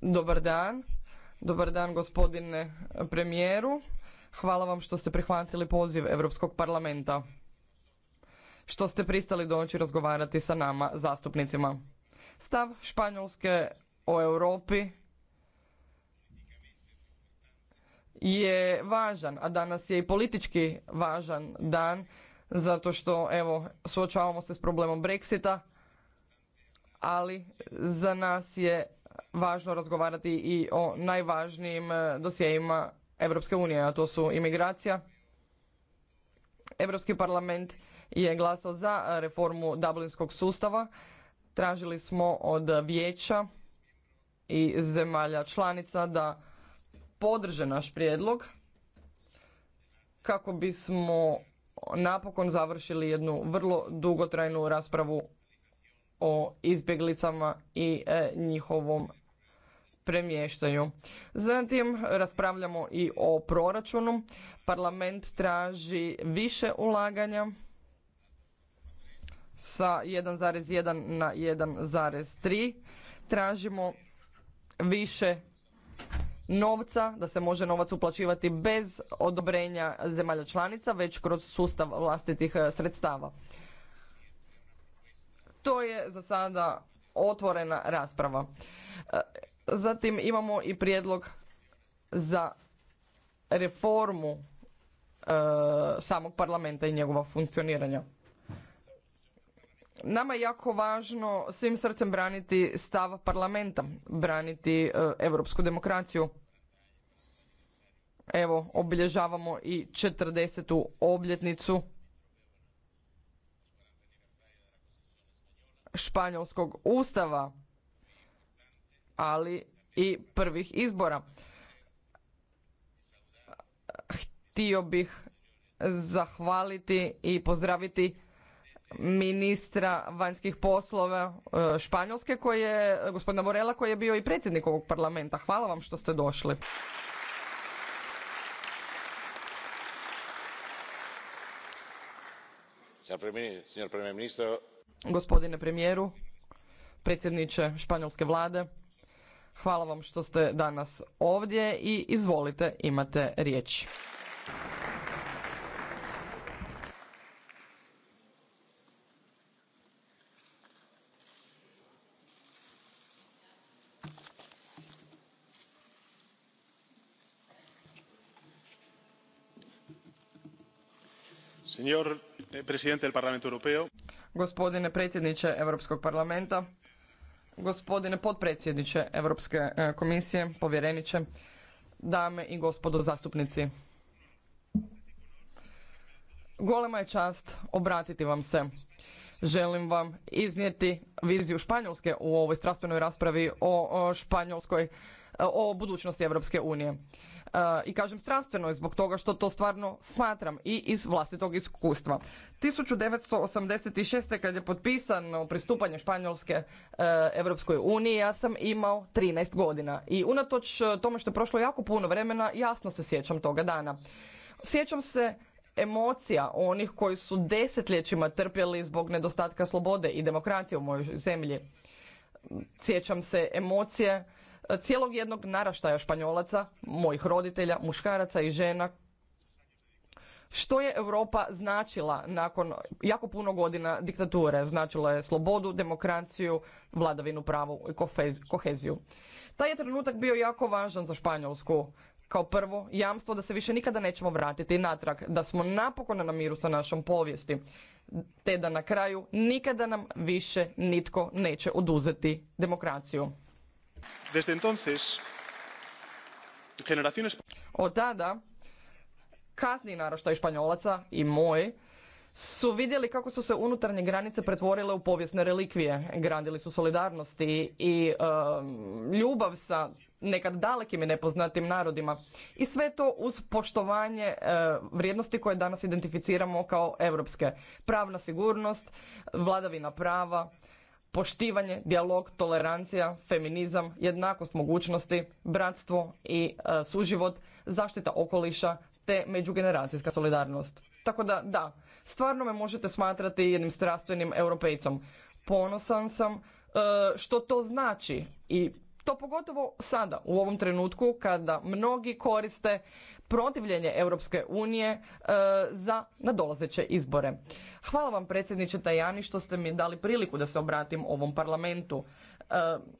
Dobar dan. Dobar dan gospodine premijeru. Hvala vam što ste prihvatili poziv Europskog parlamenta. Što ste pristali doći razgovarati sa nama zastupnicima. Stav Španjolske o Europi je važan, a danas je i politički važan dan zato što evo suočavamo se s problemom Brexita ali za nas je važno razgovarati i o najvažnijim e, dosjejima Europske unije, a to su imigracija. Europski parlament je glasao za reformu Dublinskog sustava. Tražili smo od vijeća i zemalja članica da podrže naš prijedlog kako bismo napokon završili jednu vrlo dugotrajnu raspravu o izbjeglicama i e, njihovom premještaju. Zatim raspravljamo i o proračunu. Parlament traži više ulaganja sa 1,1 na 1,3. Tražimo više novca, da se može novac uplaćivati bez odobrenja zemalja članica, već kroz sustav vlastitih e, sredstava. To je za sada otvorena rasprava. E, zatim imamo i prijedlog za reformu e, samog parlamenta i njegova funkcioniranja. Nama je jako važno svim srcem braniti stav parlamenta, braniti europsku demokraciju. Evo, obilježavamo i 40. obljetnicu španjolskog ustava, ali i prvih izbora. Htio bih zahvaliti i pozdraviti ministra vanjskih poslova e, Španjolske koji je, gospodina Morela koji je bio i predsjednik ovog parlamenta. Hvala vam što ste došli. Signor gospodine premijeru, predsjedniče španjolske vlade. Hvala vam što ste danas ovdje i izvolite, imate riječ. Señor presidente del Parlamento Europeo gospodine predsjedniče Europskog parlamenta, gospodine potpredsjedniče Europske e, komisije, povjereniče, dame i gospodo zastupnici. Golema je čast obratiti vam se. Želim vam iznijeti viziju Španjolske u ovoj strastvenoj raspravi o Španjolskoj, e, o budućnosti Europske unije. E, i kažem stranstveno je zbog toga što to stvarno smatram i iz vlastitog iskustva. 1986. kad je potpisano pristupanje Španjolske Europskoj uniji ja sam imao 13 godina i unatoč e, tome što je prošlo jako puno vremena jasno se sjećam toga dana. Sjećam se emocija onih koji su desetljećima trpjeli zbog nedostatka slobode i demokracije u mojoj zemlji. Sjećam se emocije cijelog jednog naraštaja Španjolaca, mojih roditelja, muškaraca i žena što je Europa značila nakon jako puno godina diktature. Značila je slobodu, demokraciju, vladavinu pravu i koheziju. Taj je trenutak bio jako važan za Španjolsku. Kao prvo, jamstvo da se više nikada nećemo vratiti natrag, da smo napokon na miru sa našom povijesti, te da na kraju nikada nam više nitko neće oduzeti demokraciju. Desde entonces, generaciones... Od tada, kasniji i Španjolaca i moj, su vidjeli kako su se unutarnje granice pretvorile u povijesne relikvije. Grandili su solidarnosti i ljubav sa nekad dalekim i nepoznatim narodima. I sve to uz poštovanje e, vrijednosti koje danas identificiramo kao europske. Pravna sigurnost, vladavina prava, poštivanje, dijalog, tolerancija, feminizam, jednakost mogućnosti, bratstvo i e, suživot, zaštita okoliša te međugeneracijska solidarnost. Tako da, da, stvarno me možete smatrati jednim strastvenim europejcom. Ponosan sam e, što to znači i to pogotovo sada, u ovom trenutku, kada mnogi koriste protivljenje Europske unije e, za nadolazeće izbore. Hvala vam, predsjedniče Tajani, što ste mi dali priliku da se obratim ovom parlamentu. E,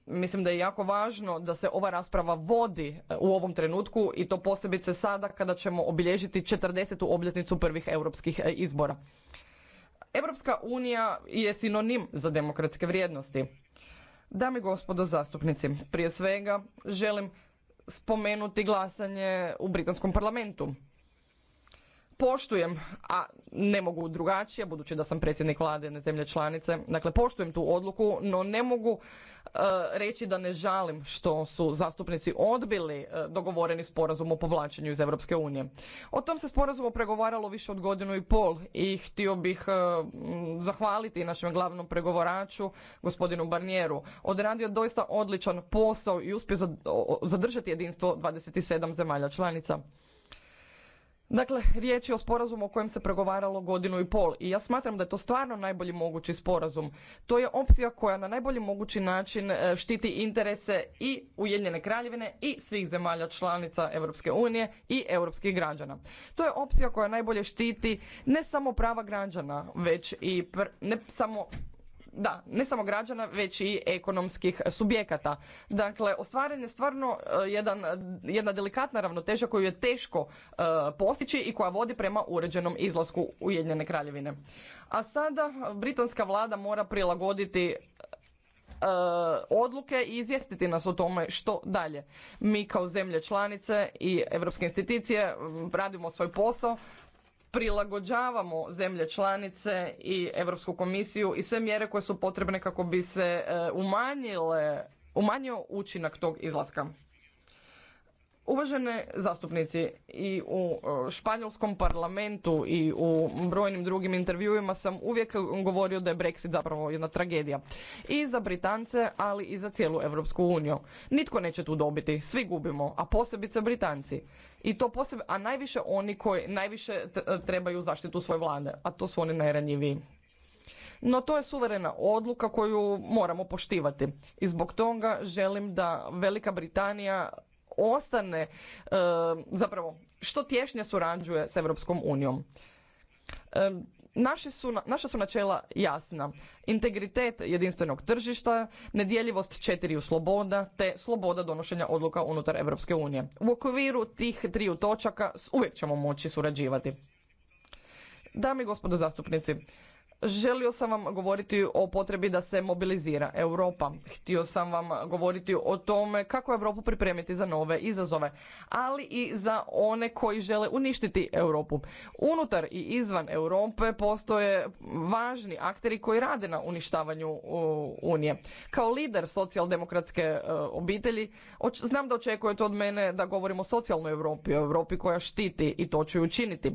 mislim da je jako važno da se ova rasprava vodi e, u ovom trenutku i to posebice sada kada ćemo obilježiti 40. obljetnicu prvih europskih izbora. Europska unija je sinonim za demokratske vrijednosti. Dame i gospodo zastupnici, prije svega želim spomenuti glasanje u britanskom parlamentu poštujem, a ne mogu drugačije, budući da sam predsjednik vlade jedne zemlje članice, dakle poštujem tu odluku, no ne mogu e, reći da ne žalim što su zastupnici odbili e, dogovoreni sporazum o povlačenju iz Europske unije. O tom se sporazumu pregovaralo više od godinu i pol i htio bih e, zahvaliti našem glavnom pregovoraču, gospodinu Barnieru. Odradio doista odličan posao i uspio zadržati jedinstvo 27 zemalja članica. Dakle, riječ je o sporazumu o kojem se pregovaralo godinu i pol i ja smatram da je to stvarno najbolji mogući sporazum. To je opcija koja na najbolji mogući način e, štiti interese i Ujedinjene kraljevine i svih zemalja članica Europske unije i europskih građana. To je opcija koja najbolje štiti ne samo prava građana, već i ne samo da, ne samo građana, već i ekonomskih subjekata. Dakle, ostvaren je stvarno e, jedan, jedna delikatna ravnoteža koju je teško e, postići i koja vodi prema uređenom izlasku Ujedinjene kraljevine. A sada britanska vlada mora prilagoditi e, odluke i izvijestiti nas o tome što dalje. Mi kao zemlje članice i europske institucije radimo svoj posao, prilagođavamo zemlje članice i Europsku komisiju i sve mjere koje su potrebne kako bi se e, umanjile, umanjio učinak tog izlaska. Uvažene zastupnici, i u e, španjolskom parlamentu i u brojnim drugim intervjuima sam uvijek govorio da je Brexit zapravo jedna tragedija. I za Britance, ali i za cijelu Europsku uniju. Nitko neće tu dobiti, svi gubimo, a posebice Britanci. I to a najviše oni koji najviše e, trebaju zaštitu svoje vlade, a to su oni najranjiviji. No to je suverena odluka koju moramo poštivati. I zbog toga želim da Velika Britanija ostane e, zapravo što tješnje surađuje s Europskom unijom. E, su, naša su načela jasna. Integritet jedinstvenog tržišta, nedjeljivost četiriju sloboda, te sloboda donošenja odluka unutar Europske unije. U okviru tih triju točaka uvijek ćemo moći surađivati. Dame i gospodo zastupnici, Želio sam vam govoriti o potrebi da se mobilizira Europa. Htio sam vam govoriti o tome kako Europu pripremiti za nove izazove, ali i za one koji žele uništiti Europu. Unutar i izvan Europe postoje važni akteri koji rade na uništavanju Unije. Kao lider socijaldemokratske e, obitelji znam da očekujete od mene da govorimo o socijalnoj Europi, o Europi koja štiti i to ću učiniti.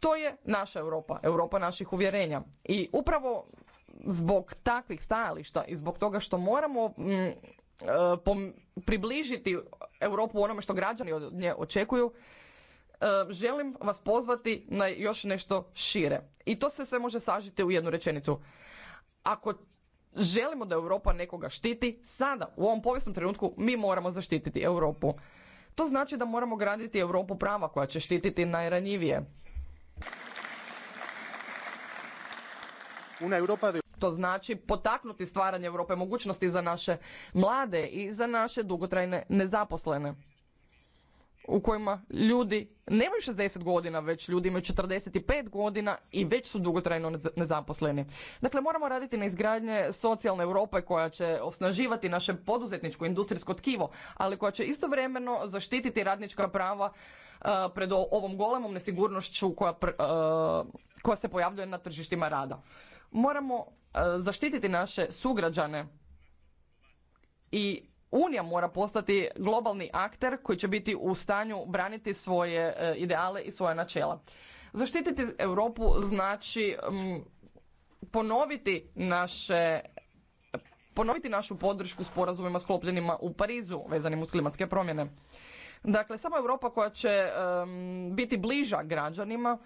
To je naša Europa, Europa naših uvjerenja. I i upravo zbog takvih stajališta i zbog toga što moramo mm, e, približiti Europu onome što građani od nje očekuju, e, želim vas pozvati na još nešto šire. I to se sve može sažiti u jednu rečenicu. Ako želimo da Europa nekoga štiti, sada, u ovom povijesnom trenutku, mi moramo zaštititi Europu. To znači da moramo graditi Europu prava koja će štititi najranjivije una Europa To znači potaknuti stvaranje Europe mogućnosti za naše mlade i za naše dugotrajne nezaposlene u kojima ljudi nemaju 60 godina, već ljudi imaju 45 godina i već su dugotrajno nezaposleni. Dakle, moramo raditi na izgradnje socijalne Europe koja će osnaživati naše poduzetničko industrijsko tkivo, ali koja će istovremeno zaštititi radnička prava e, pred ovom golemom nesigurnošću koja, e, koja se pojavljuje na tržištima rada. Moramo e, zaštititi naše sugrađane i Unija mora postati globalni akter koji će biti u stanju braniti svoje e, ideale i svoja načela. Zaštititi Europu znači ponoviti naše ponoviti našu podršku sporazumima sklopljenima u Parizu vezanim uz klimatske promjene. Dakle, samo Europa koja će biti bliža građanima,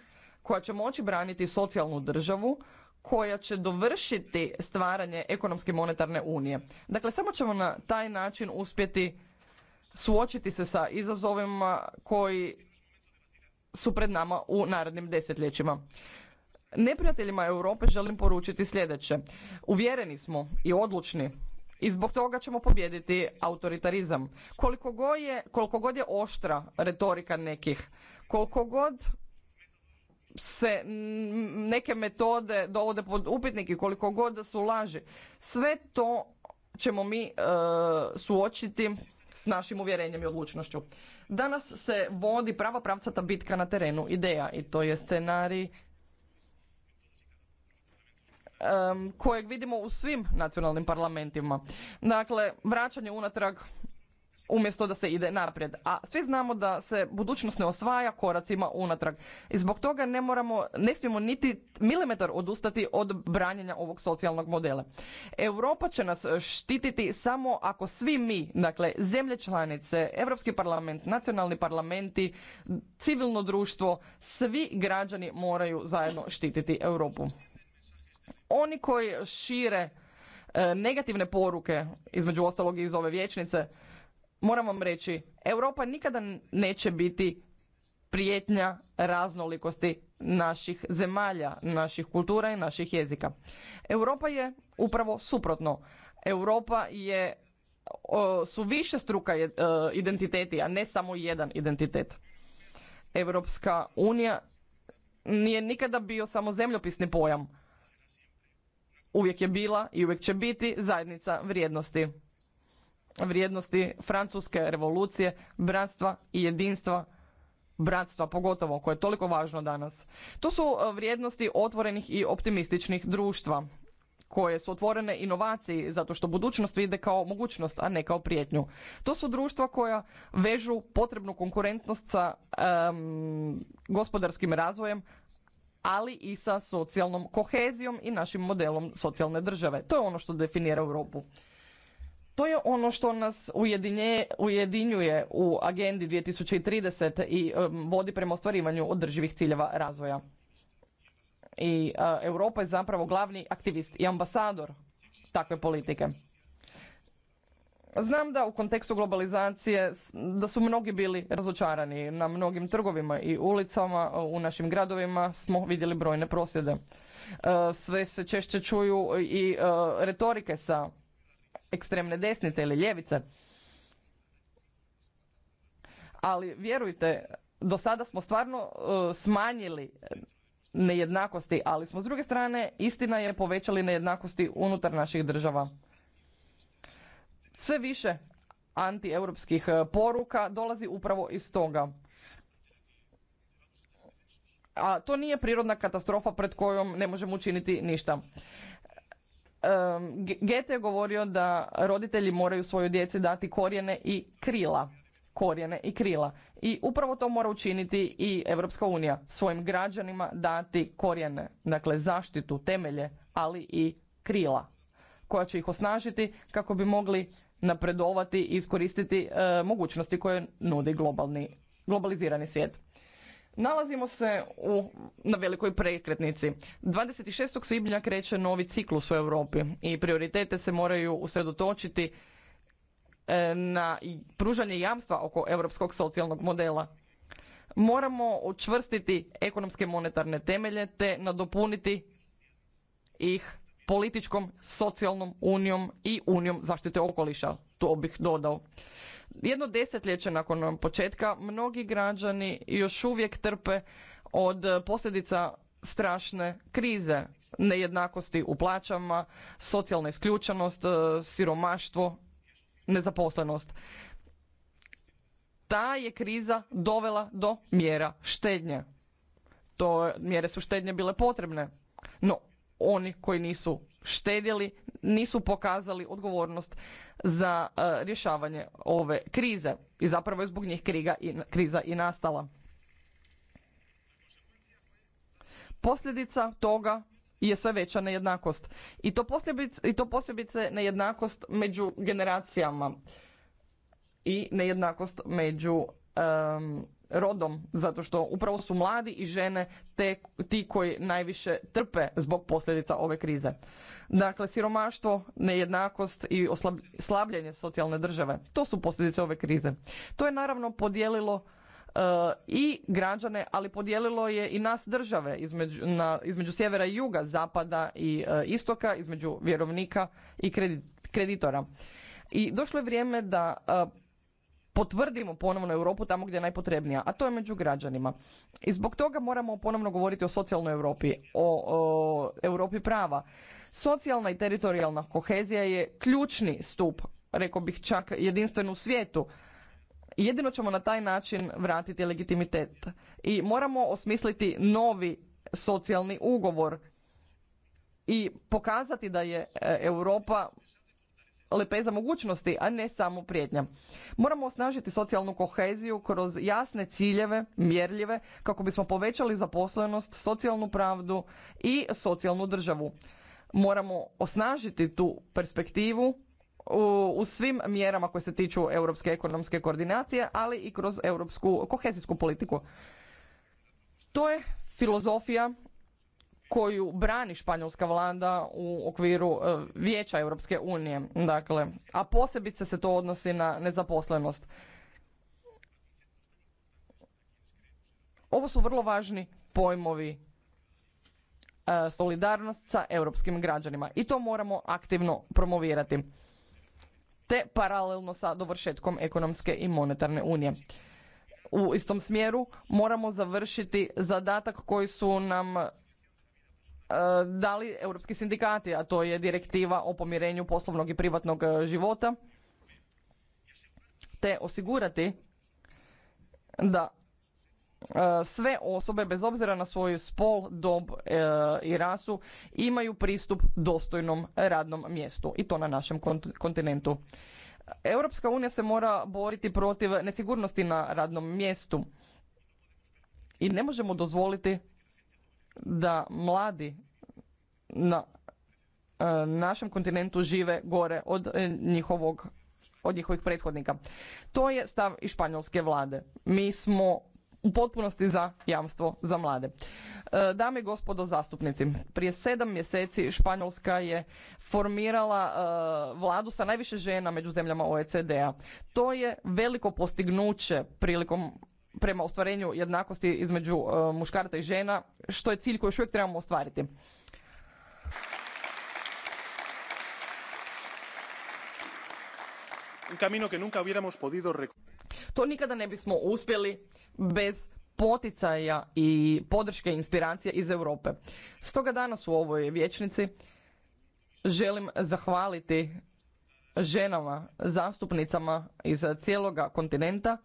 koja će moći braniti socijalnu državu, koja će dovršiti stvaranje ekonomske monetarne unije. Dakle, samo ćemo na taj način uspjeti suočiti se sa izazovima koji su pred nama u narednim desetljećima. Neprijateljima Europe želim poručiti sljedeće. Uvjereni smo i odlučni i zbog toga ćemo pobijediti autoritarizam. Koliko god je, koliko god je oštra retorika nekih, koliko god se neke metode dovode pod upitnik i koliko god da su laži. Sve to ćemo mi e, suočiti s našim uvjerenjem i odlučnošću. Danas se vodi prava pravcata bitka na terenu ideja i to je scenarij kojeg vidimo u svim nacionalnim parlamentima. Dakle, vraćanje unatrag umjesto da se ide naprijed. A svi znamo da se budućnost ne osvaja koracima unatrag. I zbog toga ne moramo, ne smijemo niti milimetar odustati od branjenja ovog socijalnog modela. Europa će nas štititi samo ako svi mi, dakle zemlje članice, Europski parlament, nacionalni parlamenti, civilno društvo, svi građani moraju zajedno štititi Europu. Oni koji šire e, negativne poruke, između ostalog i iz ove vječnice, moram vam reći, Europa nikada neće biti prijetnja raznolikosti naših zemalja, naših kultura i naših jezika. Europa je upravo suprotno. Europa je su više struka e, identiteti, a ne samo jedan identitet. Europska unija nije nikada bio samo zemljopisni pojam. Uvijek je bila i uvijek će biti zajednica vrijednosti vrijednosti francuske revolucije, bratstva i jedinstva, bratstva pogotovo koje je toliko važno danas. To su e, vrijednosti otvorenih i optimističnih društva koje su otvorene inovaciji zato što budućnost vide kao mogućnost, a ne kao prijetnju. To su društva koja vežu potrebnu konkurentnost sa gospodarskim razvojem, ali i sa socijalnom kohezijom i našim modelom socijalne države. To je ono što definira Europu to je ono što nas ujedinje, ujedinjuje u agendi 2030 i vodi prema ostvarivanju održivih ciljeva razvoja. I Europa je zapravo glavni aktivist i ambasador takve politike. Znam da u kontekstu globalizacije da su mnogi bili razočarani na mnogim trgovima i ulicama u našim gradovima smo vidjeli brojne prosvjede. E, sve se češće čuju i e, retorike sa ekstremne desnice ili ljevice. Ali vjerujte, do sada smo stvarno e, smanjili nejednakosti, ali smo s druge strane istina je povećali nejednakosti unutar naših država. Sve više antieuropskih e, poruka dolazi upravo iz toga. A to nije prirodna katastrofa pred kojom ne možemo učiniti ništa. Gete je govorio da roditelji moraju svojoj djeci dati korijene i krila. Korijene i krila. I upravo to mora učiniti i Europska unija. Svojim građanima dati korijene, dakle zaštitu, temelje, ali i krila koja će ih osnažiti kako bi mogli napredovati i iskoristiti e, mogućnosti koje nudi globalni, globalizirani svijet. Nalazimo se u, na velikoj prekretnici. 26. svibnja kreće novi ciklus u Europi i prioritete se moraju usredotočiti e, na pružanje jamstva oko europskog socijalnog modela. Moramo učvrstiti ekonomske monetarne temelje te nadopuniti ih političkom, socijalnom unijom i unijom zaštite okoliša. To bih dodao. Jedno desetljeće nakon početka mnogi građani još uvijek trpe od posljedica strašne krize, nejednakosti u plaćama, socijalna isključenost, e, siromaštvo, nezaposlenost. Ta je kriza dovela do mjera štednje. To mjere su štednje bile potrebne, no oni koji nisu štedjeli nisu pokazali odgovornost za e, rješavanje ove krize i zapravo je zbog njih i, kriza i nastala posljedica toga je sve veća nejednakost i to posljedice i to nejednakost među generacijama i nejednakost među rodom zato što upravo su mladi i žene te, ti koji najviše trpe zbog posljedica ove krize. Dakle, siromaštvo, nejednakost i slabljenje socijalne države, to su posljedice ove krize. To je naravno podijelilo eh, i građane, ali podijelilo je i nas države između, na, između sjevera i juga, zapada i eh, istoka, između vjerovnika i kreditora. I došlo je vrijeme da eh, potvrdimo ponovno Europu tamo gdje je najpotrebnija, a to je među građanima. I zbog toga moramo ponovno govoriti o socijalnoj Europi, o, Europi prava. Socijalna i teritorijalna kohezija je ključni stup, rekao bih čak jedinstven u svijetu. Jedino ćemo na taj način vratiti legitimitet. I moramo osmisliti novi socijalni ugovor i pokazati da je e, Europa lepeza mogućnosti, a ne samo prijetnja. Moramo osnažiti socijalnu koheziju kroz jasne ciljeve, mjerljive, kako bismo povećali zaposlenost, socijalnu pravdu i socijalnu državu. Moramo osnažiti tu perspektivu u svim mjerama koje se tiču europske ekonomske koordinacije, ali i kroz europsku kohezijsku politiku. To je filozofija koju brani španjolska vlada u okviru e, Vijeća Europske unije. Dakle, a posebice se to odnosi na nezaposlenost. Ovo su vrlo važni pojmovi e, solidarnost sa europskim građanima i to moramo aktivno promovirati te paralelno sa dovršetkom ekonomske i monetarne unije. U istom smjeru moramo završiti zadatak koji su nam E, da li europski sindikati, a to je direktiva o pomirenju poslovnog i privatnog e, života, te osigurati da e, sve osobe, bez obzira na svoju spol, dob i rasu, imaju pristup dostojnom radnom mjestu i to na našem kontinentu. Europska unija se mora boriti protiv nesigurnosti na radnom mjestu i ne možemo dozvoliti da mladi na e, našem kontinentu žive gore od e, njihovog od njihovih prethodnika. To je stav i španjolske vlade. Mi smo u potpunosti za jamstvo za mlade. E, dame i gospodo zastupnici, prije sedam mjeseci Španjolska je formirala vladu sa najviše žena među zemljama OECD-a. To je veliko postignuće prilikom prema ostvarenju jednakosti između uh, i žena, što je cilj koji još uvijek trebamo ostvariti. To nikada ne bismo uspjeli bez poticaja i podrške inspiracije iz Europe. Stoga danas u ovoj vječnici želim zahvaliti ženama, zastupnicama iz cijeloga kontinenta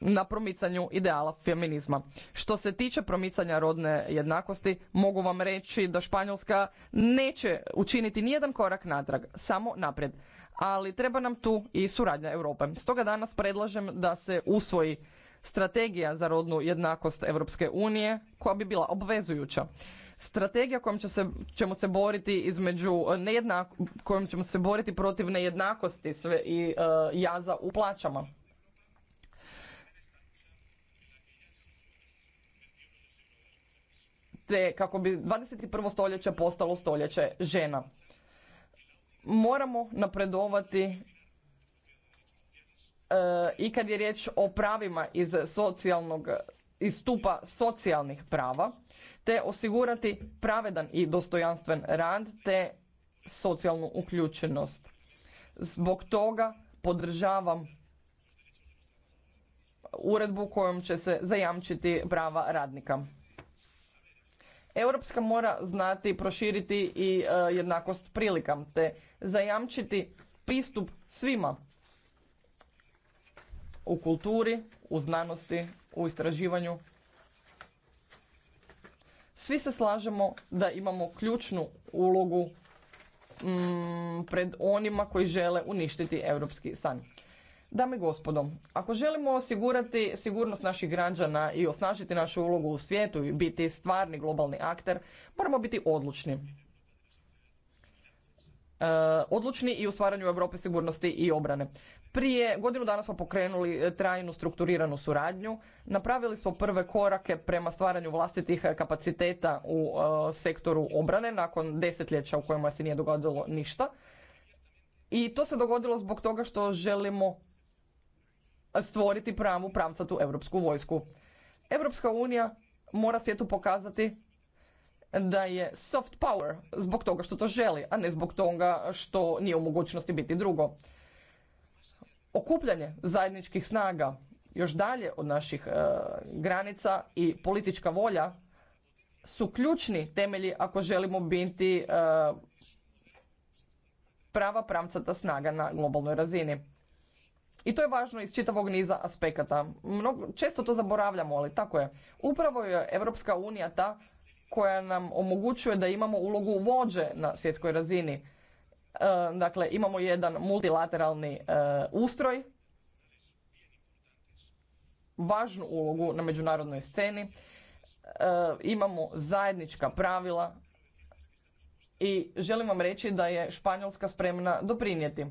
na promicanju ideala feminizma. Što se tiče promicanja rodne jednakosti, mogu vam reći da Španjolska neće učiniti nijedan korak natrag, samo naprijed. Ali treba nam tu i suradnja Europe. Stoga danas predlažem da se usvoji strategija za rodnu jednakost Europske unije koja bi bila obvezujuća. Strategija kojom će se, ćemo se boriti između nejednako, kojom ćemo se boriti protiv nejednakosti sve i e, jaza u plaćama te kako bi 21. stoljeće postalo stoljeće žena. Moramo napredovati e, i kad je riječ o pravima iz socijalnog iz stupa socijalnih prava, te osigurati pravedan i dostojanstven rad, te socijalnu uključenost. Zbog toga podržavam uredbu kojom će se zajamčiti prava radnika. Europska mora znati proširiti i e, jednakost prilika te zajamčiti pristup svima u kulturi, u znanosti, u istraživanju. Svi se slažemo da imamo ključnu ulogu mm, pred onima koji žele uništiti europski san. Dame i gospodo, ako želimo osigurati sigurnost naših građana i osnažiti našu ulogu u svijetu i biti stvarni globalni akter, moramo biti odlučni. E, odlučni i u stvaranju Europe sigurnosti i obrane. Prije godinu dana smo pokrenuli trajnu strukturiranu suradnju, napravili smo prve korake prema stvaranju vlastitih kapaciteta u e, sektoru obrane nakon desetljeća u kojima se nije dogodilo ništa. I to se dogodilo zbog toga što želimo stvoriti pravu pravcatu europsku vojsku. Europska unija mora svijetu pokazati da je soft power zbog toga što to želi, a ne zbog toga što nije u mogućnosti biti drugo. Okupljanje zajedničkih snaga još dalje od naših e, granica i politička volja su ključni temelji ako želimo biti e, prava pramcata snaga na globalnoj razini. I to je važno iz čitavog niza aspekata. Mnogo, često to zaboravljamo, ali tako je. Upravo je Europska unija ta koja nam omogućuje da imamo ulogu vođe na svjetskoj razini. E, dakle, imamo jedan multilateralni e, ustroj, važnu ulogu na međunarodnoj sceni, e, imamo zajednička pravila i želim vam reći da je Španjolska spremna doprinijeti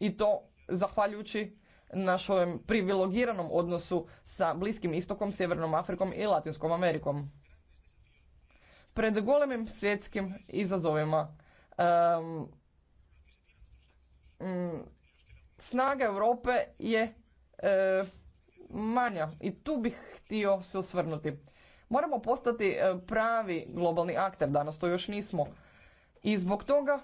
i to zahvaljujući našem privilegiranom odnosu sa Bliskim istokom, Sjevernom Afrikom i Latinskom Amerikom. Pred golemim svjetskim izazovima mm, snaga Europe je e, manja i tu bih htio se osvrnuti. Moramo postati e, pravi globalni akter, danas to još nismo. I zbog toga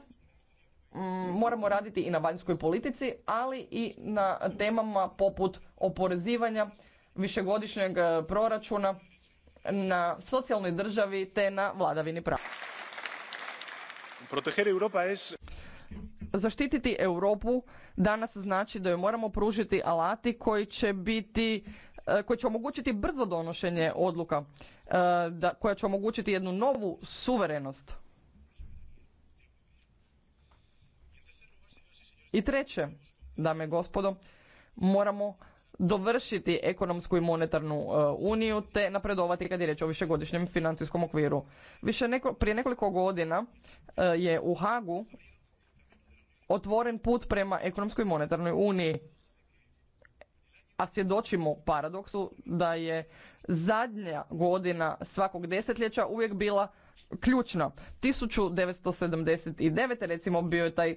Mm, moramo raditi i na vanjskoj politici, ali i na temama poput oporezivanja, višegodišnjeg e, proračuna, na socijalnoj državi te na vladavini prava. Proteger Europa es... Zaštititi Europu danas znači da joj moramo pružiti alati koji će biti e, koji će omogućiti brzo donošenje odluka, e, da, koja će omogućiti jednu novu suverenost. I treće, dame i gospodo, moramo dovršiti ekonomsku i monetarnu e, uniju te napredovati kad je riječ o višegodišnjem financijskom okviru. Više prije nekoliko godina e, je u Hagu otvoren put prema ekonomskoj i monetarnoj uniji. A svjedočimo paradoksu da je zadnja godina svakog desetljeća uvijek bila ključna. 1979. recimo bio je taj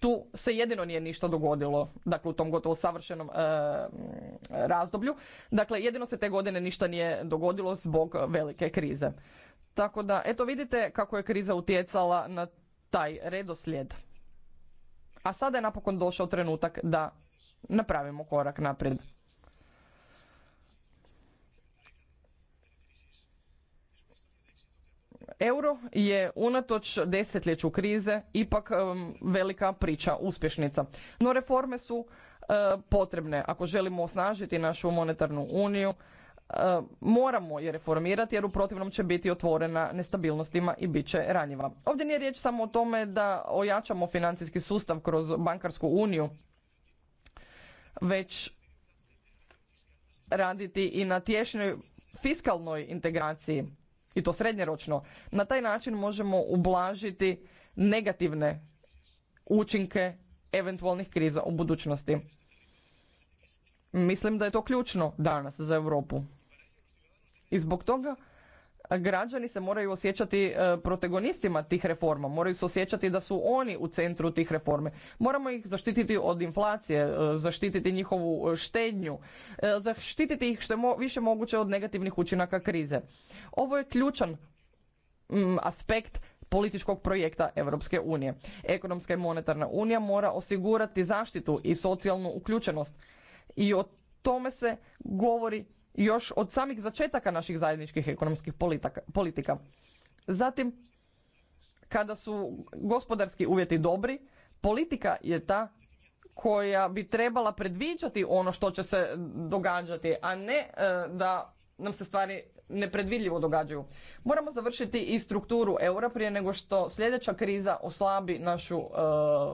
tu se jedino nije ništa dogodilo, dakle u tom gotovo savršenom e, razdoblju. Dakle, jedino se te godine ništa nije dogodilo zbog velike krize. Tako da, eto vidite kako je kriza utjecala na taj redoslijed. A sada je napokon došao trenutak da napravimo korak naprijed. Euro je unatoč desetljeću krize ipak velika priča uspješnica. No reforme su e, potrebne ako želimo osnažiti našu monetarnu uniju e, moramo je reformirati jer u protivnom će biti otvorena nestabilnostima i bit će ranjiva. Ovdje nije riječ samo o tome da ojačamo financijski sustav kroz bankarsku uniju, već raditi i na tješnjoj fiskalnoj integraciji i to srednjeročno. Na taj način možemo ublažiti negativne učinke eventualnih kriza u budućnosti. Mislim da je to ključno danas za Europu. I zbog toga građani se moraju osjećati e, protagonistima tih reforma, moraju se osjećati da su oni u centru tih reforme. Moramo ih zaštititi od inflacije, e, zaštititi njihovu e, štednju, zaštititi ih što je više moguće od negativnih učinaka krize. Ovo je ključan aspekt političkog projekta Europske unije. Ekonomska i monetarna unija mora osigurati zaštitu i socijalnu uključenost i o tome se govori još od samih začetaka naših zajedničkih ekonomskih politika. Zatim, kada su gospodarski uvjeti dobri, politika je ta koja bi trebala predviđati ono što će se događati, a ne e, da nam se stvari nepredvidljivo događaju. Moramo završiti i strukturu eura prije nego što sljedeća kriza oslabi našu e,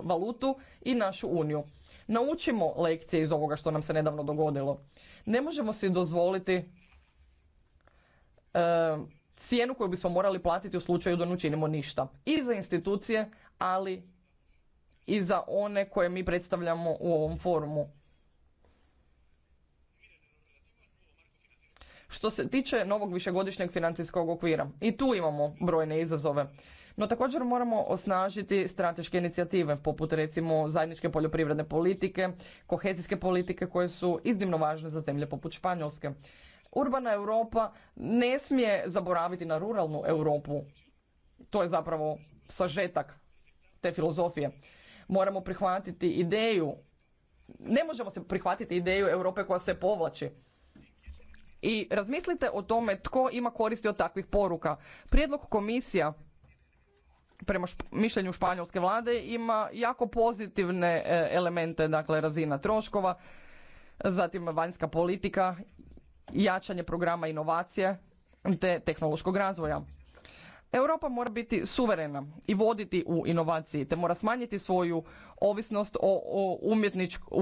valutu i našu uniju naučimo lekcije iz ovoga što nam se nedavno dogodilo. Ne možemo si dozvoliti e, cijenu koju bismo morali platiti u slučaju da ne učinimo ništa. I za institucije, ali i za one koje mi predstavljamo u ovom forumu. Što se tiče novog višegodišnjeg financijskog okvira, i tu imamo brojne izazove. No također moramo osnažiti strateške inicijative, poput recimo zajedničke poljoprivredne politike, kohezijske politike koje su iznimno važne za zemlje poput Španjolske. Urbana Europa ne smije zaboraviti na ruralnu Europu. To je zapravo sažetak te filozofije. Moramo prihvatiti ideju, ne možemo se prihvatiti ideju Europe koja se povlači i razmislite o tome tko ima koristi od takvih poruka. Prijedlog komisija prema mišljenju španjolske vlade ima jako pozitivne e, elemente, dakle razina troškova, zatim vanjska politika, jačanje programa inovacije te tehnološkog razvoja. Europa mora biti suverena i voditi u inovaciji, te mora smanjiti svoju ovisnost o, o,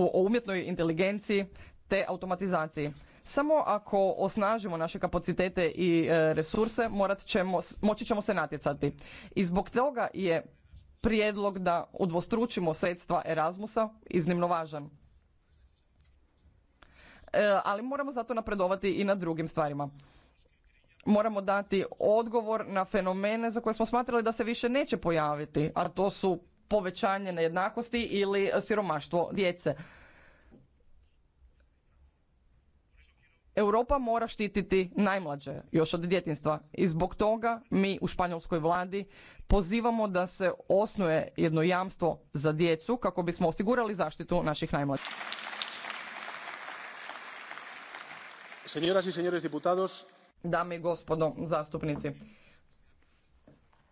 o umjetnoj inteligenciji te automatizaciji. Samo ako osnažimo naše kapacitete i e, resurse, morat ćemo, moći ćemo se natjecati. I zbog toga je prijedlog da udvostručimo sredstva Erasmusa iznimno važan. E, ali moramo zato napredovati i na drugim stvarima moramo dati odgovor na fenomene za koje smo smatrali da se više neće pojaviti, a to su povećanje nejednakosti ili siromaštvo djece. Europa mora štititi najmlađe još od djetinstva i zbog toga mi u španjolskoj vladi pozivamo da se osnuje jedno jamstvo za djecu kako bismo osigurali zaštitu naših najmlađih. dame i gospodo zastupnici,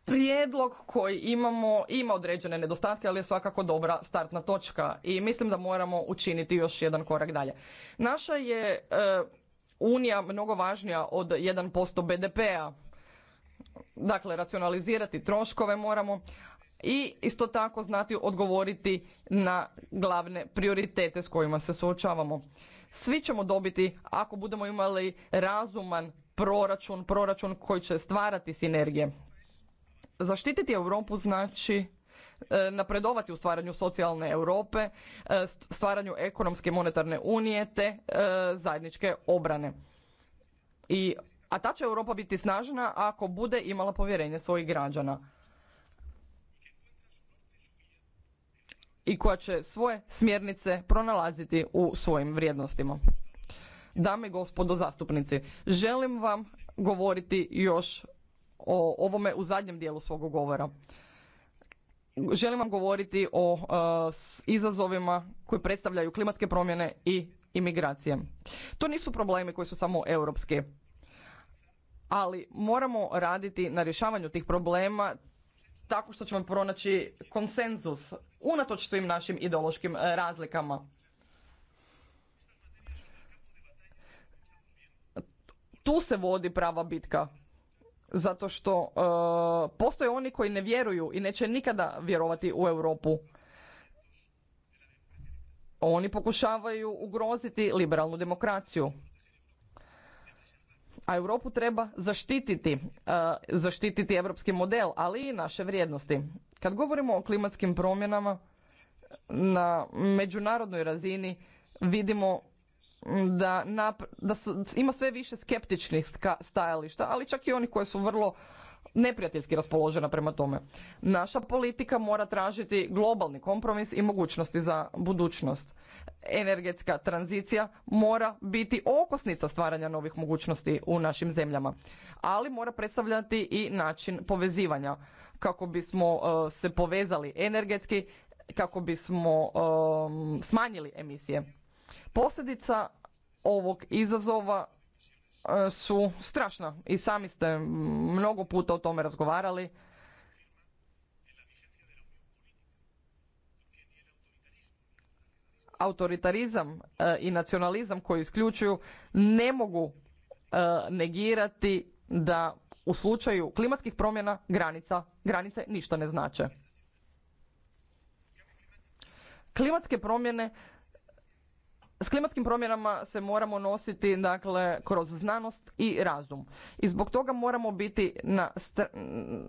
prijedlog koji imamo ima određene nedostatke, ali je svakako dobra startna točka i mislim da moramo učiniti još jedan korak dalje. Naša je e, unija mnogo važnija od 1% BDP-a. Dakle, racionalizirati troškove moramo i isto tako znati odgovoriti na glavne prioritete s kojima se suočavamo. Svi ćemo dobiti ako budemo imali razuman proračun, proračun koji će stvarati sinergije. Zaštititi Europu znači E, napredovati u stvaranju socijalne Europe, e, stvaranju ekonomske i monetarne unije te e, zajedničke obrane. I, a ta će Europa biti snažna ako bude imala povjerenje svojih građana. i koja će svoje smjernice pronalaziti u svojim vrijednostima. Dame i gospodo zastupnici, želim vam govoriti još o ovome u zadnjem dijelu svog govora želim vam govoriti o e, izazovima koji predstavljaju klimatske promjene i imigracije. To nisu problemi koji su samo europski, ali moramo raditi na rješavanju tih problema tako što ćemo pronaći konsenzus unatoč svim našim ideološkim e, razlikama. Tu se vodi prava bitka zato što e, postoje oni koji ne vjeruju i neće nikada vjerovati u Europu. Oni pokušavaju ugroziti liberalnu demokraciju. A Europu treba zaštititi, e, zaštititi europski model, ali i naše vrijednosti. Kad govorimo o klimatskim promjenama na međunarodnoj razini vidimo da, da su, ima sve više skeptičnih stajališta, ali čak i oni koji su vrlo neprijateljski raspoložena prema tome. Naša politika mora tražiti globalni kompromis i mogućnosti za budućnost. Energetska tranzicija mora biti okosnica stvaranja novih mogućnosti u našim zemljama, ali mora predstavljati i način povezivanja kako bismo e, se povezali energetski, kako bismo e, smanjili emisije. Posljedica ovog izazova e, su strašna i sami ste mnogo puta o tome razgovarali. Autoritarizam e, i nacionalizam koji isključuju ne mogu e, negirati da u slučaju klimatskih promjena granica, granice ništa ne znače. Klimatske promjene s klimatskim promjenama se moramo nositi dakle kroz znanost i razum i zbog toga moramo biti na,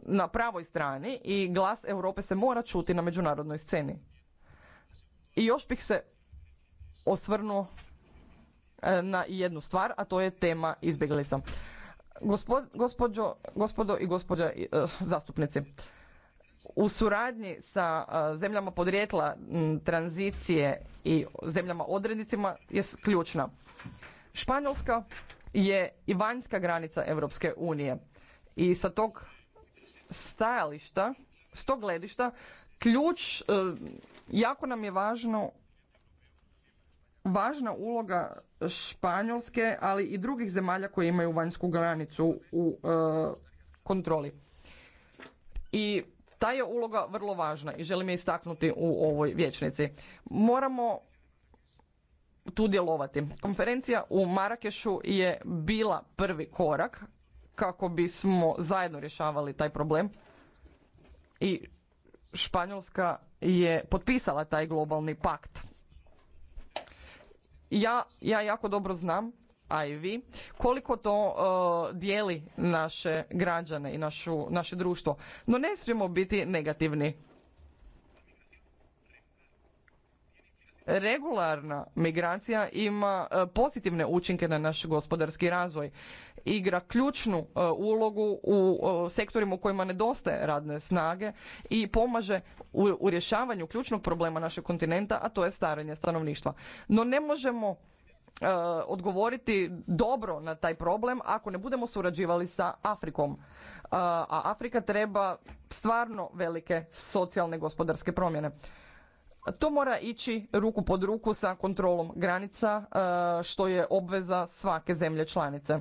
na pravoj strani i glas Europe se mora čuti na međunarodnoj sceni. I još bih se osvrnuo e, na jednu stvar, a to je tema izbjeglica. Gospod, gospođo, gospodo i gospođa e, zastupnici, u suradnji sa zemljama podrijetla tranzicije i zemljama odrednicima je ključna. Španjolska je i vanjska granica Europske unije i sa tog stajališta, s tog gledišta, ključ, e, jako nam je važno važna uloga Španjolske, ali i drugih zemalja koje imaju vanjsku granicu u e, kontroli. I ta je uloga vrlo važna i želim je istaknuti u ovoj vječnici. Moramo tu djelovati. Konferencija u Marakešu je bila prvi korak kako bismo zajedno rješavali taj problem i Španjolska je potpisala taj globalni pakt. Ja, ja jako dobro znam a i vi, koliko to e, dijeli naše građane i našu, naše društvo. No ne smijemo biti negativni. Regularna migracija ima e, pozitivne učinke na naš gospodarski razvoj. Igra ključnu e, ulogu u sektorima u kojima nedostaje radne snage i pomaže u rješavanju ključnog problema našeg kontinenta, a to je starenje stanovništva. No ne možemo E, odgovoriti dobro na taj problem ako ne budemo surađivali sa Afrikom. E, a Afrika treba stvarno velike socijalne gospodarske promjene. To mora ići ruku pod ruku sa kontrolom granica e, što je obveza svake zemlje članice.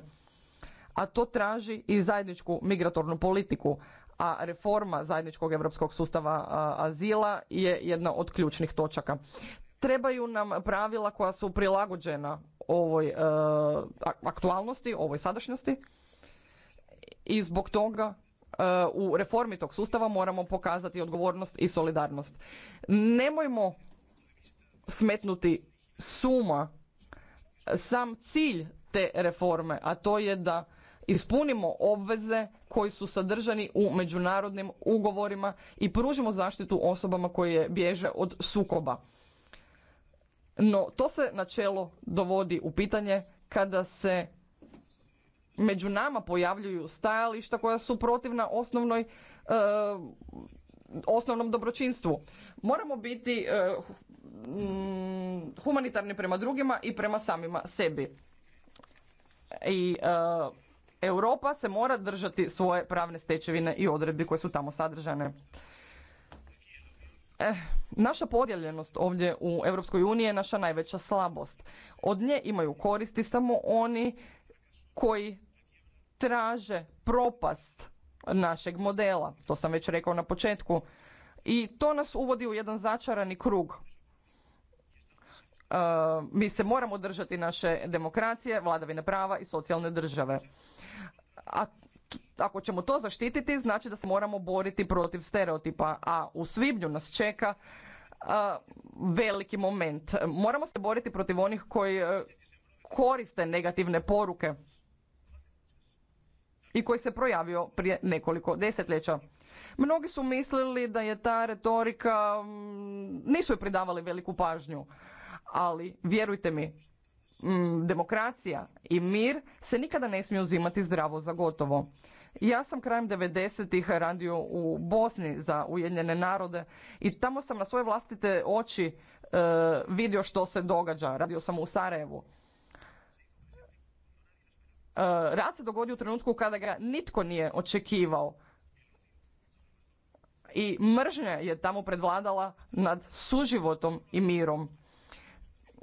A to traži i zajedničku migratornu politiku, a reforma zajedničkog europskog sustava azila je jedna od ključnih točaka trebaju nam pravila koja su prilagođena ovoj e, aktualnosti, ovoj sadašnjosti i zbog toga e, u reformi tog sustava moramo pokazati odgovornost i solidarnost. Nemojmo smetnuti suma sam cilj te reforme, a to je da ispunimo obveze koji su sadržani u međunarodnim ugovorima i pružimo zaštitu osobama koje bježe od sukoba. No, to se načelo dovodi u pitanje kada se među nama pojavljuju stajališta koja su protivna osnovnoj e, osnovnom dobročinstvu. Moramo biti e, hm, humanitarni prema drugima i prema samima sebi. I e, Europa se mora držati svoje pravne stečevine i odredbi koje su tamo sadržane. Eh, naša podijeljenost ovdje u Europskoj uniji je naša najveća slabost. Od nje imaju koristi samo oni koji traže propast našeg modela. To sam već rekao na početku. I to nas uvodi u jedan začarani krug. Eh, mi se moramo držati naše demokracije, vladavine prava i socijalne države. A ako ćemo to zaštititi, znači da se moramo boriti protiv stereotipa, a u svibnju nas čeka veliki moment. Moramo se boriti protiv onih koji e, koriste negativne poruke i koji se projavio prije nekoliko desetljeća. Mnogi su mislili da je ta retorika, nisu joj pridavali veliku pažnju, ali vjerujte mi, Mm, demokracija i mir se nikada ne smije uzimati zdravo za gotovo. Ja sam krajem 90-ih radio u Bosni za Ujedinjene narode i tamo sam na svoje vlastite oči e, vidio što se događa. Radio sam u Sarajevu. E, rad se dogodio u trenutku kada ga nitko nije očekivao. I mržnja je tamo predvladala nad suživotom i mirom.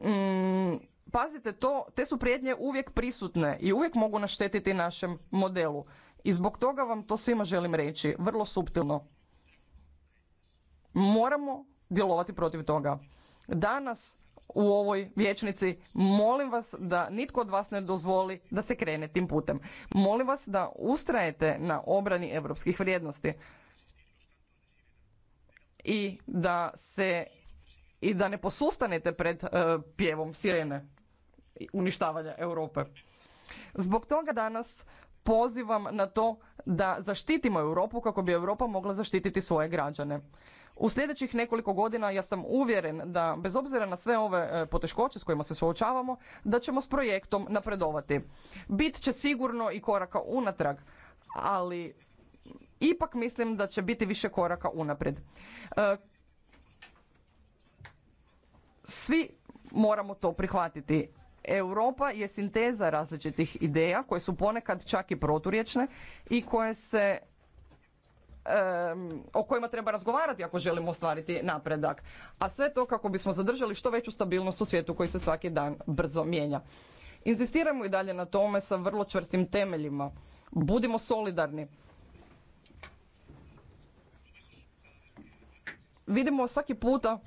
Mm, pazite to, te su prijednje uvijek prisutne i uvijek mogu naštetiti našem modelu. I zbog toga vam to svima želim reći, vrlo suptilno. Moramo djelovati protiv toga. Danas u ovoj vječnici, molim vas da nitko od vas ne dozvoli da se krene tim putem. Molim vas da ustrajete na obrani europskih vrijednosti i da se i da ne posustanete pred eh, pjevom sirene uništavanja Europe. Zbog toga danas pozivam na to da zaštitimo Europu kako bi Europa mogla zaštititi svoje građane. U sljedećih nekoliko godina ja sam uvjeren da bez obzira na sve ove e, poteškoće s kojima se suočavamo, da ćemo s projektom napredovati. Bit će sigurno i koraka unatrag, ali ipak mislim da će biti više koraka unaprijed. E, svi moramo to prihvatiti Europa je sinteza različitih ideja koje su ponekad čak i proturječne i koje se o kojima treba razgovarati ako želimo ostvariti napredak. A sve to kako bismo zadržali što veću stabilnost u svijetu koji se svaki dan brzo mijenja. Inzistiramo i dalje na tome sa vrlo čvrstim temeljima. Budimo solidarni. Vidimo svaki puta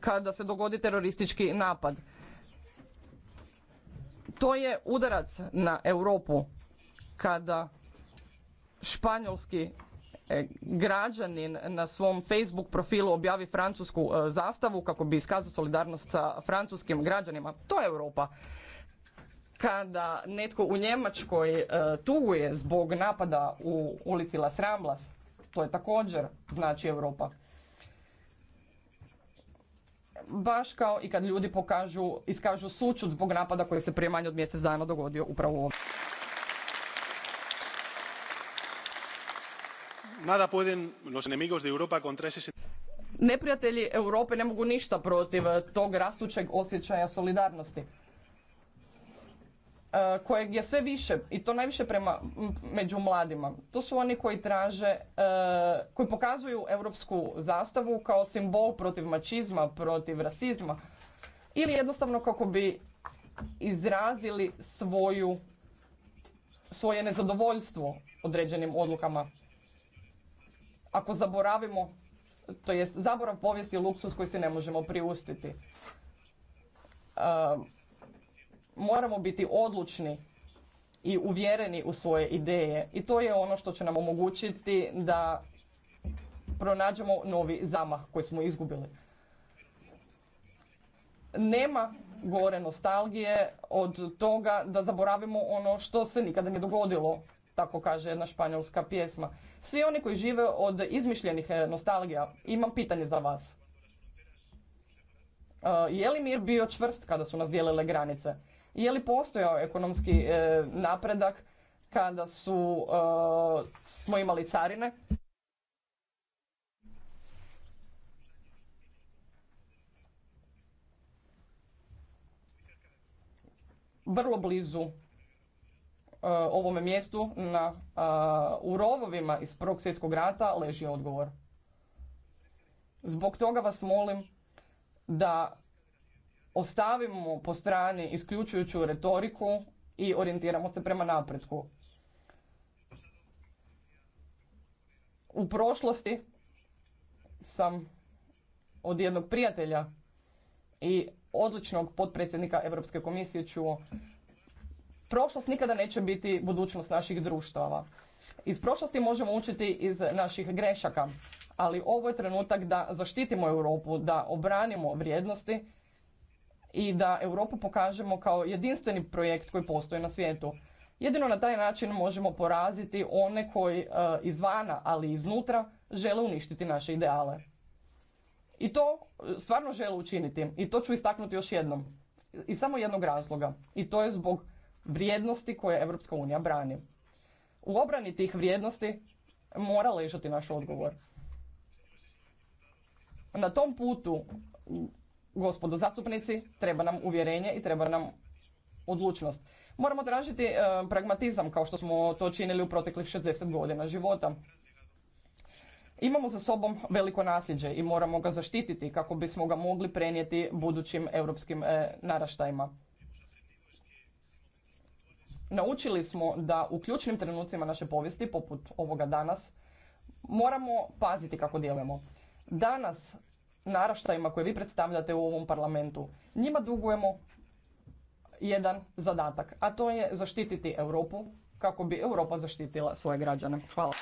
kada se dogodi teroristički napad to je udarac na Europu kada španjolski e, građanin na svom Facebook profilu objavi francusku e, zastavu kako bi iskazao solidarnost sa francuskim građanima. To je Europa. Kada netko u Njemačkoj e, tuguje zbog napada u ulici Las Ramblas, to je također znači Europa baš kao i kad ljudi pokažu, iskažu sućut zbog napada koji se prije manje od mjesec dana dogodio upravo ovdje. Nada pueden los enemigos de Europa Neprijatelji Europe ne mogu ništa protiv tog rastućeg osjećaja solidarnosti. E, kojeg je sve više i to najviše prema među mladima. To su oni koji traže, e, koji pokazuju europsku zastavu kao simbol protiv mačizma, protiv rasizma ili jednostavno kako bi izrazili svoju svoje nezadovoljstvo određenim odlukama. Ako zaboravimo, to jest zaborav povijesti luksus koji si ne možemo priustiti. E, moramo biti odlučni i uvjereni u svoje ideje i to je ono što će nam omogućiti da pronađemo novi zamah koji smo izgubili. Nema gore nostalgije od toga da zaboravimo ono što se nikada ne dogodilo, tako kaže jedna španjolska pjesma. Svi oni koji žive od izmišljenih e, nostalgija, imam pitanje za vas. E, je li mir bio čvrst kada su nas dijelile granice? Je li postojao ekonomski e, napredak kada su, e, smo imali carine? vrlo blizu e, ovome mjestu na, u rovovima iz Prvog svjetskog rata leži odgovor. Zbog toga vas molim da ostavimo po strani isključujuću retoriku i orijentiramo se prema napretku. U prošlosti sam od jednog prijatelja i odličnog potpredsjednika Europske komisije čuo prošlost nikada neće biti budućnost naših društava. Iz prošlosti možemo učiti iz naših grešaka, ali ovo je trenutak da zaštitimo Europu, da obranimo vrijednosti i da Europu pokažemo kao jedinstveni projekt koji postoji na svijetu. Jedino na taj način možemo poraziti one koji e, izvana, ali i iznutra, žele uništiti naše ideale. I to e, stvarno žele učiniti. I to ću istaknuti još jednom. I samo jednog razloga. I to je zbog vrijednosti koje Europska unija brani. U obrani tih vrijednosti mora ležati naš odgovor. Na tom putu gospodo zastupnici, treba nam uvjerenje i treba nam odlučnost. Moramo tražiti e, pragmatizam kao što smo to činili u proteklih 60 godina života. Imamo za sobom veliko nasljeđe i moramo ga zaštititi kako bismo ga mogli prenijeti budućim europskim e, naraštajima. Naučili smo da u ključnim trenucima naše povijesti, poput ovoga danas, moramo paziti kako djelujemo. Danas naraštajima koje vi predstavljate u ovom parlamentu. Njima dugujemo jedan zadatak, a to je zaštititi Europu kako bi Europa zaštitila svoje građane. Hvala.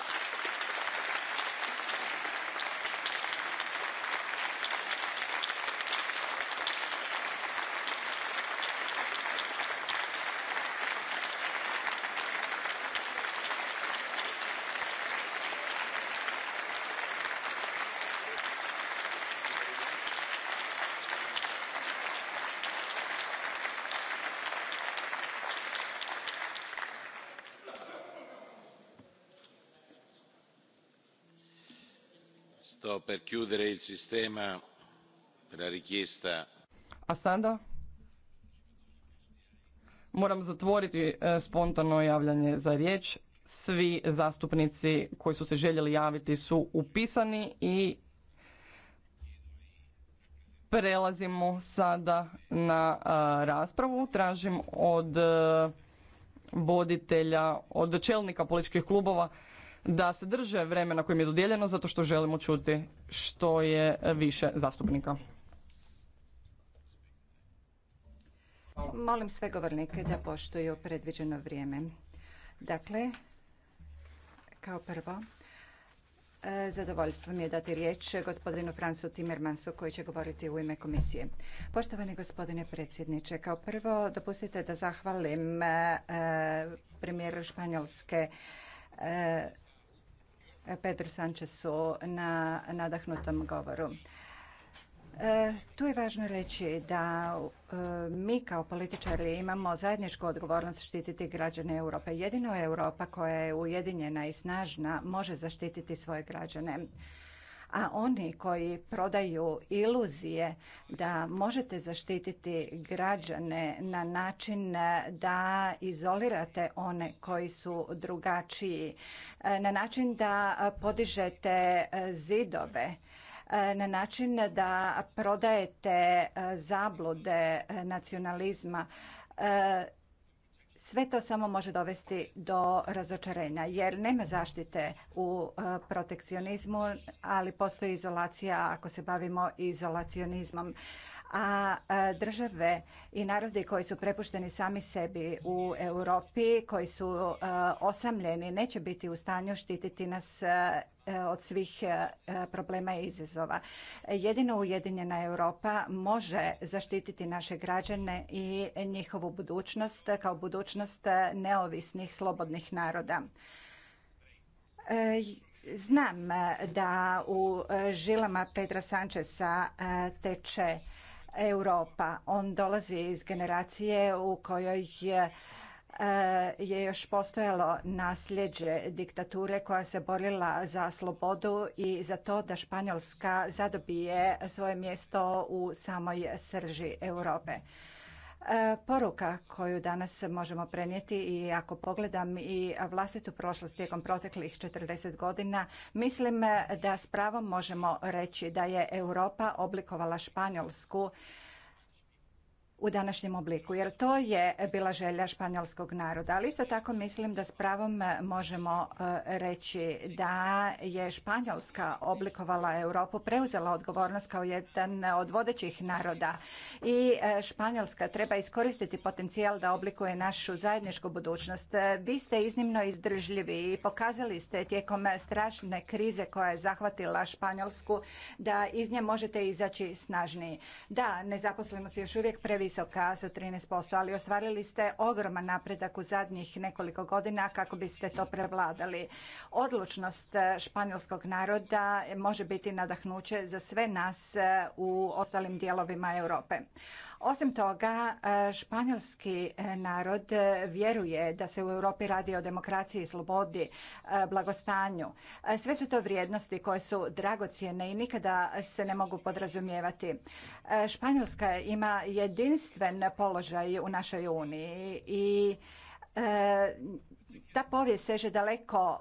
A sada moram zatvoriti e, spontano javljanje za riječ. Svi zastupnici koji su se željeli javiti su upisani i prelazimo sada na e, raspravu. Tražim od e, voditelja, od čelnika političkih klubova da se drže vremena kojim je dodijeljeno zato što želimo čuti što je više zastupnika. Molim sve govornike da poštuju predviđeno vrijeme. Dakle, kao prvo, e, Zadovoljstvo mi je dati riječ gospodinu Fransu Timmermansu koji će govoriti u ime komisije. Poštovani gospodine predsjedniče, kao prvo dopustite da zahvalim e, e, premijeru Španjolske Petru Sančesu na nadahnutom govoru. E, tu je važno reći da e, mi kao političari imamo zajedničku odgovornost štititi građane Europe. Jedino Europa koja je ujedinjena i snažna može zaštititi svoje građane a oni koji prodaju iluzije da možete zaštititi građane na način da izolirate one koji su drugačiji, na način da podižete zidove, na način da prodajete zablude nacionalizma sve to samo može dovesti do razočarenja jer nema zaštite u e, protekcionizmu, ali postoji izolacija ako se bavimo izolacionizmom. A e, države i narodi koji su prepušteni sami sebi u Europi, koji su e, osamljeni, neće biti u stanju štititi nas E, od svih e, e, problema i izazova. Jedino Ujedinjena Europa može zaštititi naše građane i njihovu budućnost kao budućnost neovisnih slobodnih naroda. Znam da u žilama Pedra Sančesa teče Europa. On dolazi iz generacije u kojoj je E, je još postojalo nasljeđe diktature koja se borila za slobodu i za to da Španjolska zadobije svoje mjesto u samoj srži Europe. E, poruka koju danas možemo prenijeti i ako pogledam i vlastitu prošlost tijekom proteklih 40 godina, mislim da s pravom možemo reći da je Europa oblikovala Španjolsku u današnjem obliku, jer to je bila želja španjolskog naroda. Ali isto tako mislim da s pravom e, možemo e, reći da je Španjolska oblikovala Europu, preuzela odgovornost kao jedan od vodećih naroda i e, Španjolska treba iskoristiti potencijal da oblikuje našu zajedničku budućnost. Vi ste iznimno izdržljivi i pokazali ste tijekom strašne krize koja je zahvatila Španjolsku da iz nje možete izaći snažniji. Da, nezaposlenost je još uvijek previsoka visoka za 13%, ali ostvarili ste ogroman napredak u zadnjih nekoliko godina kako biste to prevladali. Odlučnost španjolskog naroda može biti nadahnuće za sve nas u ostalim dijelovima Europe. Osim toga, e, španjolski e, narod e, vjeruje da se u Europi radi o demokraciji, slobodi, blagostanju. Sve su to vrijednosti koje su dragocjene i nikada se ne mogu podrazumijevati. Španjolska ima jedinstven položaj u našoj uniji i ta povijest seže daleko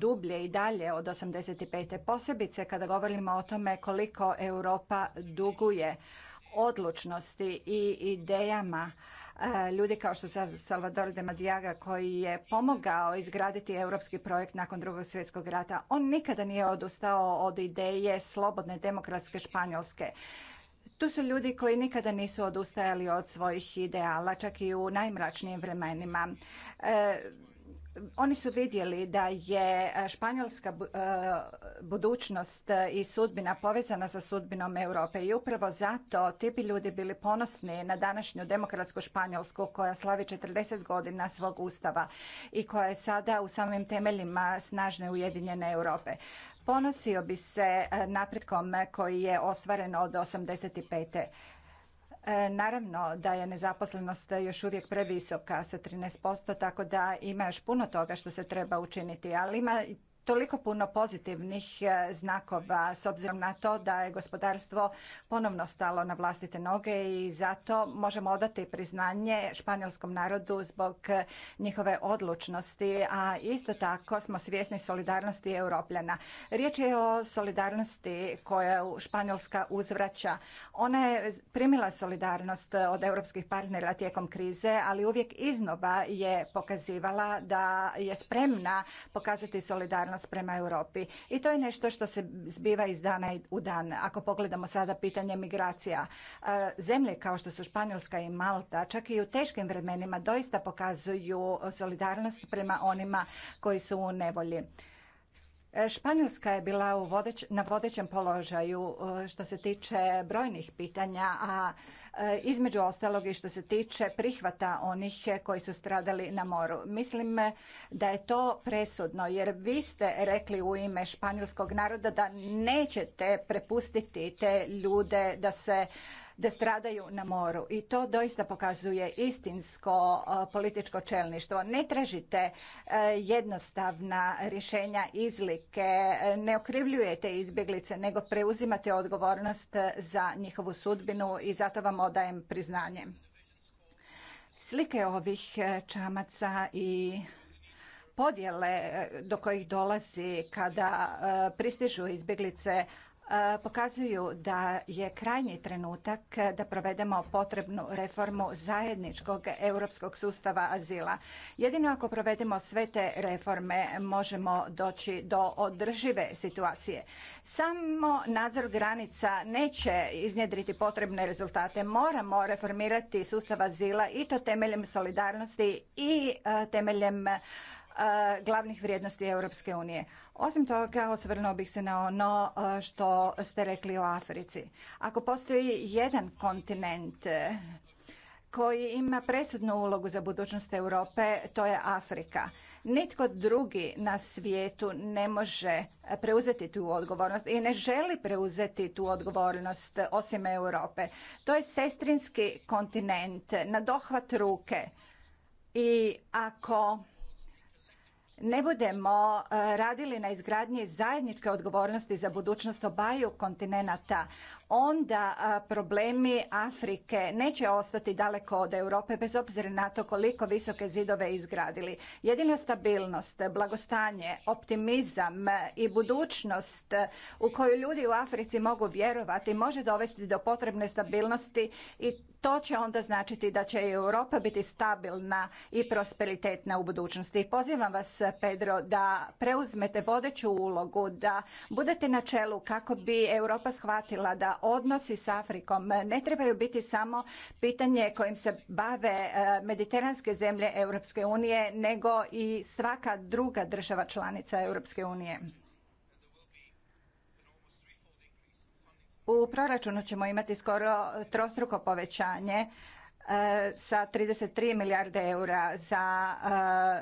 dublje i dalje od 85. posebice kada govorimo o tome koliko Europa duguje odlučnosti i idejama e, ljudi kao što je Salvador de Madiaga koji je pomogao izgraditi europski projekt nakon drugog svjetskog rata. On nikada nije odustao od ideje slobodne demokratske Španjolske. Tu su ljudi koji nikada nisu odustajali od svojih ideala, čak i u najmračnijim vremenima. E, oni su vidjeli da je e, španjolska e, budućnost i sudbina povezana sa sudbinom Europe i upravo zato ti bi ljudi bili ponosni na današnju demokratsku Španjolsku koja slavi 40 godina svog ustava i koja je sada u samim temeljima snažne ujedinjene Europe. Ponosio bi se e, napretkom koji je ostvaren od 85. E, naravno da je nezaposlenost još uvijek previsoka sa 13%, tako da ima još puno toga što se treba učiniti, ali ima toliko puno pozitivnih e, znakova s obzirom na to da je gospodarstvo ponovno stalo na vlastite noge i zato možemo odati priznanje španjolskom narodu zbog njihove odlučnosti, a isto tako smo svjesni solidarnosti europljana. Riječ je o solidarnosti koju Španjolska uzvraća. Ona je primila solidarnost od europskih partnera tijekom krize, ali uvijek iznova je pokazivala da je spremna pokazati solidarnost odnos prema Europi. I to je nešto što se zbiva iz dana u dan. Ako pogledamo sada pitanje migracija, e, zemlje kao što su Španjolska i Malta čak i u teškim vremenima doista pokazuju solidarnost prema onima koji su u nevolji. E, Španjolska je bila u na vodećem položaju e, što se tiče brojnih pitanja, a e, između ostalog i što se tiče prihvata onih koji su stradali na moru. Mislim da je to presudno jer vi ste rekli u ime španjolskog naroda da nećete prepustiti te ljude da se da stradaju na moru i to doista pokazuje istinsko e, političko čelništvo. Ne tražite e, jednostavna rješenja izlike, ne okrivljujete izbjeglice, nego preuzimate odgovornost e, za njihovu sudbinu i zato vam odajem priznanje. Slike ovih čamaca i podjele do kojih dolazi kada pristižu izbjeglice E, pokazuju da je krajnji trenutak da provedemo potrebnu reformu zajedničkog europskog sustava azila. Jedino ako provedemo sve te reforme možemo doći do održive situacije. Samo nadzor granica neće iznjedriti potrebne rezultate. Moramo reformirati sustav azila i to temeljem solidarnosti i e, temeljem Eh, glavnih vrijednosti Europske unije. Osim toga, osvrnuo bih se na ono eh, što ste rekli o Africi. Ako postoji jedan kontinent eh, koji ima presudnu ulogu za budućnost Europe, to je Afrika. Nitko drugi na svijetu ne može preuzeti tu odgovornost i ne želi preuzeti tu odgovornost osim Europe. To je sestrinski kontinent na dohvat ruke i ako ne budemo e, radili na izgradnji zajedničke odgovornosti za budućnost obaju kontinenata, onda e, problemi Afrike neće ostati daleko od Europe bez obzira na to koliko visoke zidove izgradili. Jedina stabilnost, blagostanje, optimizam e, i budućnost u koju ljudi u Africi mogu vjerovati može dovesti do potrebne stabilnosti i to će onda značiti da će Europa biti stabilna i prosperitetna u budućnosti. I pozivam vas, Pedro, da preuzmete vodeću ulogu, da budete na čelu kako bi Europa shvatila da odnosi s Afrikom ne trebaju biti samo pitanje kojim se bave e, mediteranske zemlje Europske unije, nego i svaka druga država članica Europske unije. U proračunu ćemo imati skoro trostruko povećanje e, sa 33 milijarde eura za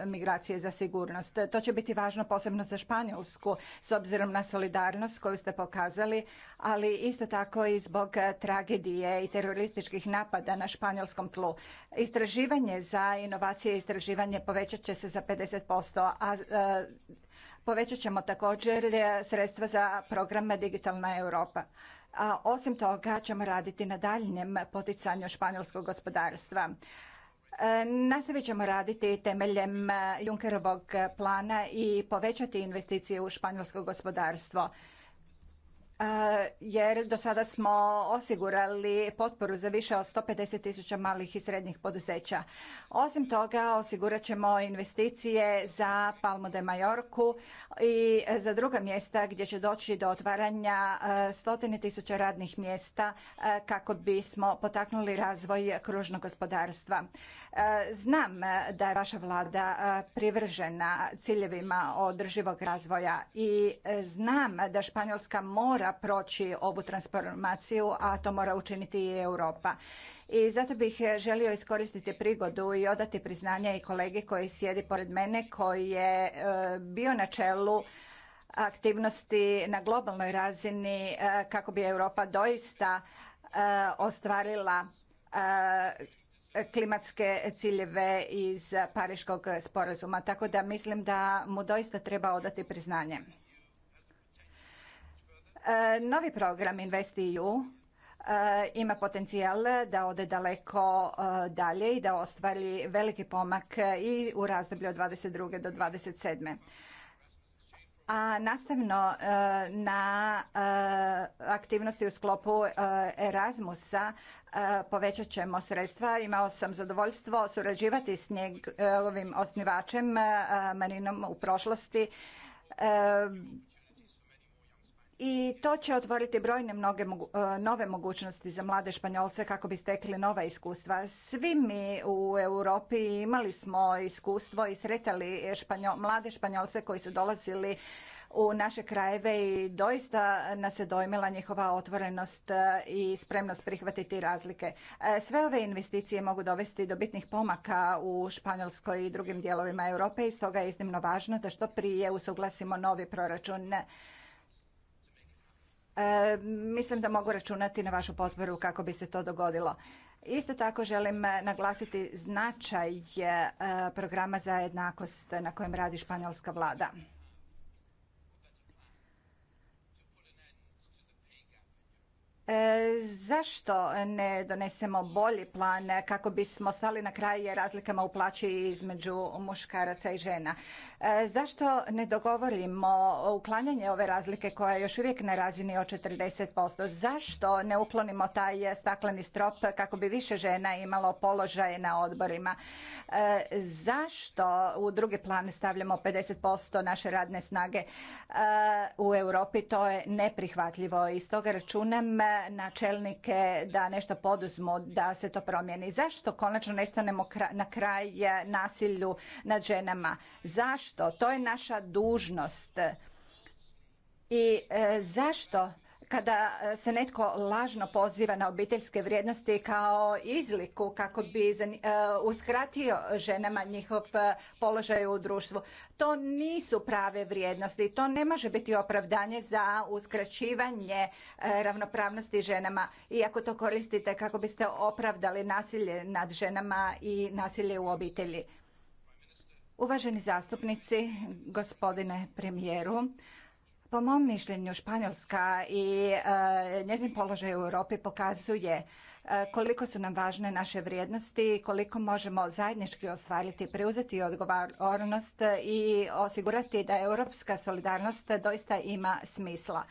e, migracije za sigurnost. To će biti važno posebno za Španjolsku s obzirom na solidarnost koju ste pokazali, ali isto tako i zbog tragedije i terorističkih napada na španjolskom tlu. Istraživanje za inovacije i istraživanje povećat će se za 50%, a e, povećat ćemo također sredstva za programe Digitalna Europa a osim toga ćemo raditi na daljnjem poticanju španjolskog gospodarstva. E, nastavit ćemo raditi temeljem e, Junckerovog plana i povećati investicije u španjolsko gospodarstvo. E, jer do sada smo osigurali potporu za više od 150 tisuća malih i srednjih poduzeća. Osim toga osigurat ćemo investicije za Palmo de Majorku i za druga mjesta gdje će doći do otvaranja e, stotine tisuća radnih mjesta e, kako bismo potaknuli razvoj kružnog gospodarstva. Znam da je vaša vlada privržena ciljevima održivog razvoja i znam da Španjolska mora mora proći ovu transformaciju, a to mora učiniti i Europa. I zato bih želio iskoristiti prigodu i odati priznanje i kolegi koji sjedi pored mene, koji je e, bio na čelu aktivnosti na globalnoj razini e, kako bi Europa doista e, ostvarila klimatske ciljeve iz Pariškog sporazuma. Tako da mislim da mu doista treba odati priznanje. E, novi program InvestEU e, ima potencijal da ode daleko e, dalje i da ostvari veliki pomak i u razdoblju od 22. do 27. A nastavno na aktivnosti u sklopu Erasmusa povećat ćemo sredstva. Imao sam zadovoljstvo surađivati s njegovim osnivačem Marinom u prošlosti i to će otvoriti brojne mnoge e, nove mogućnosti za mlade Španjolce kako bi stekli nova iskustva. Svi mi u Europi imali smo iskustvo i sretali mlade Španjolce koji su dolazili u naše krajeve i doista nas je dojmila njihova otvorenost e, i spremnost prihvatiti razlike. E, sve ove investicije mogu dovesti do bitnih pomaka u Španjolskoj i drugim dijelovima Europe i stoga je iznimno važno da što prije usuglasimo novi proračun Mislim da mogu računati na vašu potporu kako bi se to dogodilo. Isto tako želim eh, naglasiti značaj eh, programa za jednakost na kojem radi španjolska vlada. E, zašto ne donesemo bolji plan kako bismo stali na kraj razlikama u plaći između muškaraca i žena? E, zašto ne dogovorimo uklanjanje ove razlike koja je još uvijek na razini od 40%? Zašto ne uklonimo taj stakleni strop kako bi više žena imalo položaje na odborima? E, zašto u drugi plan stavljamo 50% naše radne snage u Europi? To je neprihvatljivo i stoga računam na čelnike da nešto poduzmu da se to promijeni. Zašto konačno nestanemo na kraj eh, nasilju nad ženama? Zašto? To je naša dužnost. I eh, zašto kada e, se netko lažno poziva na obiteljske vrijednosti kao izliku kako bi e, uskratio ženama njihov e, položaj u društvu. To nisu prave vrijednosti, to ne može biti opravdanje za uskraćivanje ravnopravnosti ženama, iako to koristite kako biste opravdali nasilje nad ženama i nasilje u obitelji. Uvaženi zastupnici, gospodine premijeru, po mom mišljenju Španjolska i e, njezin položaj u Europi pokazuje e, koliko su nam važne naše vrijednosti, koliko možemo zajednički ostvariti, preuzeti odgovornost i osigurati da europska solidarnost doista ima smisla.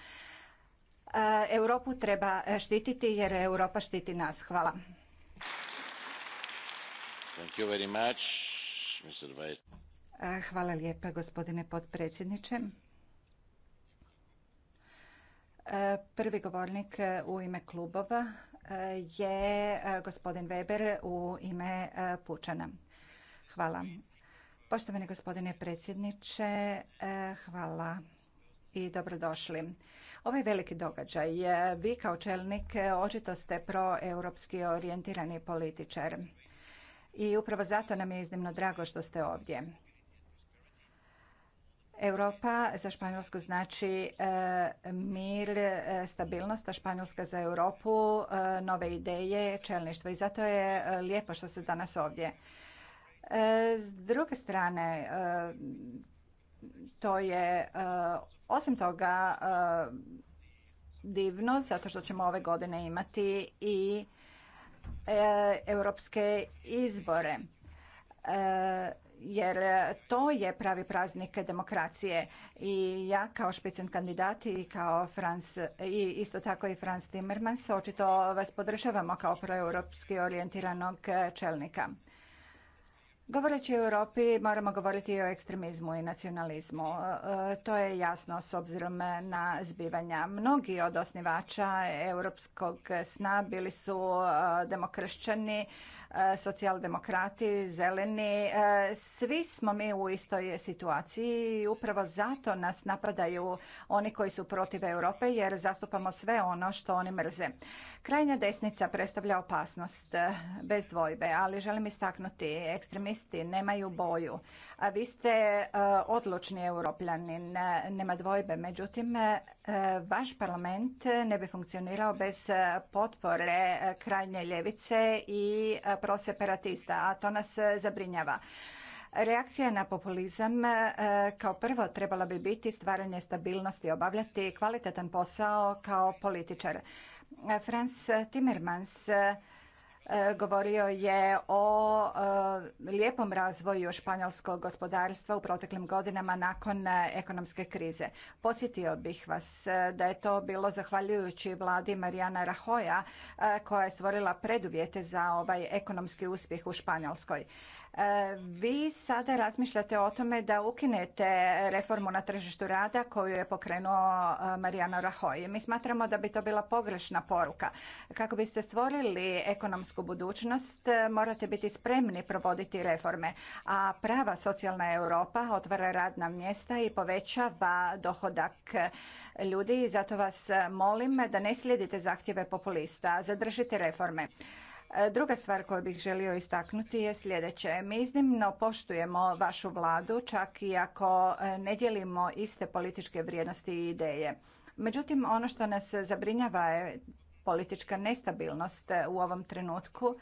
E, Europu treba štititi jer Europa štiti nas. Hvala. Hvala lijepa gospodine potpredsjedniče. Prvi govornik u ime klubova e, je e, gospodin Weber u ime e, Pučana. Hvala. Poštovani gospodine predsjedniče, hvala i dobrodošli. Ovaj veliki događaj, vi kao čelnik očito ste proeuropski orijentirani političar i upravo zato nam je iznimno drago što ste ovdje. Europa za Španjolsku znači e, mir, e, stabilnost, Španjolska za Europu, e, nove ideje, čelništvo. I zato je lijepo što se danas ovdje. S druge strane, to je osim toga divno, zato što ćemo ove godine imati i europske izbore jer e, to je pravi praznik demokracije i ja kao špicen kandidat i kao Franz, i isto tako i Franz Timmermans očito vas podržavamo kao proeuropski orijentiranog e, čelnika. Govoreći o Europi moramo govoriti i o ekstremizmu i nacionalizmu. E, to je jasno s obzirom na zbivanja. Mnogi od osnivača europskog sna bili su demokršćani, E, socijaldemokrati, zeleni, e, svi smo mi u istoj situaciji i upravo zato nas napadaju oni koji su protiv Europe jer zastupamo sve ono što oni mrze. Krajnja desnica predstavlja opasnost, e, bez dvojbe, ali želim istaknuti, ekstremisti nemaju boju. Vi ste odlučni europljanin, nema dvojbe, međutim Vaš parlament ne bi funkcionirao bez potpore krajnje ljevice i proseparatista, a to nas zabrinjava. Reakcija na populizam e, kao prvo trebala bi biti stvaranje stabilnosti, obavljati kvalitetan posao kao političar. Franz Timmermans E, govorio je o e, lijepom razvoju španjolskog gospodarstva u proteklim godinama nakon e, ekonomske krize. Podsjetio bih vas da je to bilo zahvaljujući vladi Marijana Rahoja koja je stvorila preduvjete za ovaj ekonomski uspjeh u Španjolskoj. E, vi sada razmišljate o tome da ukinete reformu na tržištu rada koju je pokrenuo e, Marijano Rahoj. Mi smatramo da bi to bila pogrešna poruka. Kako biste stvorili ekonomsku budućnost, e, morate biti spremni provoditi reforme, a prava socijalna Europa otvara radna mjesta i povećava dohodak ljudi zato vas molim da ne slijedite zahtjeve populista, zadržite reforme. E, druga stvar koju bih želio istaknuti je sljedeće. Mi iznimno poštujemo vašu vladu, čak i ako e, ne dijelimo iste političke vrijednosti i ideje. Međutim, ono što nas zabrinjava je politička nestabilnost e, u ovom trenutku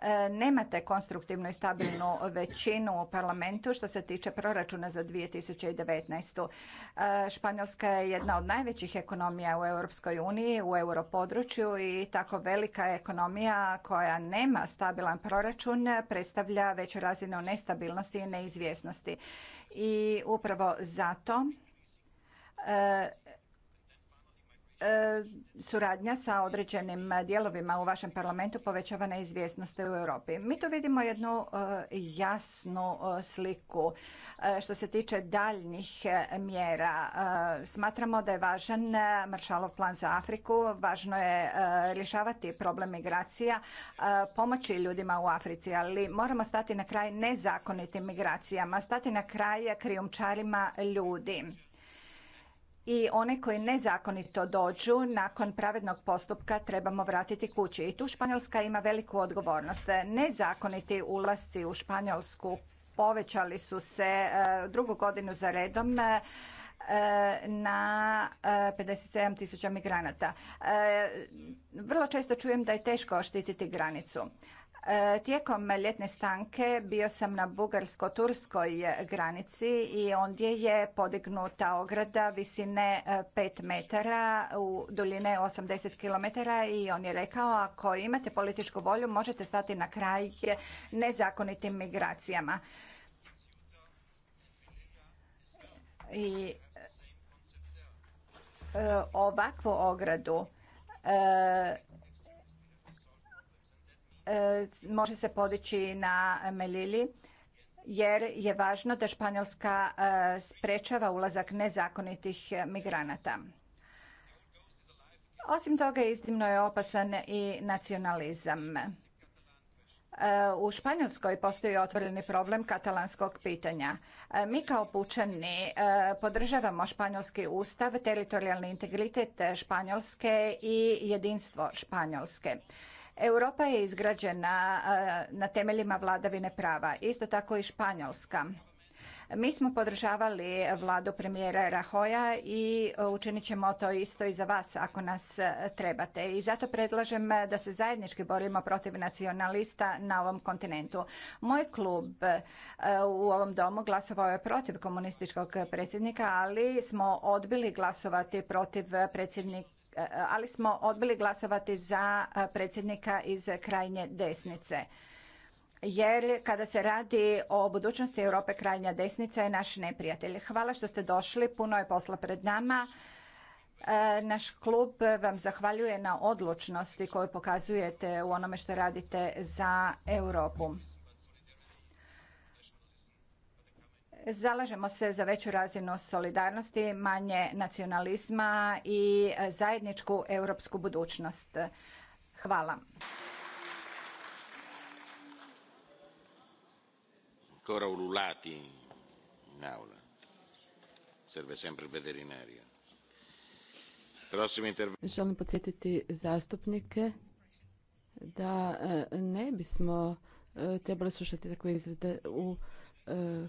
E, nemate konstruktivnu i stabilnu većinu u parlamentu što se tiče proračuna za 2019. E, Španjolska je jedna od najvećih ekonomija u Europskoj uniji, u europodručju i tako velika ekonomija koja nema stabilan proračun predstavlja veću razinu nestabilnosti i neizvjesnosti. I upravo zato e, E, suradnja sa određenim dijelovima u vašem parlamentu povećava neizvjesnost u Europi. Mi tu vidimo jednu e, jasnu e, sliku što se tiče daljnjih mjera. Smatramo da je važan Maršalov plan za Afriku, važno je rješavati problem migracija, pomoći ljudima u Africi, ali moramo stati na kraj nezakonitim migracijama, stati na kraj krijumčarima ljudi i one koji nezakonito dođu nakon pravednog postupka trebamo vratiti kući. I tu Španjolska ima veliku odgovornost. Nezakoniti ulasci u Španjolsku povećali su se e, drugu godinu za redom e, na 57 e, tisuća migranata. Vrlo često čujem da je teško štititi granicu. E, tijekom ljetne stanke bio sam na bugarsko-turskoj granici i ondje je podignuta ograda visine 5 e, metara u duljine 80 km i on je rekao ako imate političku volju možete stati na kraj nezakonitim migracijama. I e, ovakvu ogradu E, može se podići na Melili jer je važno da Španjolska e, sprečava ulazak nezakonitih migranata. Osim toga, iznimno je opasan i nacionalizam. E, u Španjolskoj postoji otvoreni problem katalanskog pitanja. Mi kao pučani podržavamo španjolski ustav, teritorijalni integritet Španjolske i jedinstvo Španjolske. Europa je izgrađena eh, na temeljima vladavine prava, isto tako i Španjolska. Mi smo podržavali vladu premijera Rahoja i učinit ćemo to isto i za vas ako nas eh, trebate. I zato predlažem eh, da se zajednički borimo protiv nacionalista na ovom kontinentu. Moj klub u ovom domu glasovao je protiv komunističkog predsjednika, ali smo odbili glasovati protiv predsjednika ali smo odbili glasovati za predsjednika iz krajnje desnice. Jer kada se radi o budućnosti Europe krajnja desnica je naš neprijatelj. Hvala što ste došli, puno je posla pred nama. E, naš klub vam zahvaljuje na odlučnosti koju pokazujete u onome što radite za Europu. Zalažemo se za veću razinu solidarnosti, manje nacionalizma i zajedničku europsku budućnost. Hvala. Ancora ululati in aula. Serve sempre il Želim podsjetiti zastupnike da eh, ne bismo eh, trebali slušati takve izvede u E,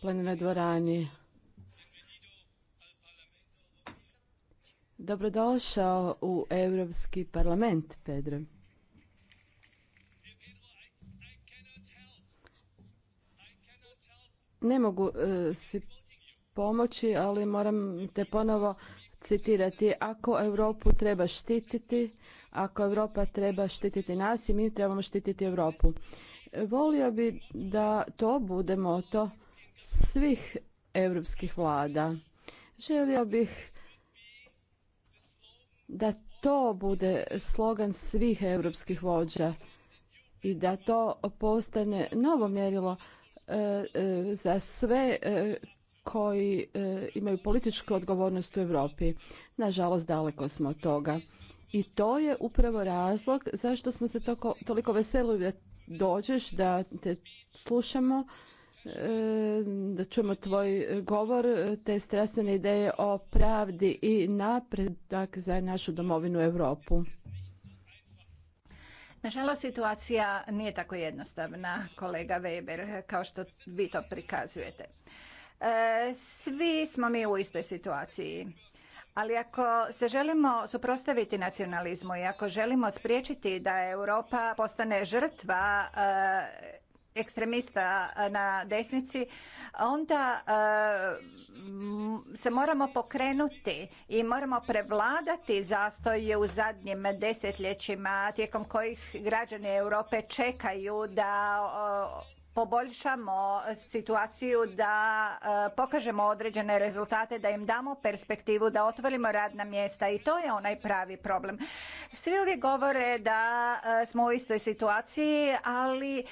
plenarnoj dvorani. Dobrodošao u Europski parlament, Pedro. Ne mogu e, si pomoći, ali moram te ponovo citirati. Ako Europu treba štititi, ako Europa treba štititi nas i mi trebamo štititi Europu volio bi da to bude moto svih europskih vlada. Želio bih da to bude slogan svih europskih vođa i da to postane novo mjerilo e, e, za sve e, koji imaju političku odgovornost u Europi. Nažalost, daleko smo od toga. I to je upravo razlog zašto smo se toliko veselili dođeš, da te slušamo, e, da čujemo tvoj govor, te strastvene ideje o pravdi i napredak za našu domovinu Europu. Nažalost, situacija nije tako jednostavna, kolega Weber, kao što vi to prikazujete. E, svi smo mi u istoj situaciji. Ali ako se želimo suprotstaviti nacionalizmu i ako želimo spriječiti da Europa postane žrtva eh, ekstremista na desnici, onda eh, se moramo pokrenuti i moramo prevladati zastoje u zadnjim desetljećima tijekom kojih građani Europe čekaju da poboljšamo situaciju, da e, pokažemo određene rezultate, da im damo perspektivu, da otvorimo radna mjesta i to je onaj pravi problem. Svi uvijek govore da e, smo u istoj situaciji, ali e,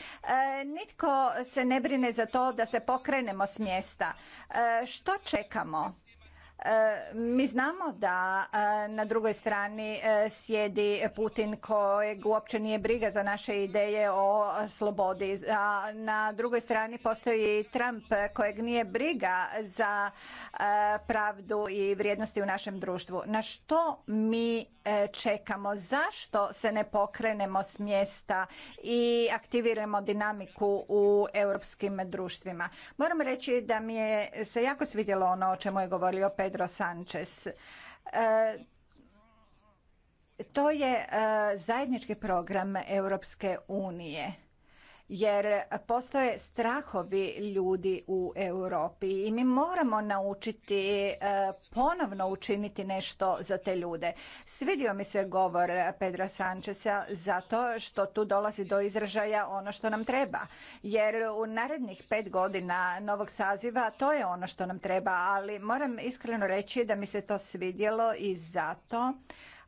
nitko se ne brine za to da se pokrenemo s mjesta. Što čekamo? Mi znamo da e, na drugoj strani e, sjedi Putin kojeg uopće nije briga za naše ideje o slobodi. A na drugoj strani postoji Trump kojeg nije briga za e, pravdu i vrijednosti u našem društvu. Na što mi čekamo? Zašto se ne pokrenemo s mjesta i aktiviramo dinamiku u europskim društvima? Moram reći da mi se jako svidjelo ono o čemu je govorio Pet Pedro Sanchez. E, to je e, zajednički program Europske unije jer postoje strahovi ljudi u Europi i mi moramo naučiti e, ponovno učiniti nešto za te ljude. Svidio mi se govor Pedra Sančesa zato što tu dolazi do izražaja ono što nam treba. Jer u narednih pet godina novog saziva to je ono što nam treba, ali moram iskreno reći da mi se to svidjelo i zato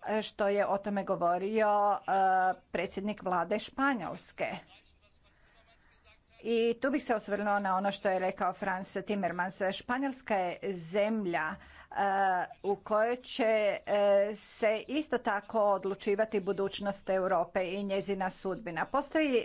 e, što je o tome govorio e, predsjednik vlade Španjolske i tu bih se osvrnuo na ono što je rekao Franz Timmermans. Španjolska je zemlja u kojoj će e, se isto tako odlučivati budućnost Europe i njezina sudbina. Postoji e,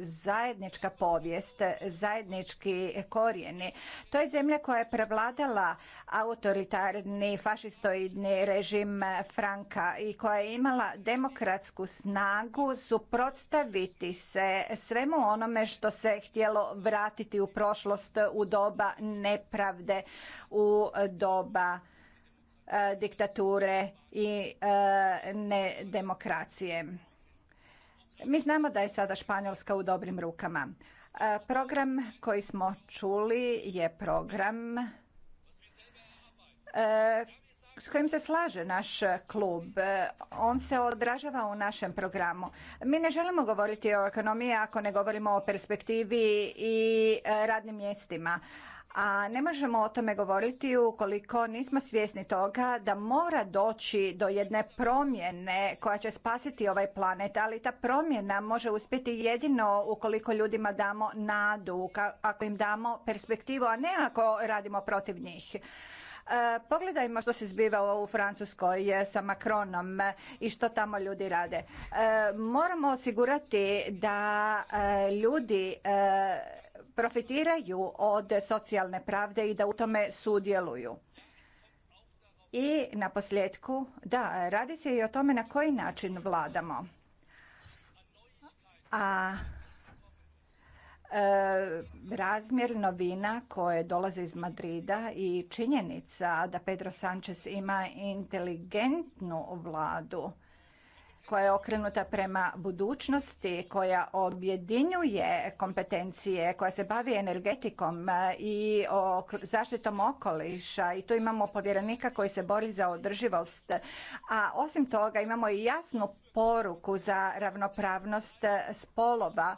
zajednička povijest, zajednički korijeni. To je zemlja koja je prevladala autoritarni fašistoidni režim Franka i koja je imala demokratsku snagu suprotstaviti se svemu onome što se htjelo vratiti u prošlost u doba nepravde, u doba E, diktature i e, nedemokracije. Mi znamo da je sada Španjolska u dobrim rukama. E, program koji smo čuli je program s kojim se slaže naš klub. On se odražava u našem programu. Mi ne želimo govoriti o ekonomiji ako ne govorimo o perspektivi i radnim mjestima a ne možemo o tome govoriti ukoliko nismo svjesni toga da mora doći do jedne promjene koja će spasiti ovaj planet, ali ta promjena može uspjeti jedino ukoliko ljudima damo nadu, ako im damo perspektivu, a ne ako radimo protiv njih. E, Pogledajmo što se zbiva u Francuskoj sa Macronom e, i što tamo ljudi rade. E, moramo osigurati da ljudi profitiraju od socijalne pravde i da u tome sudjeluju. I na posljedku, da, radi se i o tome na koji način vladamo. A E, razmjer novina koje dolaze iz Madrida i činjenica da Pedro Sanchez ima inteligentnu vladu koja je okrenuta prema budućnosti, koja objedinjuje kompetencije, koja se bavi energetikom e, i zaštitom okoliša i tu imamo povjerenika koji se bori za održivost, a osim toga imamo i jasnu poruku za ravnopravnost spolova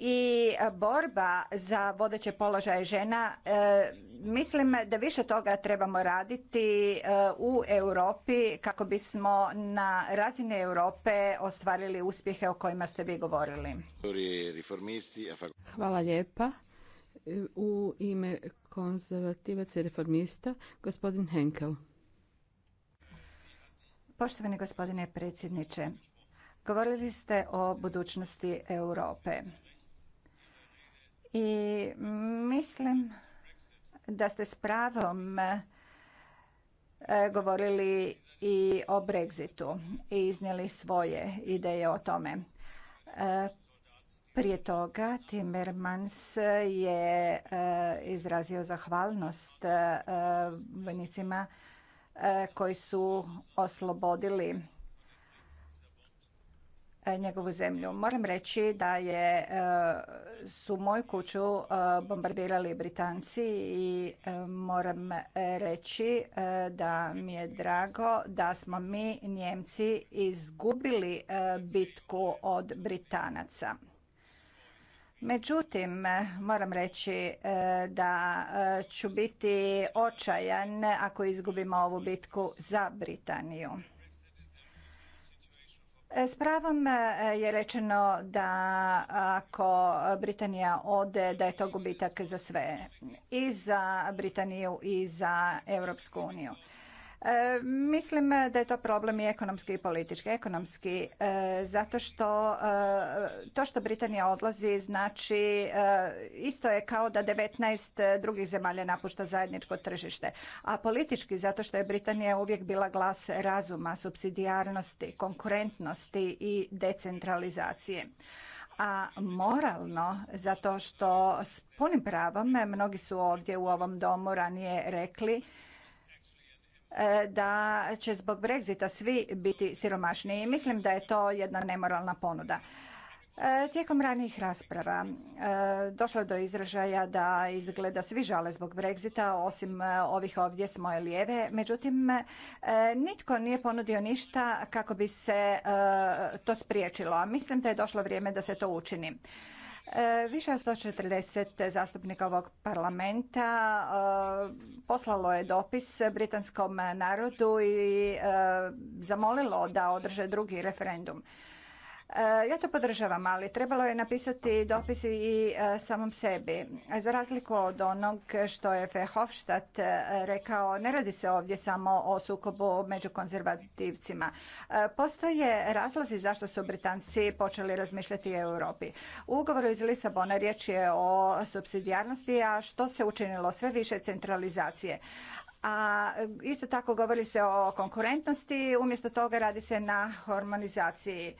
i e, borba za vodeće položaje žena e, mislim da više toga trebamo raditi e, u Europi kako bismo na razini Europe ostvarili uspjehe o kojima ste vi govorili. Hvala lijepa. U ime konzervativaca i reformista gospodin Henkel. Poštovani gospodine predsjedniče, govorili ste o budućnosti Europe i mislim da ste s pravom e, govorili i o Brexitu i iznijeli svoje ideje o tome. E, prije toga Timmermans je e, izrazio zahvalnost vojnicima koji su oslobodili E, njegovu zemlju. Moram reći da je, e, su moju kuću e, bombardirali Britanci i moram reći da mi je drago da smo mi Njemci izgubili bitku od Britanaca. Međutim, moram reći da ću biti očajan ako izgubimo ovu bitku za Britaniju. E, s pravom e, je rečeno da ako Britanija ode, da je to gubitak za sve. I za Britaniju i za Europsku uniju. E, mislim e, da je to problem i ekonomski i politički. Ekonomski e, zato što to što Britanija odlazi znači isto je kao da 19 drugih zemalja napušta zajedničko tržište. A politički zato što je Britanija uvijek bila glas razuma, subsidijarnosti, konkurentnosti i decentralizacije a moralno zato što s punim pravom mnogi su ovdje u ovom domu ranije rekli E, da će zbog Brexita svi biti siromašniji. Mislim da je to jedna nemoralna ponuda. E, tijekom ranijih rasprava e, došlo je do izražaja da izgleda svi žale zbog Brexita, osim ovih ovdje s moje lijeve. Međutim, nitko nije ponudio ništa kako bi se to spriječilo, a mislim da je došlo vrijeme da se to učini. E, više od 140 zastupnika ovog parlamenta e, poslalo je dopis britanskom narodu i e, zamolilo da održe drugi referendum. Ja to podržavam, ali trebalo je napisati dopis i e, samom sebi. Za razliku od onog što je Verhofstadt e, rekao, ne radi se ovdje samo o sukobu među konzervativcima. E, postoje razlozi zašto su Britanci počeli razmišljati o Europi. U ugovoru iz Lisabona riječ je o subsidijarnosti, a što se učinilo? Sve više centralizacije a e, isto tako govori se o konkurentnosti, umjesto toga radi se na harmonizaciji. E,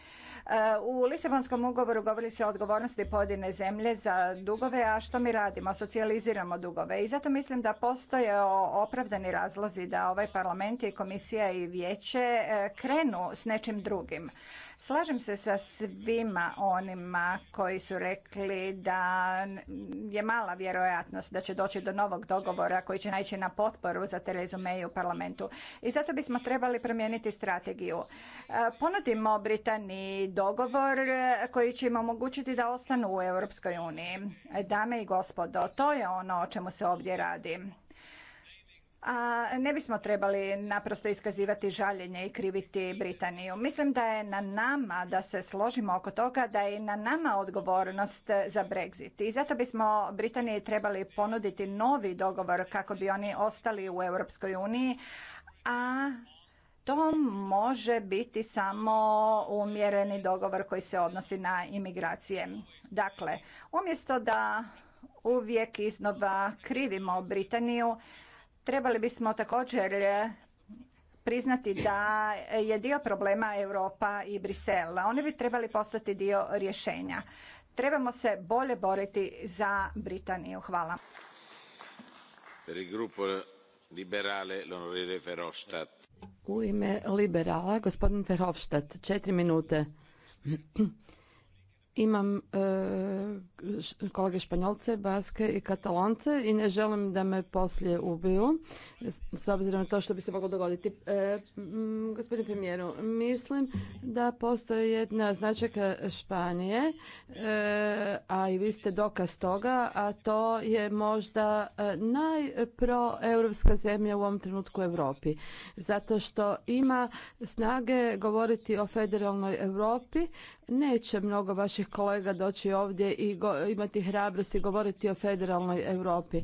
u Lisabonskom ugovoru govori se o odgovornosti pojedine zemlje za dugove, a što mi radimo? Socijaliziramo dugove i zato mislim da postoje opravdani razlozi da ovaj parlament i komisija i vijeće e, krenu s nečim drugim. Slažem se sa svima onima koji su rekli da je mala vjerojatnost da će doći do novog dogovora koji će naići na potporu za Terezu May u parlamentu. I zato bismo trebali promijeniti strategiju. E, ponudimo Britaniji dogovor e, koji će im omogućiti da ostanu u Europskoj uniji. Dame i gospodo, to je ono o čemu se ovdje radi a ne bismo trebali naprosto iskazivati žaljenje i kriviti Britaniju. Mislim da je na nama da se složimo oko toga da je na nama odgovornost za Brexit i zato bismo Britaniji trebali ponuditi novi dogovor kako bi oni ostali u Europskoj uniji, a to može biti samo umjereni dogovor koji se odnosi na imigracije. Dakle, umjesto da uvijek iznova krivimo Britaniju, Trebali bismo također e, priznati da je dio problema Europa i Brisela. Oni bi trebali postati dio rješenja. Trebamo se bolje boriti za Britaniju. Hvala. Liberale, U ime liberala, gospodin Verhofstadt, četiri minute. imam e, kolege Španjolce, Baske i Katalonce i ne želim da me poslije ubiju s obzirom na to što bi se moglo dogoditi. E, gospodine premijeru, mislim da postoji jedna značajka Španije, e, a i vi ste dokaz toga, a to je možda e, najproeuropska zemlja u ovom trenutku u Europi. Zato što ima snage govoriti o federalnoj Europi Neće mnogo vaših kolega doći ovdje i imati hrabrosti govoriti o federalnoj Europi.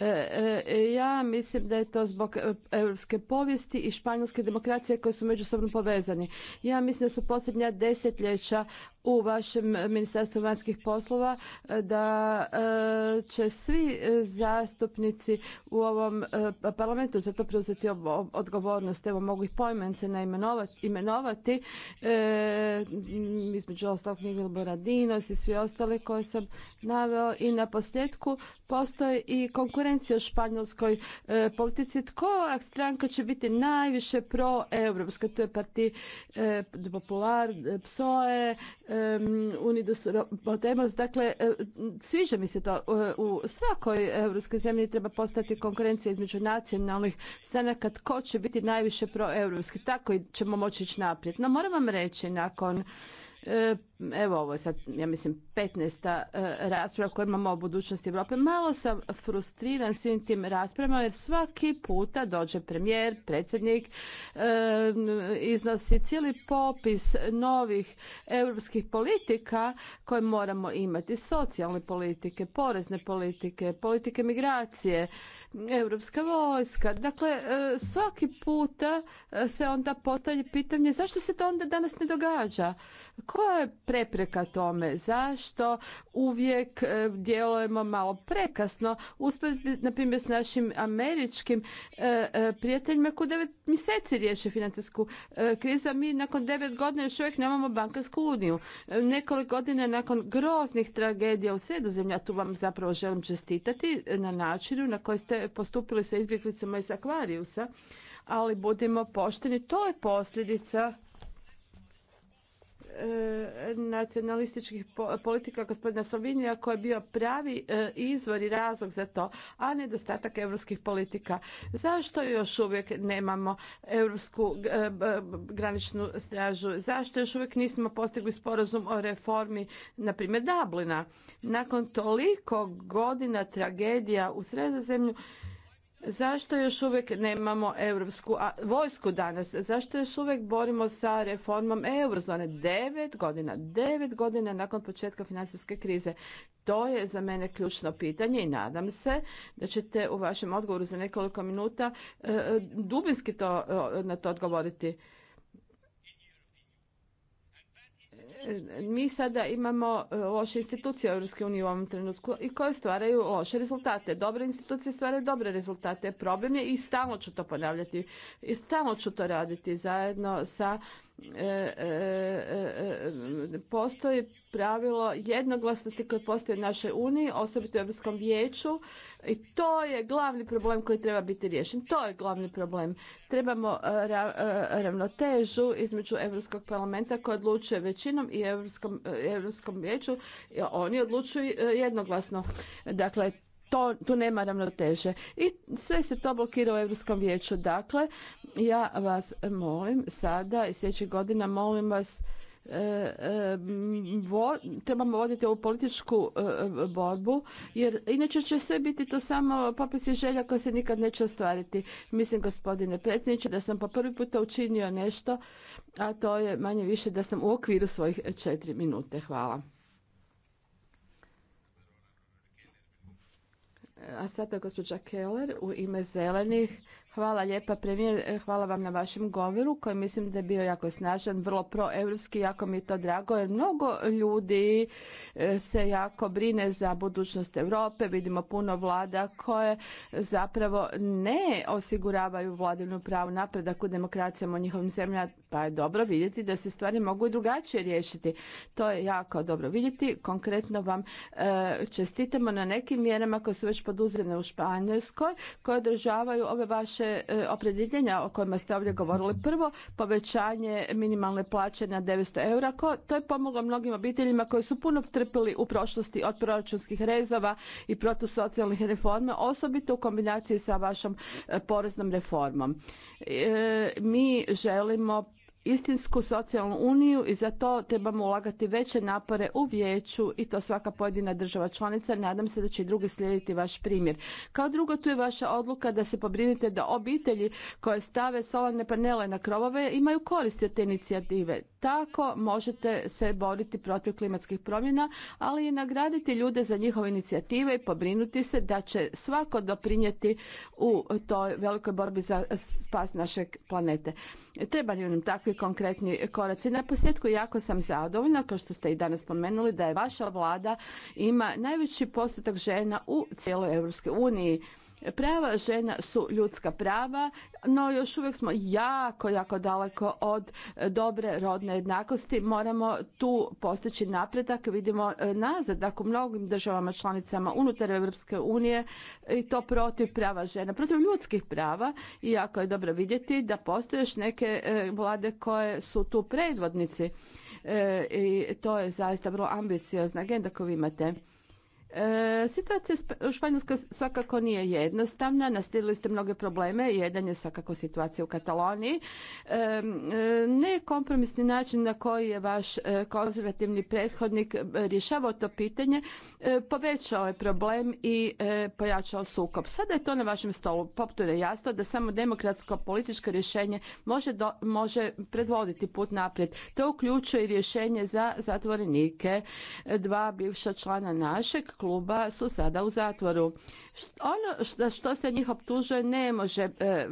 E, e, ja mislim da je to zbog europske povijesti i španjolske demokracije koje su međusobno povezani. Ja mislim da su posljednja desetljeća u vašem Ministarstvu vanjskih poslova e, da e, će svi zastupnici u ovom e, parlamentu za to preuzeti odgovornost. Evo mogu ih pojmence imenovati između ostalog Miguel Boradinos i svi ostali koje sam naveo i na posljedku postoji i konkurencija u španjolskoj politici. politici. Koja stranka će biti najviše pro-europska? Tu je parti Popular, PSOE, Unidos Podemos. Dakle, e, sviđa mi se to. E, u svakoj europskoj zemlji treba postati konkurencija između nacionalnih stranaka tko će biti najviše proeuropski. Tako ćemo moći ići naprijed. No moram vam reći, nakon e, evo ovo je sad, ja mislim, 15. E, rasprava koju imamo o budućnosti Europe. Malo sam frustriran svim tim raspravama jer svaki puta dođe premijer, predsjednik, e, iznosi cijeli popis novih europskih politika koje moramo imati. Socijalne politike, porezne politike, politike migracije, europska vojska. Dakle, e, svaki puta se onda postavlja pitanje zašto se to onda danas ne događa? Koja je prepreka tome? Zašto uvijek e, djelujemo malo prekasno? uspjeti, na primjer, s našim američkim e, e, prijateljima koji devet mjeseci riješe financijsku krizu, a mi nakon devet godina još uvijek nemamo bankarsku uniju. Nekoliko godina nakon groznih tragedija u sredozemlju, ja tu vam zapravo želim čestitati na načinu na koji ste postupili sa izbjeglicama iz Akvarijusa, ali budimo pošteni, to je posljedica nacionalističkih politika gospodina Slovinija koji je bio pravi e, izvor i razlog za to, a nedostatak europskih politika. Zašto još uvijek nemamo europsku e, graničnu stražu? Zašto još uvijek nismo postigli sporazum o reformi, na primjer Dublina? Nakon toliko godina tragedija u sredozemlju, Zašto još uvijek nemamo europsku vojsku danas? Zašto još uvijek borimo sa reformom eurozone? Devet godina, devet godina nakon početka financijske krize. To je za mene ključno pitanje i nadam se da ćete u vašem odgovoru za nekoliko minuta e, e, dubinski to, e, na to odgovoriti. mi sada imamo e, loše institucije Europske unije u ovom trenutku i koje stvaraju loše rezultate. Dobre institucije stvaraju dobre rezultate. Problem je i stalno ću to ponavljati i stalno ću to raditi zajedno sa E, e, e, postoji pravilo jednoglasnosti koje postoji u našoj Uniji, osobito u Europskom vijeću i to je glavni problem koji treba biti riješen. To je glavni problem. Trebamo ravnotežu između Europskog parlamenta koji odlučuje većinom i Europskom vijeću. Oni odlučuju jednoglasno. Dakle, to, tu nema ravnoteže. I sve se to blokira u Europskom vijeću. Dakle, ja vas molim sada i sljedećih godina molim vas E, e, vo, trebamo voditi ovu političku e, borbu, jer inače će sve biti to samo popis i želja koja se nikad neće ostvariti. Mislim, gospodine predsjedniče, da sam po prvi puta učinio nešto, a to je manje više da sam u okviru svojih četiri minute. Hvala. A sada gospođa Keller u ime zelenih Hvala lijepa premijer, e, hvala vam na vašem govoru koji mislim da je bio jako snažan, vrlo proevropski, jako mi je to drago jer mnogo ljudi e, se jako brine za budućnost Europe, vidimo puno vlada koje zapravo ne osiguravaju vladinu pravu napredak u demokracijama u njihovim zemljama, pa je dobro vidjeti da se stvari mogu i drugačije riješiti. To je jako dobro vidjeti, konkretno vam e, čestitamo na nekim mjerama koje su već poduzene u Španjolskoj, koje održavaju ove vaše tiče e, opredjeljenja o kojima ste ovdje govorili. Prvo, povećanje minimalne plaće na 900 eura. To je pomoglo mnogim obiteljima koji su puno trpili u prošlosti od proračunskih rezova i protusocijalnih reforma, osobito u kombinaciji sa vašom e, poreznom reformom. E, mi želimo istinsku socijalnu uniju i za to trebamo ulagati veće napore u vijeću i to svaka pojedina država članica. Nadam se da će i drugi slijediti vaš primjer. Kao drugo, tu je vaša odluka da se pobrinite da obitelji koje stave solarne panele na krovove imaju koristi od te inicijative tako možete se boriti protiv klimatskih promjena, ali i nagraditi ljude za njihove inicijative i pobrinuti se da će svako doprinijeti u toj velikoj borbi za spas našeg planete. li nam takvi konkretni koraci. Na posljedku jako sam zadovoljna, kao što ste i danas spomenuli, da je vaša vlada ima najveći postotak žena u cijeloj Europskoj uniji. Prava žena su ljudska prava, no još uvijek smo jako, jako daleko od e, dobre rodne jednakosti. Moramo tu postići napredak, vidimo e, nazadak u mnogim državama članicama unutar Europske unije e, i to protiv prava žena, protiv ljudskih prava. I jako je dobro vidjeti da postoje još neke vlade koje su tu predvodnici i to je zaista vrlo ambiciozna agenda koju imate. E, situacija u Španjolskoj svakako nije jednostavna, Nastirili ste mnoge probleme, jedan je svakako situacija u Kataloniji. E, e ne kompromisni način na koji je vaš e, konzervativni prethodnik e, rješavao to pitanje, povećao je problem i pojačao sukob. Sada je to na vašem stolu. Poput je jasno da samo demokratsko političko rješenje može, može predvoditi put naprijed. To uključuje i rješenje za zatvorenike. Dva bivša člana našeg kluba su sada u zatvoru. Ono što se njih optužuje ne može e,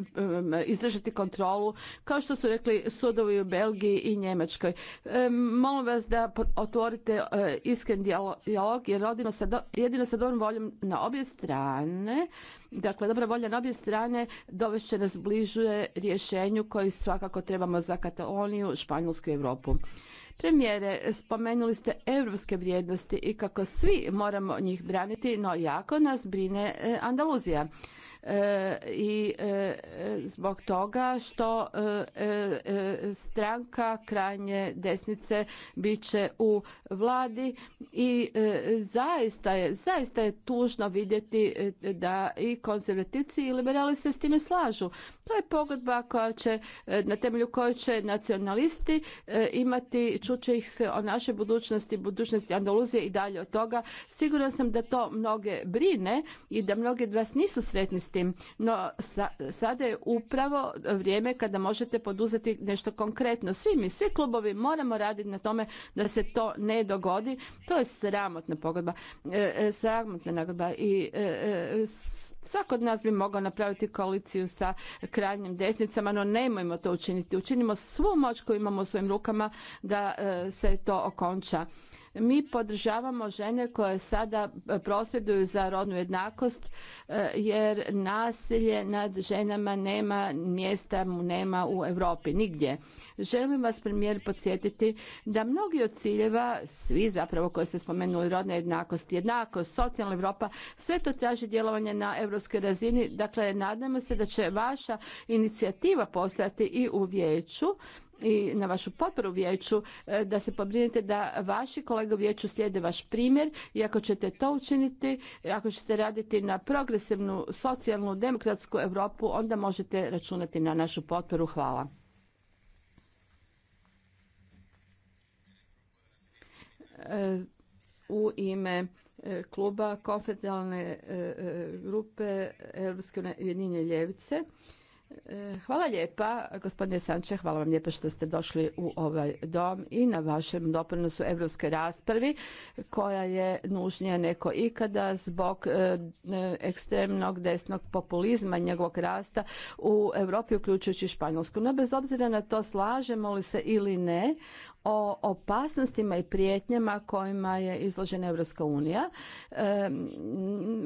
izdržati kontrolu, kao što su rekli sudovi u Belgiji i Njemačkoj. E, molim vas da otvorite e, iskren dijalog jer jedino sa dobrom voljom na obje strane Dakle, dobra volja na obje strane dovešće nas bližuje rješenju koji svakako trebamo za Kataloniju, Španjolsku i Europu. Premijere, spomenuli ste europske vrijednosti i kako svi moramo njih braniti, no jako nas brine e, Andaluzija. E, i e, zbog toga što stranka krajnje desnice bit će u vladi i zaista je, zaista je tužno vidjeti da i konzervativci i liberali se s time slažu. To je pogodba koja će, e, na temelju koje će nacionalisti e, imati, čuće ih se o našoj budućnosti, budućnosti Andaluzije i dalje od toga. Siguran sam da to mnoge brine i da mnogi od vas nisu sretni s tim, no sada je upravo vrijeme kada možete poduzeti nešto konkretno. Svi mi, svi klubovi moramo raditi na tome da se to ne dogodi. To je sramotna pogodba, e, sramotna nagodba i s Svako od nas bi mogao napraviti koaliciju sa krajnjim desnicama, no nemojmo to učiniti. Učinimo svu moć koju imamo u svojim rukama da e, se to okonča. Mi podržavamo žene koje sada prosvjeduju za rodnu jednakost e, jer nasilje nad ženama nema mjesta mu nema u Europi nigdje. Želim vas premijer podsjetiti da mnogi od ciljeva, svi zapravo koje ste spomenuli, rodna jednakost, jednakost, socijalna Europa, sve to traži djelovanje na europskoj razini. Dakle, nadamo se da će vaša inicijativa postati i u vijeću i na vašu potporu vijeću e, da se pobrinete da vaši kolege u vijeću slijede vaš primjer i ako ćete to učiniti, ako ćete raditi na progresivnu, socijalnu, demokratsku Europu, onda možete računati na našu potporu. Hvala. E, u ime e, kluba konfederalne grupe Europske vjedinje ljevice E, hvala lijepa, gospodine Sanče, hvala vam lijepa što ste došli u ovaj dom i na vašem doprinosu evropske raspravi koja je nužnija neko ikada zbog e, ekstremnog desnog populizma i njegovog rasta u Europi uključujući Španjolsku. No bez obzira na to slažemo li se ili ne, o opasnostima i prijetnjama kojima je izložena Europska unija. E,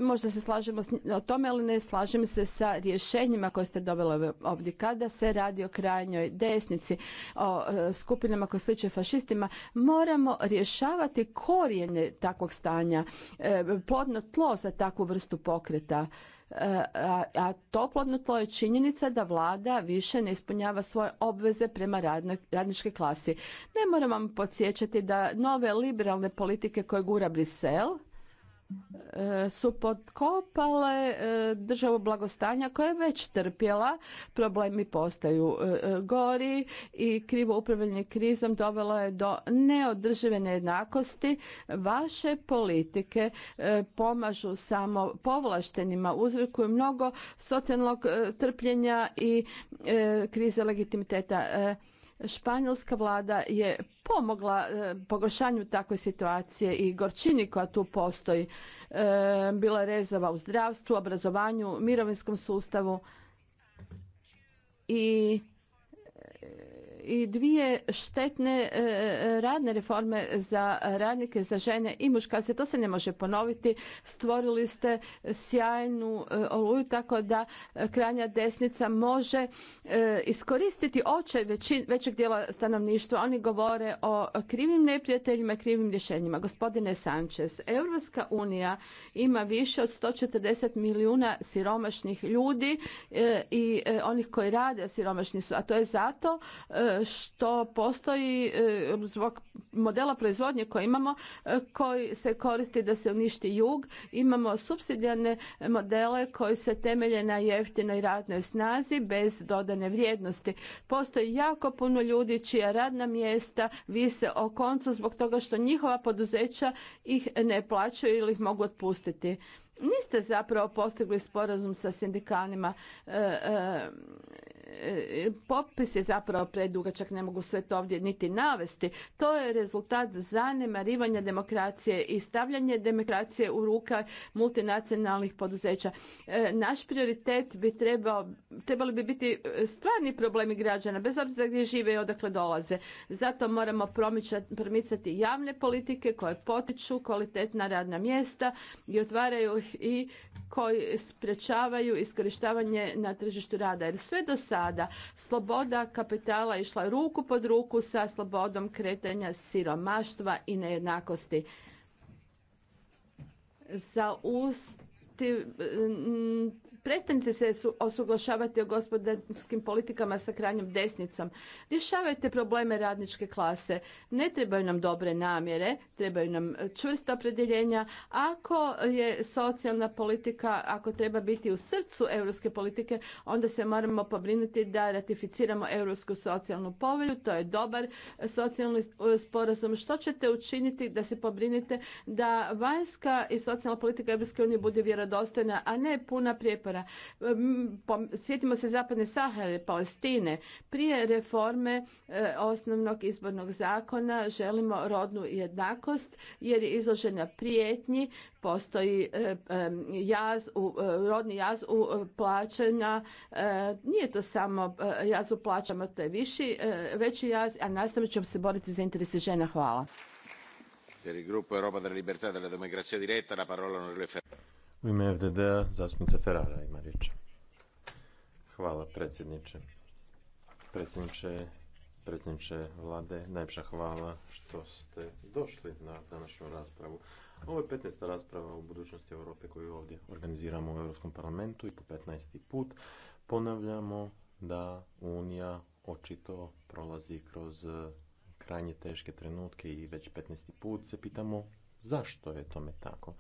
možda se slažemo o tome, ali ne slažem se sa rješenjima koje ste dobili ovdje. Kada se radi o krajnjoj desnici, o e, skupinama koje sliče fašistima, moramo rješavati korijene takvog stanja, e, plodno tlo za takvu vrstu pokreta. E, a plodno tlo je činjenica da vlada više ne ispunjava svoje obveze prema radničkoj klasi. Ne moram vam podsjećati da nove liberalne politike koje gura Brisel E, su potkopale e, državu blagostanja koja je već trpjela, problemi postaju e, gori i krivo upravljanje krizom dovelo je do neodržive nejednakosti. Vaše politike pomažu samo povlaštenima, uzrokuju mnogo socijalnog trpljenja i krize legitimiteta Španjolska vlada je pomogla e, pogoršanju takve situacije i gorčini koja tu postoji. E, bila je rezova u zdravstvu, obrazovanju, mirovinskom sustavu i i dvije štetne e, e, radne reforme za radnike, za žene i muškarce. To se ne može ponoviti. Stvorili ste sjajnu e, oluju tako da krajnja desnica može iskoristiti oče većeg dijela stanovništva. Oni govore o krivim neprijateljima i krivim rješenjima. Gospodine Sanchez, Europska unija ima više od 140 milijuna siromašnih ljudi i onih koji rade siromašni su, a to je zato što postoji e, zbog modela proizvodnje koje imamo e, koji se koristi da se uništi jug. Imamo subsidijarne modele koji se temelje na jeftinoj radnoj snazi bez dodane vrijednosti. Postoji jako puno ljudi čija radna mjesta vise o koncu zbog toga što njihova poduzeća ih ne plaćaju ili ih mogu otpustiti niste zapravo postigli sporazum sa sindikalima. E, popis je zapravo predugačak, ne mogu sve to ovdje niti navesti. To je rezultat zanemarivanja demokracije i stavljanje demokracije u ruka multinacionalnih poduzeća. E, naš prioritet bi trebao, trebali bi biti e, stvarni problemi građana, bez obzira gdje žive i odakle dolaze. Zato moramo promicati javne politike koje potiču kvalitetna radna mjesta i otvaraju ih i koji sprečavaju iskorištavanje na tržištu rada. Jer sve do sada sada. Sloboda kapitala išla ruku pod ruku sa slobodom kretanja siromaštva i nejednakosti. Za ust Mm, prestanite se osuglašavati o gospodarskim politikama sa krajnjom desnicom. Rješavajte probleme radničke klase. Ne trebaju nam dobre namjere, trebaju nam čvrsta opredjeljenja. Ako je socijalna politika, ako treba biti u srcu europske politike, onda se moramo pobrinuti da ratificiramo europsku socijalnu povelju. To je dobar socijalni sporazum. Što ćete učiniti da se pobrinite da vanjska i socijalna politika EU bude vjerojatno dostojna, a ne puna prijepora. Sjetimo se Zapadne Sahare, Palestine. Prije reforme e, osnovnog izbornog zakona želimo rodnu jednakost jer je izložena prijetnji, postoji e, e, jaz, u, rodni jaz u plaćanja. Nije to samo jaz u plaćama, to je viši, veći jaz, a nastavit ćemo se boriti za interese žena. Hvala. della Libertà u ime FDD-a zastupnica Ferrara ima riječ. Hvala predsjedniče. Predsjedniče, predsjedniče vlade, najpša hvala što ste došli na današnju raspravu. Ovo je 15. rasprava o budućnosti Europe koju ovdje organiziramo u Europskom parlamentu i po 15. put ponavljamo da Unija očito prolazi kroz eh, krajnje teške trenutke i već 15. put se pitamo zašto je tome tako.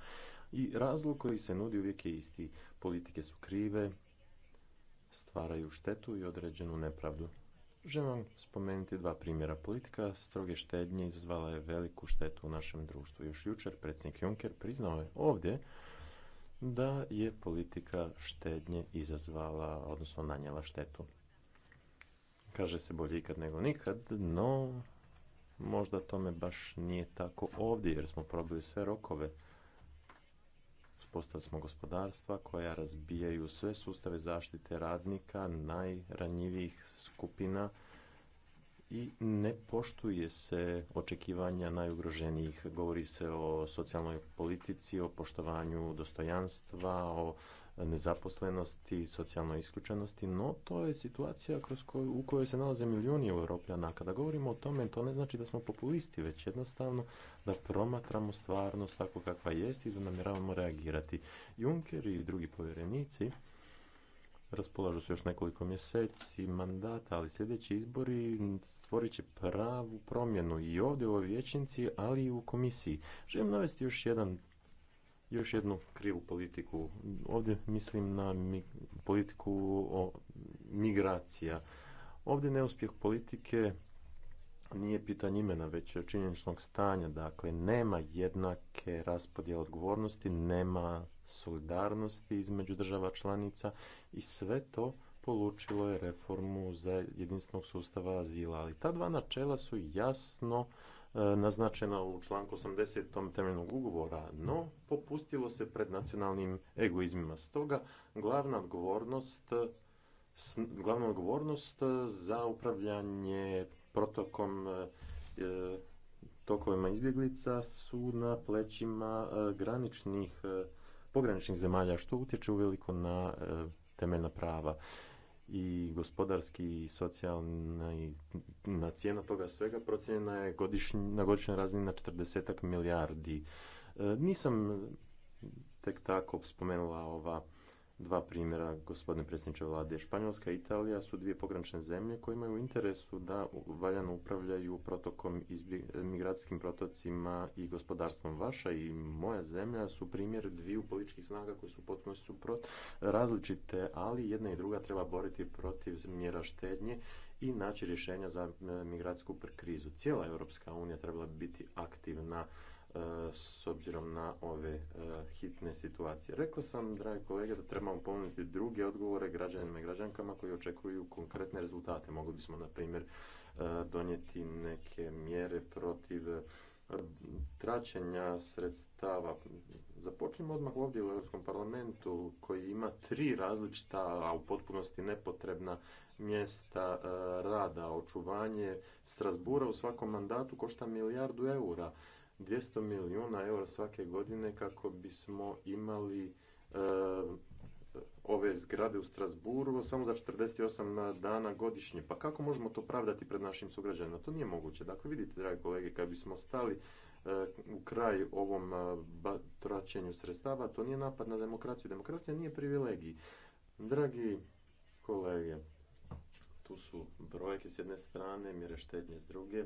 I razlog koji se nudi uvijek je isti. Politike su krive, stvaraju štetu i određenu nepravdu. Želim vam spomenuti dva primjera. Politika stroge štednje izazvala je veliku štetu u našem društvu. Još jučer predsjednik Juncker priznao je ovdje da je politika štednje izazvala, odnosno nanjela štetu. Kaže se bolje ikad nego nikad, no možda tome baš nije tako ovdje jer smo probili sve rokove. Postali smo gospodarstva koja razbijaju sve sustave zaštite radnika, najranjivijih skupina i ne poštuje se očekivanja najugroženijih. Govori se o socijalnoj politici, o poštovanju dostojanstva, o nezaposlenosti, socijalnoj isključenosti, no to je situacija kroz koju, u kojoj se nalaze milijuni europljana. Kada govorimo o tome, to ne znači da smo populisti, već jednostavno da promatramo stvarnost tako kakva jest i da namjeravamo reagirati. Juncker i drugi povjerenici raspolažu se još nekoliko mjeseci mandata, ali sljedeći izbori stvorit će pravu promjenu i ovdje u ovoj vijećnici, ali i u komisiji. Želim navesti još jedan još jednu krivu politiku. Ovdje mislim na politiku o migracija. Ovdje neuspjeh politike nije pitanje imena, već činjeničnog stanja. Dakle, nema jednake raspodjele odgovornosti, nema solidarnosti između država članica i sve to polučilo je reformu za jedinstvenog sustava azila. Ali ta dva načela su jasno E, naznačena u članku 80. temeljnog ugovora, no popustilo se pred nacionalnim egoizmima. Stoga glavna odgovornost glavna odgovornost za upravljanje protokom e, tokovima izbjeglica su na plećima e, graničnih pograničnih zemalja što utječe uveliko na temeljna prava i gospodarski i socijalna i na cijena toga svega procijenjena je godišnj, na godišnjoj razini na 40 milijardi. E, nisam tek tako spomenula ova dva primjera, gospodine predsjedniče vlade. Španjolska i Italija su dvije pogranične zemlje koje imaju interesu da valjano upravljaju protokom, migracijskim protocima i gospodarstvom. Vaša i moja zemlja su primjer dviju političkih snaga koje su potpuno suprot različite, ali jedna i druga treba boriti protiv mjera štednje i naći rješenja za e, migracijsku krizu. Cijela Europska unija trebala bi biti aktivna E, s obzirom na ove e, hitne situacije. Rekao sam, drage kolege, da trebamo ponuditi druge odgovore građanima i građankama koji očekuju konkretne rezultate. Mogli bismo, na primjer, e, donijeti neke mjere protiv traćenja sredstava. Započnimo odmah ovdje u Europskom parlamentu koji ima tri različita, a u potpunosti nepotrebna mjesta rada. Očuvanje Strasbura u svakom mandatu košta milijardu eura. 200 milijuna eura svake godine kako bismo imali e, ove zgrade u Strasburgu samo za 48 dana godišnje. Pa kako možemo to pravdati pred našim sugrađanima? To nije moguće. Dakle, vidite, dragi kolege, kad bismo stali e, u kraj ovom e, tračenju sredstava, to nije napad na demokraciju. Demokracija nije privilegij. Dragi kolege, tu su brojke s jedne strane, mjere štednje s druge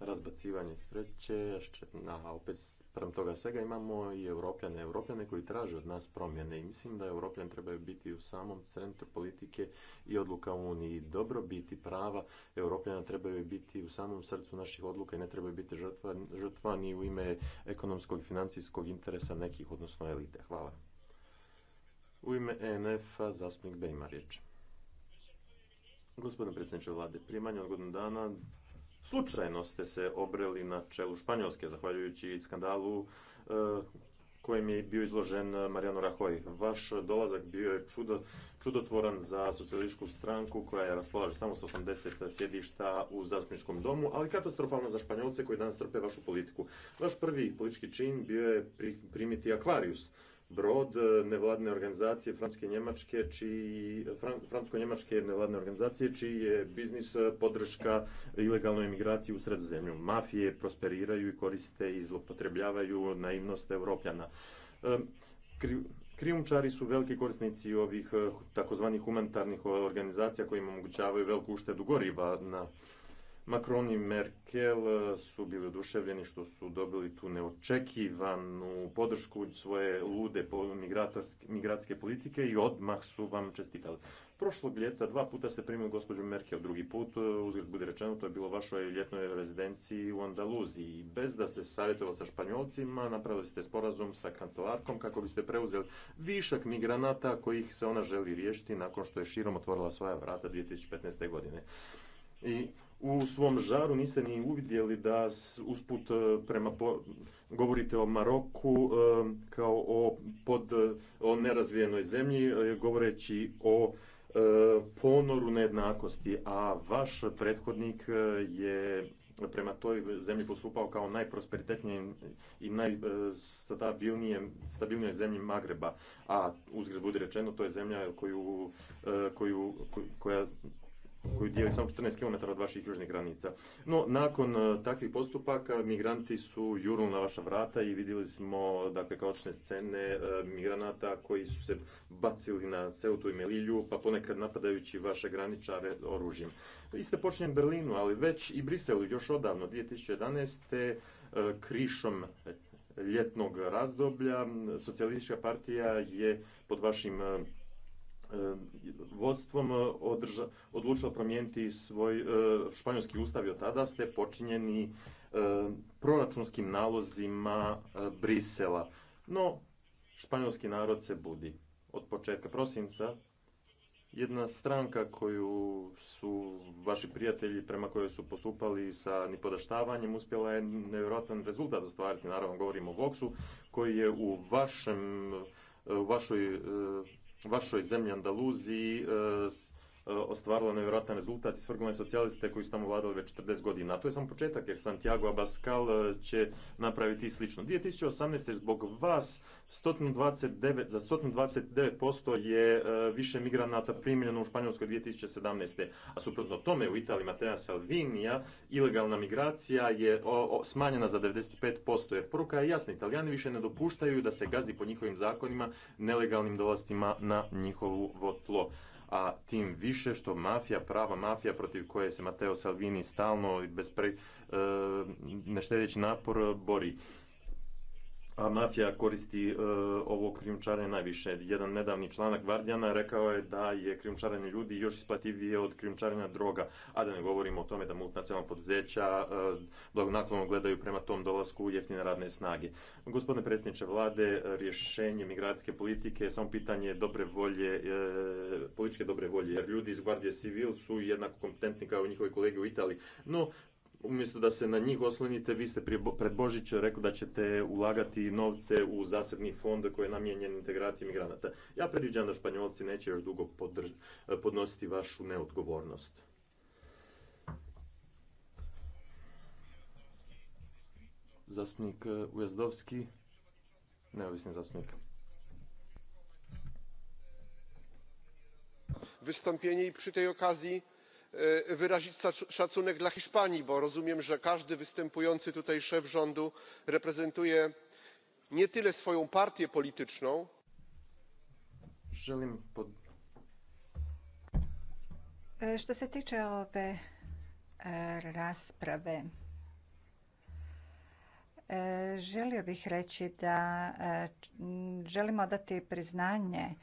razbacivanje sreće, a opet prema toga svega imamo i europljane, europljane koji traže od nas promjene i mislim da europljan trebaju biti u samom centru politike i odluka Uniji. Dobro biti prava europljana trebaju biti u samom srcu naših odluka i ne trebaju biti žrtva, ni u ime ekonomskog i financijskog interesa nekih, odnosno elite. Hvala. U ime ENF-a zastupnik Bejmar riječ. Gospodine predsjedniče vlade, Primanje od godinu dana Slučajno ste se obreli na čelu Španjolske, zahvaljujući skandalu e, kojem je bio izložen Mariano Rahoj. Vaš dolazak bio je čudo, čudotvoran za socijalističku stranku koja je raspolaže samo sa 80 sjedišta u zastupničkom domu, ali katastrofalno za Španjolce koji danas trpe vašu politiku. Vaš prvi politički čin bio je primiti akvarijus brod e, nevladne organizacije francuske njemačke čiji francusko njemačke nevladne organizacije čiji je biznis e, podrška ilegalnoj emigraciji u sredozemlju mafije prosperiraju i koriste i zloupotrebljavaju naivnost europljana e, Kri, Krijumčari su veliki korisnici ovih takozvanih humanitarnih organizacija koji im omogućavaju veliku uštedu goriva na Macron i Merkel eh, su bili oduševljeni što su dobili tu neočekivanu podršku svoje lude migratske politike i odmah su vam čestitali. Prošlog ljeta dva puta ste primili gospođu Merkel, drugi put, eh, uzgled bude rečeno, to je bilo vašoj ljetnoj rezidenciji u Andaluziji. Bez da ste savjetovali sa Španjolcima, napravili ste sporazum sa kancelarkom kako biste preuzeli višak migranata kojih se ona želi riješiti nakon što je širom otvorila svoja vrata 2015. godine. I u svom žaru niste ni uvidjeli da usput e, prema po, govorite o Maroku e, kao o, pod, o nerazvijenoj zemlji e, govoreći o ponoru nejednakosti, a vaš prethodnik je prema toj zemlji postupao kao najprosperitetnije i najstabilnijoj zemlji Magreba, a uzgred budi rečeno to je zemlja koju, koju, koja koju dijeli samo 14 km od vaših južnih granica. No, nakon e, takvih postupaka migranti su jurnuli na vaša vrata i vidjeli smo dakle, kaočne scene e, migranata koji su se bacili na ceutu i Melilju, pa ponekad napadajući vaše graničare oružjem. Vi ste počinjeni Berlinu, ali već i Briselu još odavno, 2011. E, krišom ljetnog razdoblja. Socijalistička partija je pod vašim vodstvom e, održa, promijeniti svoj e, španjolski ustav i od tada ste počinjeni e, proračunskim nalozima Brisela. No, španjolski narod se budi. Od početka prosinca jedna stranka koju su vaši prijatelji prema kojoj su postupali sa nipodaštavanjem uspjela je nevjerojatan rezultat ostvariti. Naravno, govorimo o Voxu koji je u vašem u vašoj vašoj zemlji Andaluziji e, E, ostvarila nevjerojatan rezultat i svrgovanje socijaliste koji su tamo vladali već 40 godina. A to je samo početak jer Santiago Abascal e, će napraviti slično. 2018. zbog vas 129, za 129% je e, više migranata primljeno u Španjolskoj 2017. A suprotno tome u Italiji Matea Salvinija ilegalna migracija je smanjena za 95% jer poruka je jasna. Italijani više ne dopuštaju da se gazi po njihovim zakonima nelegalnim dolastima na njihovu votlo a tim više što mafija, prava mafija protiv koje se Mateo Salvini stalno i bez pre, e, ne napor bori a mafija koristi e, ovo krijumčarenje najviše. Jedan nedavni članak Vardjana rekao je da je krijumčarenje ljudi još isplativije od krijumčarenja droga, a da ne govorimo o tome da multinacionalna poduzeća e, gledaju prema tom dolasku jeftine radne snage. Gospodine predsjedniče vlade, rješenje migracijske politike je samo pitanje dobre volje, e, političke dobre volje, jer ljudi iz Guardia Civil su jednako kompetentni kao njihovi kolege u Italiji. No, umjesto da se na njih oslonite, vi ste pred Božić rekli da ćete ulagati novce u zasebni fond koji je namijenjen integraciji migranata. Ja predviđam da Španjolci neće još dugo podnositi vašu neodgovornost. Zastupnik eh, Ujazdovski, neovisni zastupnik. Wystąpienie i przy tej okazji E, wyrazić szacunek dla hiszpanii bo rozumiem że każdy występujący tutaj szef rządu reprezentuje nie tyle swoją partię polityczną e, što se tiče ove e, rasprave želio bih reći da želimo priznanje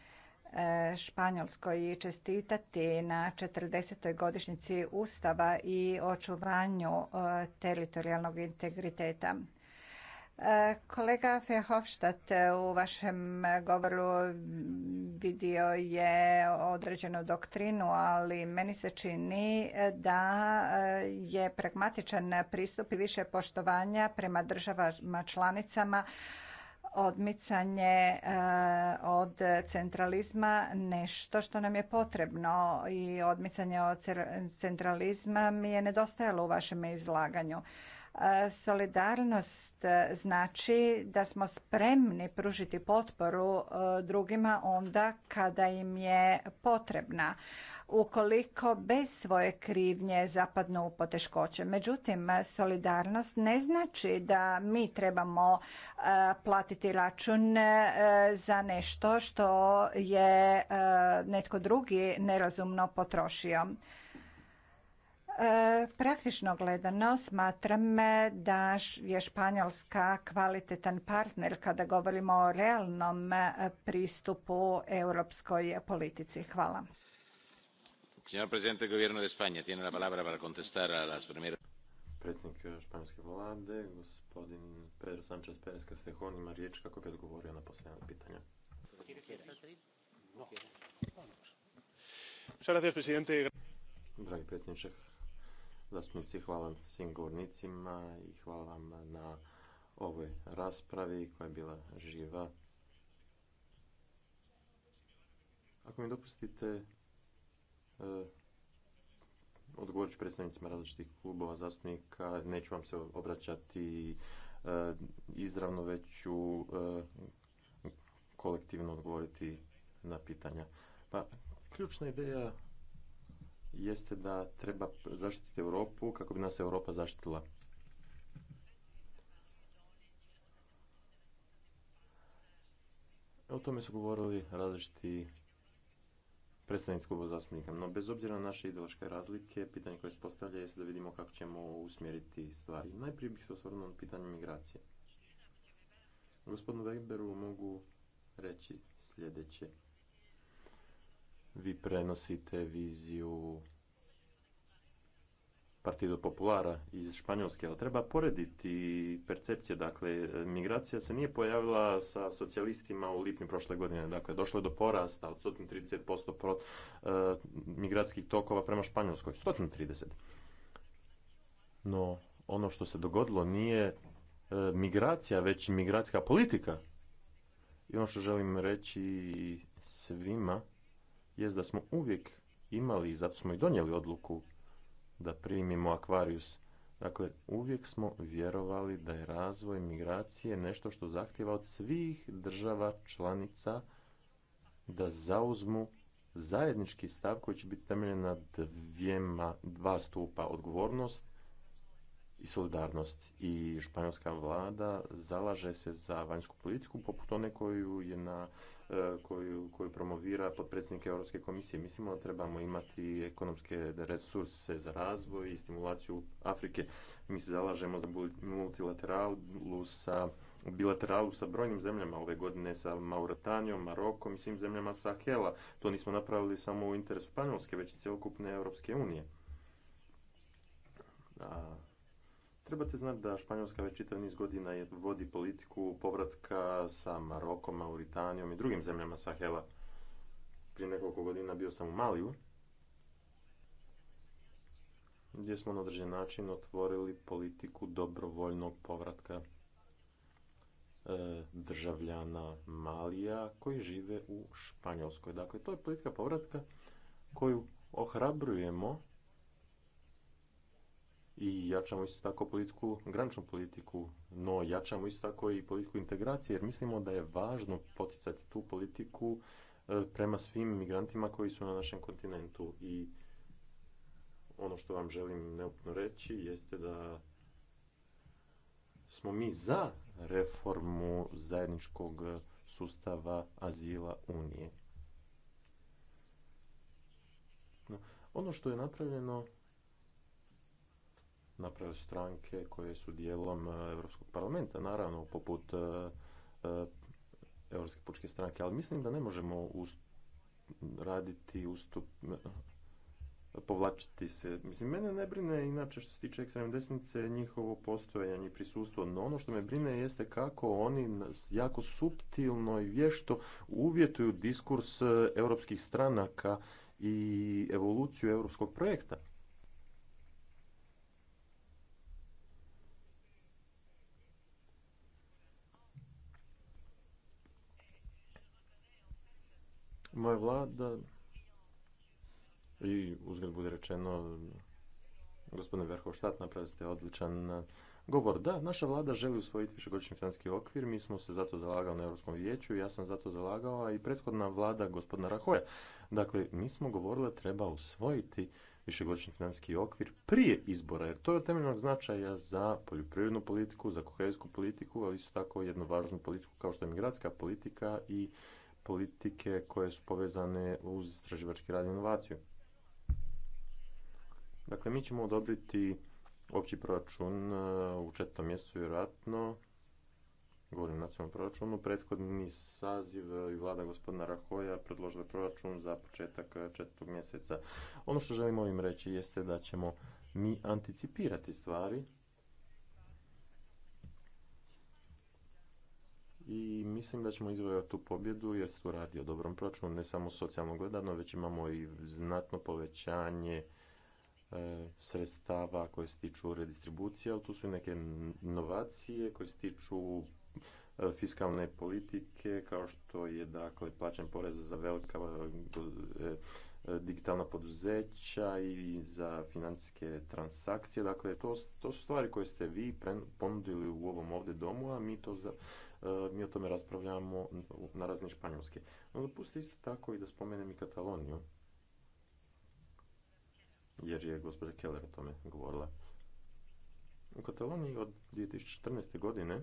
E, Španjolskoj i čestitati na 40. godišnjici Ustava i očuvanju e, teritorijalnog integriteta. E, kolega Verhofstadt u vašem govoru vidio je određenu doktrinu, ali meni se čini da je pragmatičan pristup i više poštovanja prema državama članicama odmicanje e, od centralizma nešto što nam je potrebno i odmicanje od centralizma mi je nedostajalo u vašem izlaganju. E, solidarnost e, znači da smo spremni pružiti potporu drugima onda kada im je potrebna ukoliko bez svoje krivnje zapadnu u poteškoće. Međutim, solidarnost ne znači da mi trebamo e, platiti račun e, za nešto što je e, netko drugi nerazumno potrošio. Praktično gledano smatram da je Španjolska kvalitetan partner kada govorimo o realnom pristupu europskoj politici. Hvala. Señor presidente del eh, španjolske vlade, gospodin Pedro Sanchez Perez Castejón ima riječ kako bi odgovorio na posljednje pitanje. Dragi predsjedniče, zastupnici, hvala svim govornicima i hvala vam na ovoj raspravi koja je bila živa. Ako mi dopustite, E, odgovorit ću predstavnicima različitih klubova zastupnika, neću vam se obraćati e, izravno, već ću e, kolektivno odgovoriti na pitanja. Pa, ključna ideja jeste da treba zaštititi Europu kako bi nas Europa zaštitila. O tome su govorili različiti predstavnici kluba zastupnika. No, bez obzira na naše ideološke razlike, pitanje koje se postavlja je da vidimo kako ćemo usmjeriti stvari. Najprije bih se osvrnuo na pitanje migracije. Gospodinu Weberu mogu reći sljedeće. Vi prenosite viziju Partido Populara iz Španjolske, ali treba porediti percepcije. Dakle, migracija se nije pojavila sa socijalistima u lipnju prošle godine. Dakle, došlo je do porasta od 130% pro, posto eh, migratskih tokova prema Španjolskoj. 130. No, ono što se dogodilo nije eh, migracija, već migracijska politika. I ono što želim reći svima jest da smo uvijek imali, zato smo i donijeli odluku da primimo Aquarius. Dakle, uvijek smo vjerovali da je razvoj migracije nešto što zahtjeva od svih država članica da zauzmu zajednički stav koji će biti temeljen na dva stupa odgovornost i solidarnost. I španjolska vlada zalaže se za vanjsku politiku poput one koju je na E, koju, koju promovira potpredsjednik Europske komisije. Mislimo da trebamo imati ekonomske resurse za razvoj i stimulaciju Afrike. Mi se zalažemo za multilateralu sa bilateralu sa brojnim zemljama ove godine, sa Mauritanijom, Marokom i svim zemljama Sahela. To nismo napravili samo u interesu Španjolske, već i cjelokupne Europske unije. Trebate znati da Španjolska već čitav niz godina je vodi politiku povratka sa Marokom, Mauritanijom i drugim zemljama Sahela. Prije nekoliko godina bio sam u Maliju, gdje smo na određen način otvorili politiku dobrovoljnog povratka e, državljana Malija koji žive u Španjolskoj. Dakle, to je politika povratka koju ohrabrujemo i jačamo isto tako politiku, graničnu politiku, no jačamo isto tako i politiku integracije jer mislimo da je važno poticati tu politiku e, prema svim migrantima koji su na našem kontinentu i ono što vam želim neupno reći jeste da smo mi za reformu zajedničkog sustava azila Unije. Ono što je napravljeno napravili stranke koje su dijelom e, Europskog parlamenta, naravno poput e, e, Europske pučke stranke, ali mislim da ne možemo raditi ustup, povlačiti se. Mislim, mene ne brine inače što se tiče ekstremne desnice njihovo postojanje i prisustvo, no ono što me brine jeste kako oni jako suptilno i vješto uvjetuju diskurs europskih stranaka i evoluciju europskog projekta. Moja vlada i uzgled bude rečeno gospodine Verhofstadt napravili ste odličan eh, govor. Da, naša vlada želi usvojiti višegodišnji financijski okvir, mi smo se zato zalagali na Europskom vijeću, ja sam zato zalagao, a i prethodna vlada gospodina Rahoja. Dakle, mi smo govorili da treba usvojiti višegodišnji financijski okvir prije izbora, jer to je od temeljnog značaja za poljoprivrednu politiku, za kohezijsku politiku, ali isto tako jednu važnu politiku kao što je migracijska politika i politike koje su povezane uz istraživački rad i inovaciju. Dakle, mi ćemo odobriti opći proračun uh, u četvrtom mjesecu, vjerojatno, govorim o nacionalnom proračunu, prethodni saziv uh, i vlada gospodina Rahoja predložila proračun za početak uh, četvrtog mjeseca. Ono što želim ovim reći jeste da ćemo mi anticipirati stvari, i mislim da ćemo izvojati tu pobjedu jer se tu radi o dobrom proračunu, ne samo socijalno gledano, već imamo i znatno povećanje e, sredstava koje se tiču redistribucije, ali tu su i neke inovacije koje se tiču e, fiskalne politike, kao što je dakle plaćan porez za velika e, digitalna poduzeća i za financijske transakcije. Dakle, to, to su stvari koje ste vi ponudili u ovom ovdje domu, a mi to za, e, mi o tome raspravljamo na razini Španjolske. No, dopustite isto tako i da spomenem i Kataloniju, jer je gospođa Keller o tome govorila. U Kataloniji od 2014. godine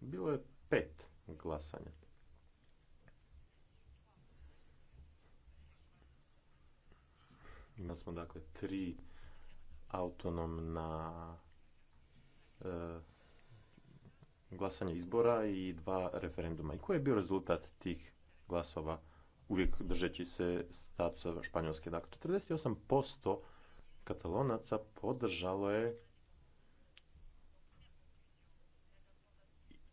bilo je pet glasanja. Imali smo dakle tri autonomna glasanje glasanja izbora i dva referenduma. I koji je bio rezultat tih glasova uvijek držeći se statusa Španjolske? Dakle, 48% katalonaca podržalo je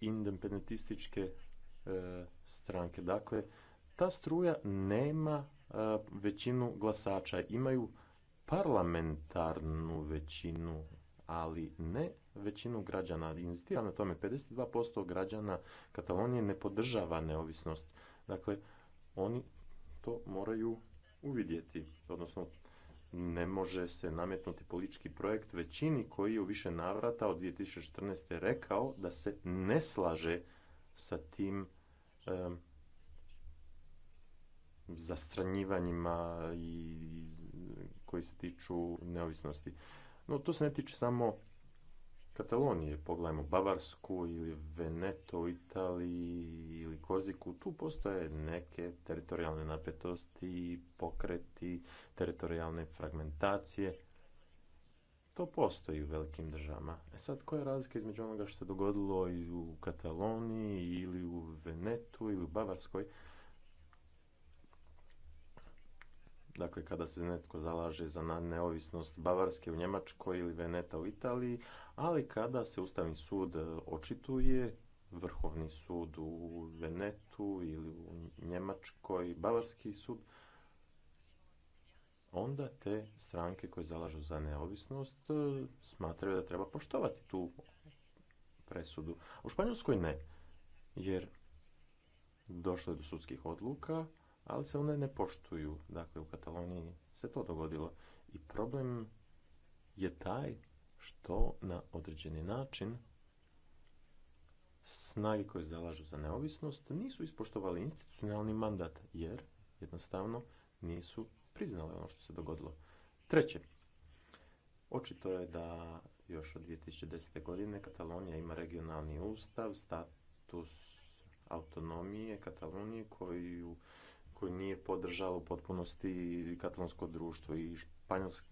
independentističke e, stranke. Dakle, ta struja nema većinu glasača, imaju parlamentarnu većinu, ali ne većinu građana. inzistira na tome, 52% građana Katalonije ne podržava neovisnost. Dakle, oni to moraju uvidjeti, odnosno ne može se nametnuti politički projekt većini koji je u više navrata od 2014. rekao da se ne slaže sa tim zastranjivanjima i koji se tiču neovisnosti. No, to se ne tiče samo Katalonije, pogledajmo Bavarsku ili Veneto u Italiji ili Koziku, tu postoje neke teritorijalne napetosti, pokreti, teritorijalne fragmentacije. To postoji u velikim državama. E sad, koja je razlika između onoga što se dogodilo i u Kataloniji ili u Venetu ili u Bavarskoj? Dakle, kada se netko zalaže za neovisnost Bavarske u Njemačkoj ili Veneta u Italiji, ali kada se Ustavni sud e, očituje, Vrhovni sud u Venetu ili u Njemačkoj, Bavarski sud, onda te stranke koje zalažu za neovisnost e, smatraju da treba poštovati tu presudu. U Španjolskoj ne, jer došlo je do sudskih odluka ali se one ne poštuju. Dakle, u Kataloniji se to dogodilo. I problem je taj što na određeni način snage koje zalažu za neovisnost nisu ispoštovali institucionalni mandat jer jednostavno nisu priznali ono što se dogodilo. Treće, očito je da još od 2010. godine Katalonija ima regionalni ustav, status autonomije Katalonije koju koji nije podržao u potpunosti katalonsko društvo i Španjolska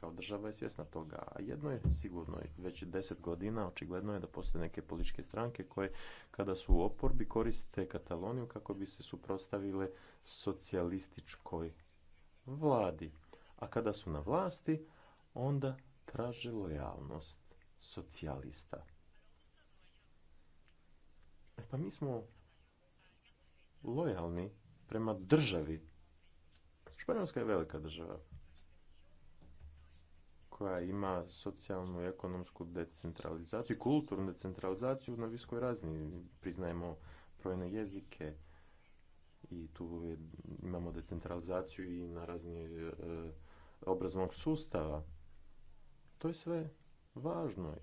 kao država je svjesna toga. A jedno je sigurno, već deset godina očigledno je da postoje neke političke stranke koje kada su u oporbi koriste Kataloniju kako bi se suprotstavile socijalističkoj vladi. A kada su na vlasti, onda traže lojalnost socijalista. E pa mi smo lojalni prema državi. Španjolska je velika država koja ima socijalnu i ekonomsku decentralizaciju kulturnu decentralizaciju na viskoj razini. Priznajemo brojne jezike i tu imamo decentralizaciju i na razini e, obrazovnog sustava. To je sve važno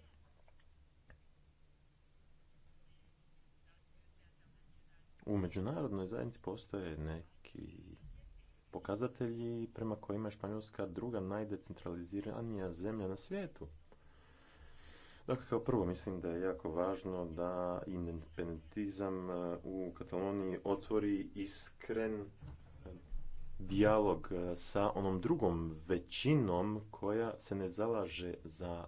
U međunarodnoj zajednici postoje neki pokazatelji prema kojima je Španjolska druga najdecentraliziranija zemlja na svijetu. Dakle, kao prvo mislim da je jako važno da independentizam e, u Kataloniji otvori iskren e, dijalog e, sa onom drugom većinom koja se ne zalaže za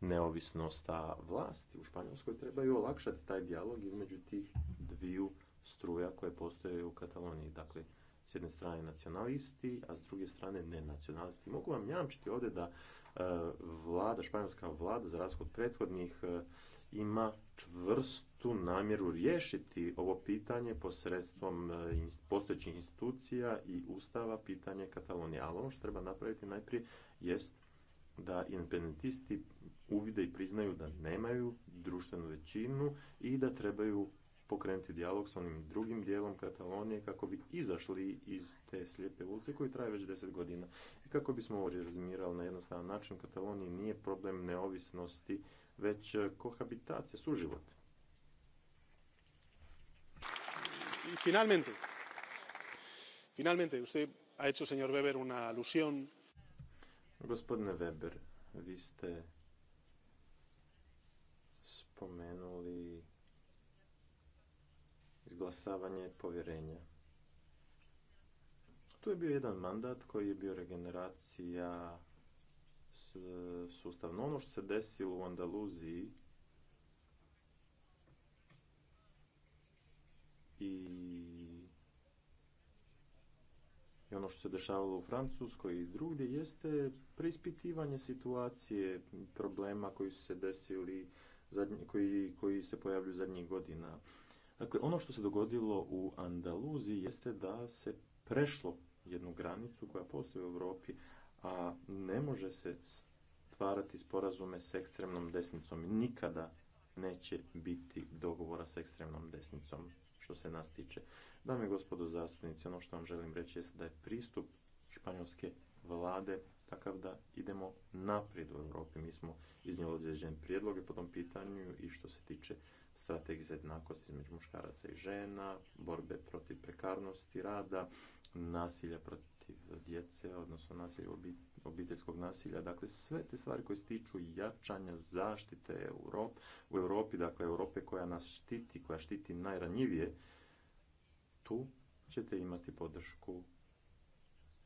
neovisnost, vlasti u Španjolskoj trebaju olakšati taj dijalog između tih dviju struja koje postoje u Kataloniji. Dakle, s jedne strane nacionalisti, a s druge strane nenacionalisti. Mogu vam jamčiti ovdje da e, vlada, španjolska vlada, za razliku prethodnih, e, ima čvrstu namjeru riješiti ovo pitanje posredstvom e, postojećih institucija i ustava pitanje Katalonije. Ali ono što treba napraviti najprije jest da independentisti uvide i priznaju da nemaju društvenu većinu i da trebaju pokrenuti dijalog s onim drugim dijelom Katalonije kako bi izašli iz te slijepe ulice koji traje već deset godina. I kako bismo ovo rezimirali na jednostavan način, u Kataloniji nije problem neovisnosti, već kohabitacija, suživot. finalmente, finalmente, usted ha hecho, señor Weber, una alusión Gospodine Weber, vi ste spomenuli izglasavanje povjerenja. Tu je bio jedan mandat koji je bio regeneracija sustavno. Ono što se desilo u Andaluziji i i ono što se dešavalo u Francuskoj i drugdje jeste preispitivanje situacije problema koji su se desili, koji, koji se pojavljuju zadnjih godina. Dakle, ono što se dogodilo u Andaluziji jeste da se prešlo jednu granicu koja postoji u Europi, a ne može se stvarati sporazume s ekstremnom desnicom. Nikada neće biti dogovora s ekstremnom desnicom, što se nas tiče. Dame i gospodo zastupnici, ono što vam želim reći je da je pristup španjolske vlade takav da idemo naprijed u Europi. Mi smo iznijeli određene prijedloge po tom pitanju i što se tiče strategije za jednakost između muškaraca i žena, borbe protiv prekarnosti rada, nasilja protiv djece, odnosno nasilja obiteljskog nasilja. Dakle, sve te stvari koje se tiču jačanja zaštite u Europi, dakle Europe koja nas štiti, koja štiti najranjivije, tu ćete imati podršku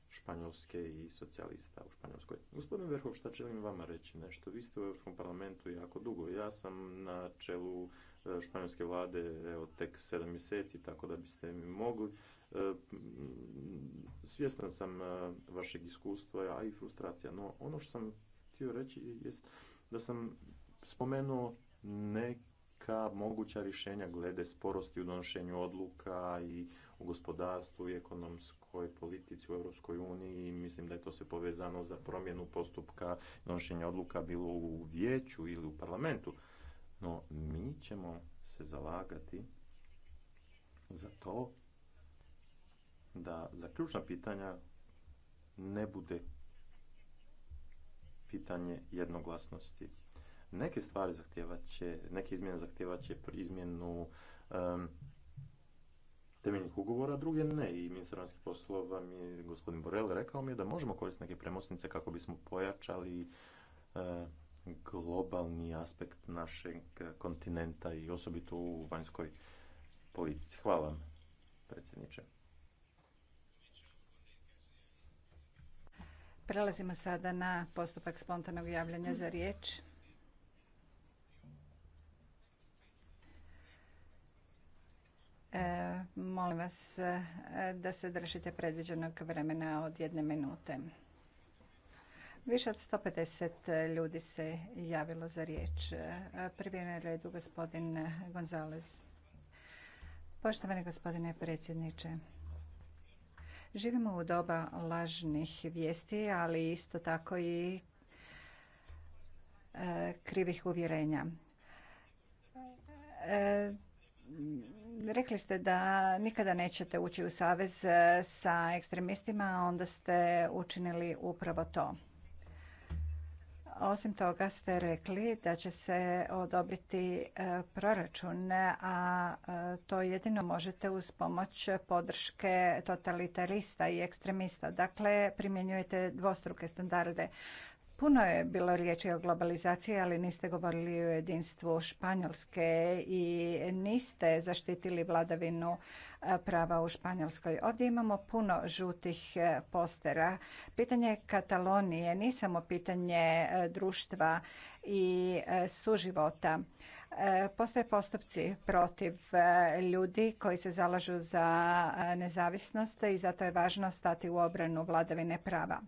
Španjolske i socijalista u Španjolskoj. Gospodin Verhov, šta želim vama reći nešto? Vi ste u Europskom parlamentu jako dugo. Ja sam na čelu e, španjolske vlade evo, tek sedam mjeseci, tako da biste mi mogli. E, svjestan sam e, vašeg iskustva, a i frustracija. No, ono što sam htio reći jest da sam spomenuo neke neka moguća rješenja glede sporosti u donošenju odluka i u gospodarstvu i ekonomskoj politici u Europskoj uniji. Mislim da je to sve povezano za promjenu postupka donošenja odluka bilo u vijeću ili u parlamentu. No, mi ćemo se zalagati za to da za ključna pitanja ne bude pitanje jednoglasnosti Neke stvari će, neke izmjene će izmjenu um, temeljnih ugovora, druge ne. I ministar vanjskih poslova mi je, gospodin Borel, rekao mi je da možemo koristiti neke premosnice kako bismo pojačali e, globalni aspekt našeg kontinenta i osobito u vanjskoj politici. Hvala, predsjedniče. Prelazimo sada na postupak spontanog javljanja za riječ. E, molim vas e, da se držite predviđenog vremena od jedne minute. Više od 150 ljudi se javilo za riječ. E, prvi je na redu gospodin Gonzalez. Poštovani gospodine predsjedniče, živimo u doba lažnih vijesti, ali isto tako i krivih uvjerenja. Rekli ste da nikada nećete ući u savez eh, sa ekstremistima, a onda ste učinili upravo to. Osim toga ste rekli da će se odobriti eh, proračun, a eh, to jedino možete uz pomoć podrške totalitarista i ekstremista. Dakle, primjenjujete dvostruke standarde. Puno je bilo riječi o globalizaciji, ali niste govorili o jedinstvu Španjolske i niste zaštitili vladavinu e, prava u Španjolskoj. Ovdje imamo puno žutih e, postera. Pitanje Katalonije nije samo pitanje e, društva i suživota. Postoje postupci protiv ljudi koji se zalažu za nezavisnost i zato je važno stati u obranu vladavine prava.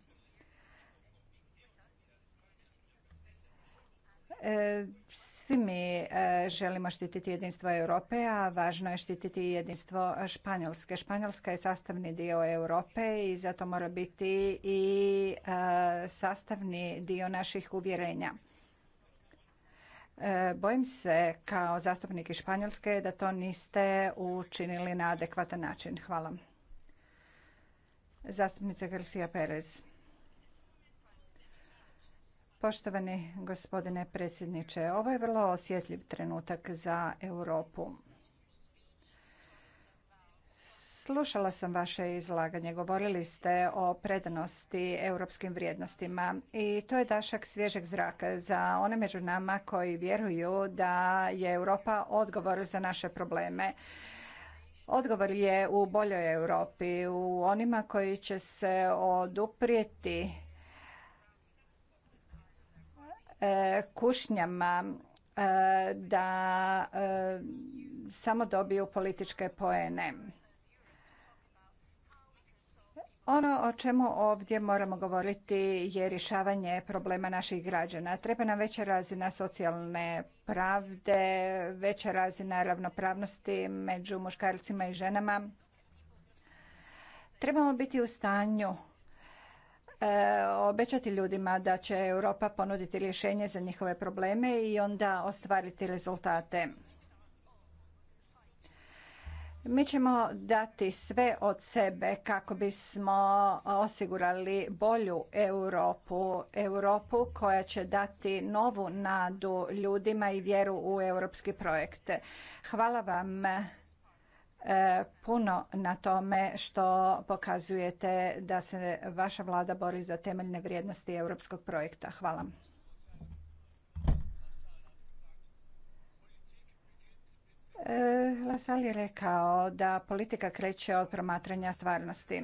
E, svi mi e, želimo štititi jedinstvo Europe, a važno je štititi jedinstvo Španjolske. Španjolska je sastavni dio Europe i zato mora biti i e, sastavni dio naših uvjerenja. Bojim se kao zastupnik iz Španjolske da to niste učinili na adekvatan način. Hvala. Zastupnica Garcia Perez. Poštovani gospodine predsjedniče, ovo je vrlo osjetljiv trenutak za Europu. Slušala sam vaše izlaganje. Govorili ste o predanosti europskim vrijednostima i to je dašak svježeg zraka za one među nama koji vjeruju da je Europa odgovor za naše probleme. Odgovor je u boljoj Europi, u onima koji će se oduprijeti E, kušnjama e, da e, samo dobiju političke poene. Ono o čemu ovdje moramo govoriti je rješavanje problema naših građana. Treba nam veća razina socijalne pravde, veća razina ravnopravnosti među muškarcima i ženama. Trebamo biti u stanju E, obećati ljudima da će Europa ponuditi rješenje za njihove probleme i onda ostvariti rezultate. Mi ćemo dati sve od sebe kako bismo osigurali bolju Europu, Europu koja će dati novu nadu ljudima i vjeru u europski projekte. Hvala vam puno na tome što pokazujete da se vaša vlada bori za temeljne vrijednosti europskog projekta. Hvala. E, Lasal je rekao da politika kreće od promatranja stvarnosti.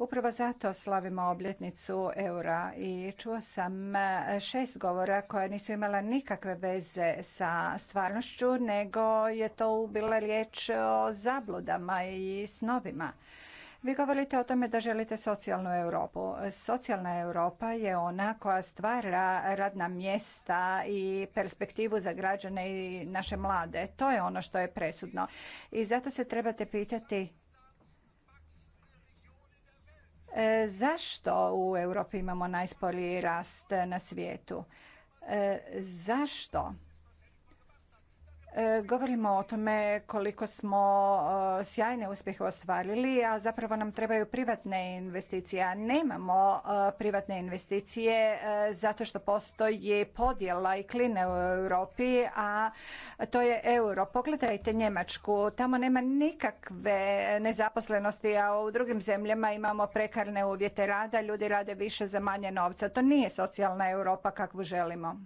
Upravo zato slavimo obljetnicu eura i čuo sam e, šest govora koja nisu imala nikakve veze sa stvarnošću, nego je to bila riječ o zabludama i snovima. Vi govorite o tome da želite socijalnu Europu. Socijalna Europa je ona koja stvara radna mjesta i perspektivu za građane i naše mlade. To je ono što je presudno. I zato se trebate pitati E, zašto u Europi imamo najsporiji rast na svijetu? E, zašto E, govorimo o tome koliko smo e, sjajne uspjehe ostvarili, a zapravo nam trebaju privatne investicije. A nemamo e, privatne investicije zato što postoji podjela i kline u Europi, a to je euro. Pogledajte Njemačku, tamo nema nikakve nezaposlenosti, a u drugim zemljama imamo prekarne uvjete rada, ljudi rade više za manje novca. To nije socijalna Europa kakvu želimo.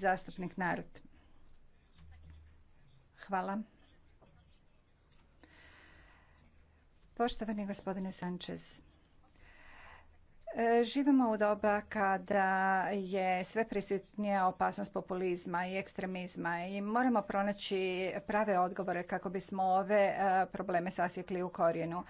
Zastupnik Narod. Hvala. Poštovani gospodine Sanchez, Živimo u doba kada je sve prisutnija opasnost populizma i ekstremizma i moramo pronaći prave odgovore kako bismo ove eh, probleme sasjekli u korijenu.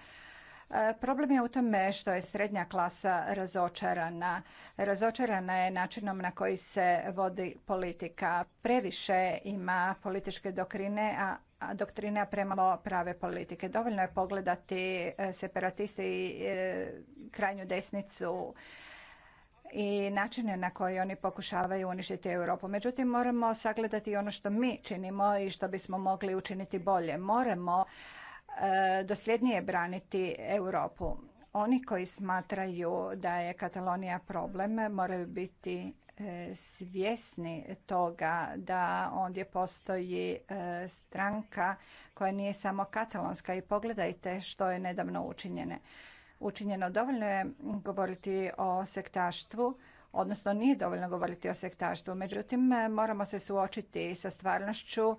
Problem je u tome što je srednja klasa razočarana. Razočarana je načinom na koji se vodi politika. Previše ima političke doktrine, a doktrina premalo prave politike. Dovoljno je pogledati e, separatisti i e, krajnju desnicu i načine na koje oni pokušavaju uništiti Europu. Međutim, moramo sagledati ono što mi činimo i što bismo mogli učiniti bolje. Moramo E, dosljednije braniti Europu. Oni koji smatraju da je Katalonija problem moraju biti e, svjesni toga da ondje postoji e, stranka koja nije samo katalonska i pogledajte što je nedavno učinjene. Učinjeno dovoljno je govoriti o sektaštvu, odnosno nije dovoljno govoriti o sektaštvu. Međutim, moramo se suočiti sa stvarnošću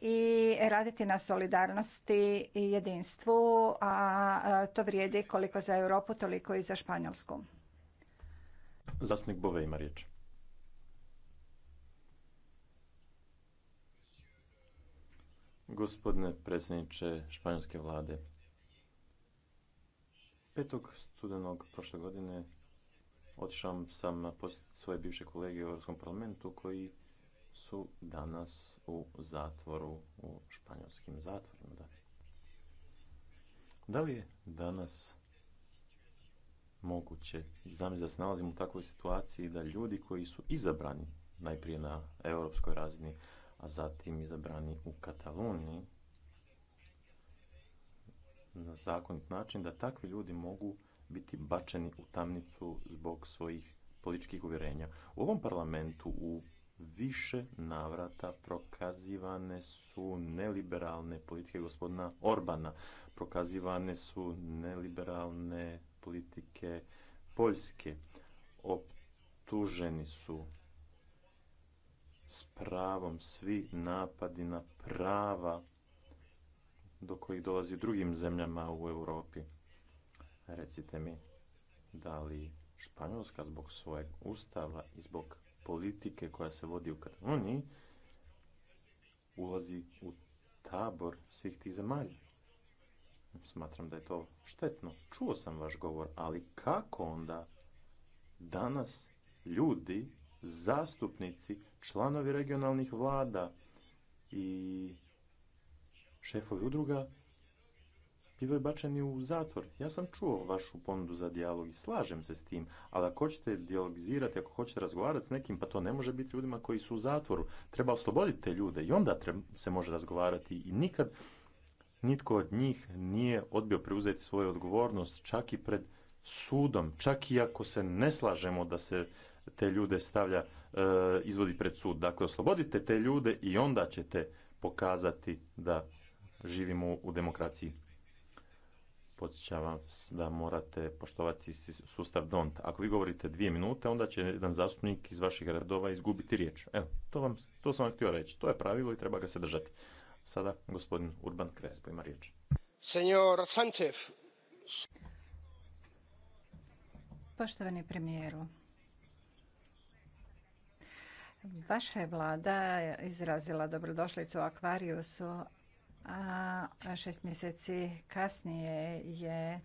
i raditi na solidarnosti i jedinstvu, a to vrijedi koliko za Europu, toliko i za Španjolsku. Zastupnik Bove ima riječ. Gospodine predsjedniče španjolske vlade, petog studenog prošle godine otišao sam posjetiti svoje bivše kolege u Europskom parlamentu koji su danas u zatvoru, u španjolskim zatvorima. Da. li je danas moguće zamisliti da se nalazimo u takvoj situaciji da ljudi koji su izabrani najprije na europskoj razini, a zatim izabrani u Kataloniji na zakonit način, da takvi ljudi mogu biti bačeni u tamnicu zbog svojih političkih uvjerenja. U ovom parlamentu u više navrata prokazivane su neliberalne politike gospodina Orbana, prokazivane su neliberalne politike Poljske. Optuženi su s pravom svi napadi na prava do kojih dolazi u drugim zemljama u Europi. Recite mi, da li Španjolska zbog svojeg ustava i zbog politike koja se vodi u Kataloniji ulazi u tabor svih tih zemalja. Smatram da je to štetno. Čuo sam vaš govor, ali kako onda danas ljudi, zastupnici, članovi regionalnih vlada i šefovi udruga bivaju bačeni u zatvor. Ja sam čuo vašu ponudu za dijalog i slažem se s tim, ali ako hoćete dijalogizirati, ako hoćete razgovarati s nekim, pa to ne može biti ljudima koji su u zatvoru. Treba osloboditi te ljude i onda se može razgovarati i nikad nitko od njih nije odbio preuzeti svoju odgovornost čak i pred sudom, čak i ako se ne slažemo da se te ljude stavlja, e, izvodi pred sud. Dakle, oslobodite te ljude i onda ćete pokazati da živimo u demokraciji podsjećam vas da morate poštovati sustav DONT. Ako vi govorite dvije minute, onda će jedan zastupnik iz vaših redova izgubiti riječ. Evo, to, vam, to sam vam htio reći. To je pravilo i treba ga se držati. Sada gospodin Urban Krespo ima riječ. Senjor Poštovani premijeru, Vaša je vlada izrazila dobrodošlicu u a šest mjeseci kasnije je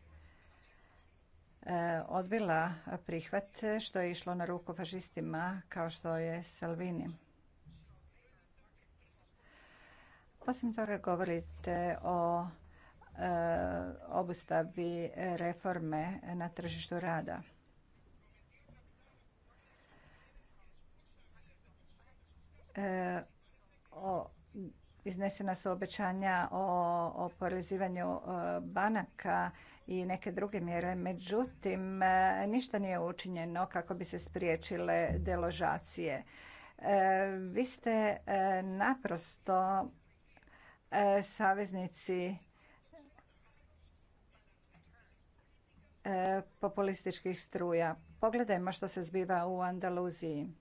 e, odbila prihvat što je išlo na ruku fašistima kao što je Salvini. Osim toga govorite o e, obustavi reforme na tržištu rada. E, o Iznesena su obećanja o oporezivanju e, banaka i neke druge mjere. Međutim, e, ništa nije učinjeno kako bi se spriječile deložacije. E, vi ste naprosto saveznici populističkih struja. Pogledajmo što se zbiva u Andaluziji.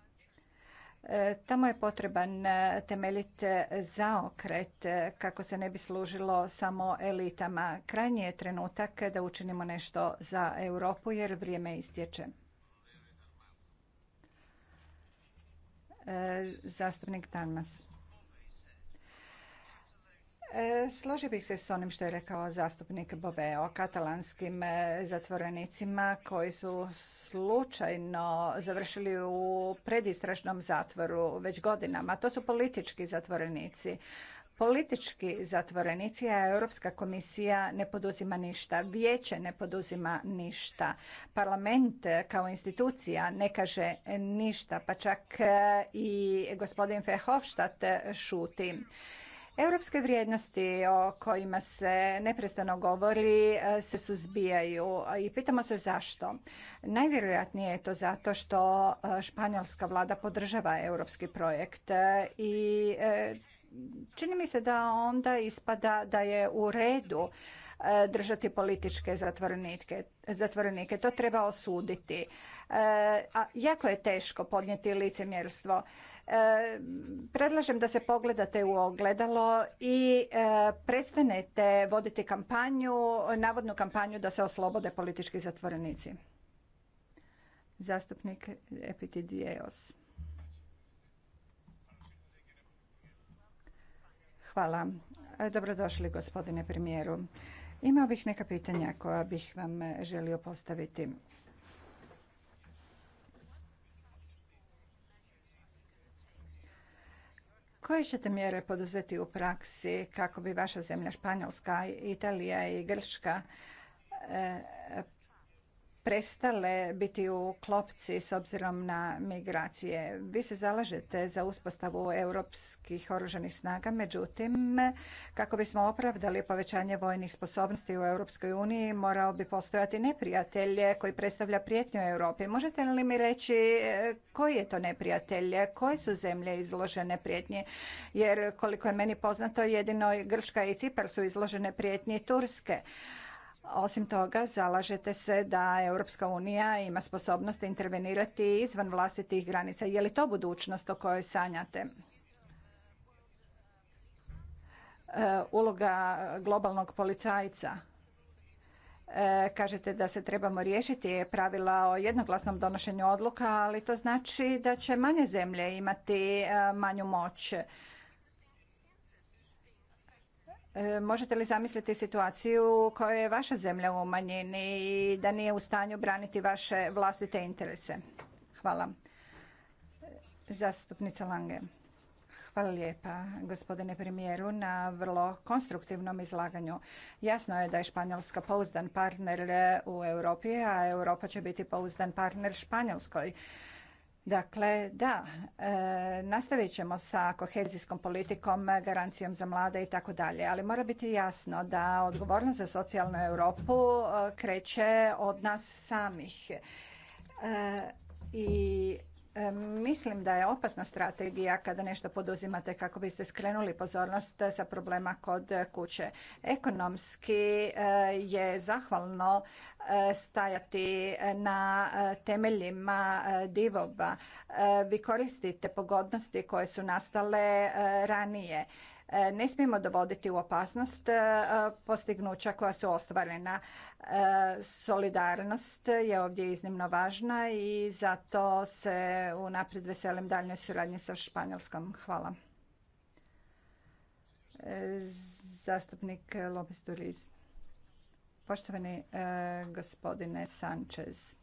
E, tamo je potreban e, temeljit e, zaokret kako se ne bi služilo samo elitama. Krajnji je trenutak da učinimo nešto za Europu jer vrijeme istječe. Zastupnik Tanmas. E, složio bih se s onim što je rekao zastupnik Bove o katalanskim e, zatvorenicima koji su slučajno završili u predistražnom zatvoru već godinama. To su politički zatvorenici. Politički zatvorenici, a Europska komisija ne poduzima ništa, vijeće ne poduzima ništa, parlament e, kao institucija ne kaže ništa, pa čak i gospodin Verhofstadt šuti. Europske vrijednosti o kojima se neprestano govori e, se suzbijaju i pitamo se zašto. Najvjerojatnije je to zato što e, španjolska vlada podržava europski projekt e, i čini mi se da onda ispada da je u redu držati političke zatvorenike. To treba osuditi. A jako je teško podnijeti licemjerstvo. Predlažem da se pogledate u ogledalo i e, prestanete voditi kampanju, navodnu kampanju da se oslobode politički zatvorenici. Zastupnik Epitidijeos. Hvala. Dobrodošli gospodine premijeru. Imao bih neka pitanja koja bih vam e, želio postaviti. Koje ćete mjere poduzeti u praksi kako bi vaša zemlja Španjolska, Italija i Grčka e, prestale biti u klopci s obzirom na migracije. Vi se zalažete za uspostavu europskih oružanih snaga, međutim, kako bismo opravdali povećanje vojnih sposobnosti u Europskoj uniji, morao bi postojati neprijatelj koji predstavlja prijetnju Europi. Možete li mi reći e, koji je to neprijatelj, koje su zemlje izložene prijetnje? Jer koliko je meni poznato, jedino Grčka i Cipar su izložene prijetnje Turske. Osim toga, zalažete se da Europska unija ima sposobnost intervenirati izvan vlastitih granica. Je li to budućnost o kojoj sanjate? E, uloga globalnog policajca. E, kažete da se trebamo riješiti pravila o jednoglasnom donošenju odluka, ali to znači da će manje zemlje imati e, manju moć. E, možete li zamisliti situaciju u kojoj je vaša zemlja u manjini i da nije u stanju braniti vaše vlastite interese? Hvala. Zastupnica Lange. Hvala lijepa gospodine premijeru na vrlo konstruktivnom izlaganju. Jasno je da je Španjolska pouzdan partner u Europi, a Europa će biti pouzdan partner Španjolskoj. Dakle, da, e, nastavit ćemo sa kohezijskom politikom, garancijom za mlade i tako dalje, ali mora biti jasno da odgovornost za socijalnu Europu e, kreće od nas samih. E, I Mislim da je opasna strategija kada nešto poduzimate kako biste skrenuli pozornost sa problema kod kuće. Ekonomski e, je zahvalno e, stajati na e, temeljima divoba. Vi koristite pogodnosti koje su nastale ranije. E, ne smijemo dovoditi u opasnost e, postignuća koja su ostvarena. E, solidarnost je ovdje iznimno važna i zato se unaprijed veselim daljnjoj suradnji sa Španjolskom. Hvala. Zastupnik Lopez Poštovani gospodine Sanchez,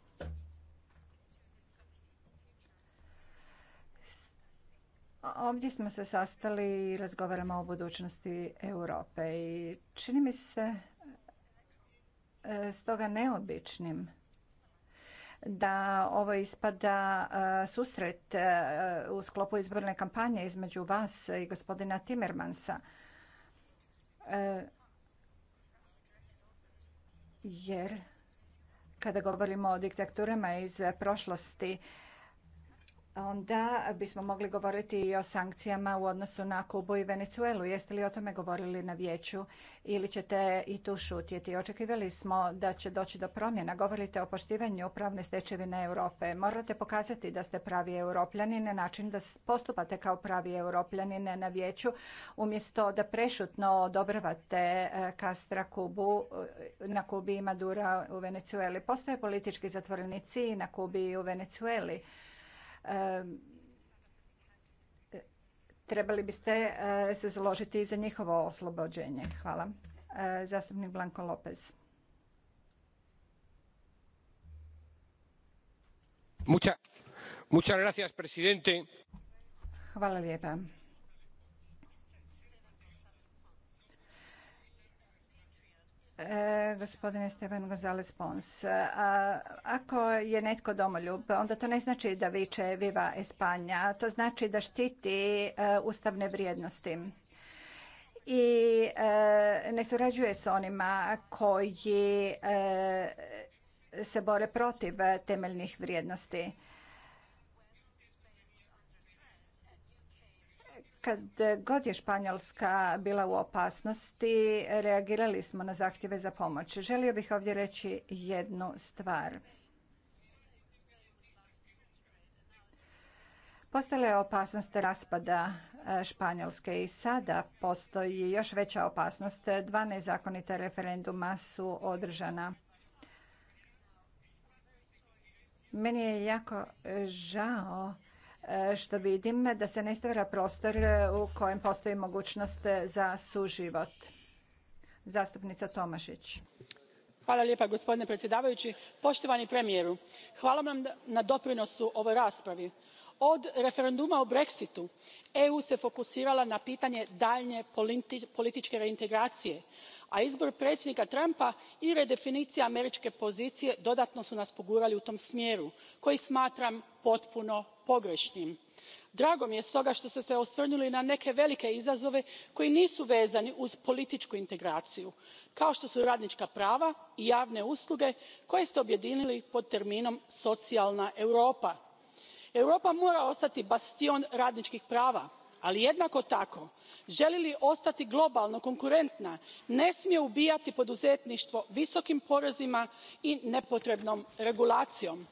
Ovdje smo se sastali i razgovaramo o budućnosti Europe i čini mi se e, stoga neobičnim da ovo ispada e, susret e, u sklopu izborne kampanje između vas i gospodina Timmermansa. Jer kada govorimo o diktaturama iz prošlosti, onda bismo mogli govoriti i o sankcijama u odnosu na Kubu i Venezuelu. Jeste li o tome govorili na vijeću ili ćete i tu šutjeti? Očekivali smo da će doći do promjena. Govorite o poštivanju pravne stečevine Europe. Morate pokazati da ste pravi europljanin na način da postupate kao pravi europljanin na vijeću umjesto da prešutno odobravate Kastra e, Kubu e, na Kubi i Madura u Venezueli. Postoje politički zatvorenici na Kubi i u Venezueli Trebali biste e, se založiti za njihovo oslobođenje. Hvala. E, zastupnik Blanko Lopez. Hvala lijepa. E, gospodine Stevan Gonzalez Pons. Ako je netko domoljub, onda to ne znači da viče Viva Espanja. To znači da štiti e, ustavne vrijednosti i e, ne surađuje s onima koji se bore protiv temeljnih vrijednosti. Kad god je Španjolska bila u opasnosti, reagirali smo na zahtjeve za pomoć. Želio bih ovdje reći jednu stvar. Postojala je opasnost raspada e, Španjolske i sada postoji još veća opasnost. Dva nezakonita referenduma su održana. Meni je jako žao E, što vidim da se ne stvara prostor e, u kojem postoji mogućnost e, za suživot. Zastupnica Tomašić. Hvala lijepa, gospodine predsjedavajući. Poštovani premijeru, hvala vam na doprinosu ovoj raspravi od referenduma o brexitu eu se fokusirala na pitanje daljnje političke reintegracije a izbor predsjednika trumpa i redefinicija američke pozicije dodatno su nas pogurali u tom smjeru koji smatram potpuno pogrešnim. drago mi je stoga što ste se osvrnuli na neke velike izazove koji nisu vezani uz političku integraciju kao što su radnička prava i javne usluge koje ste objedinili pod terminom socijalna europa europa mora ostati bastion radničkih prava ali jednako tako želi li ostati globalno konkurentna ne smije ubijati poduzetništvo visokim porezima i nepotrebnom regulacijom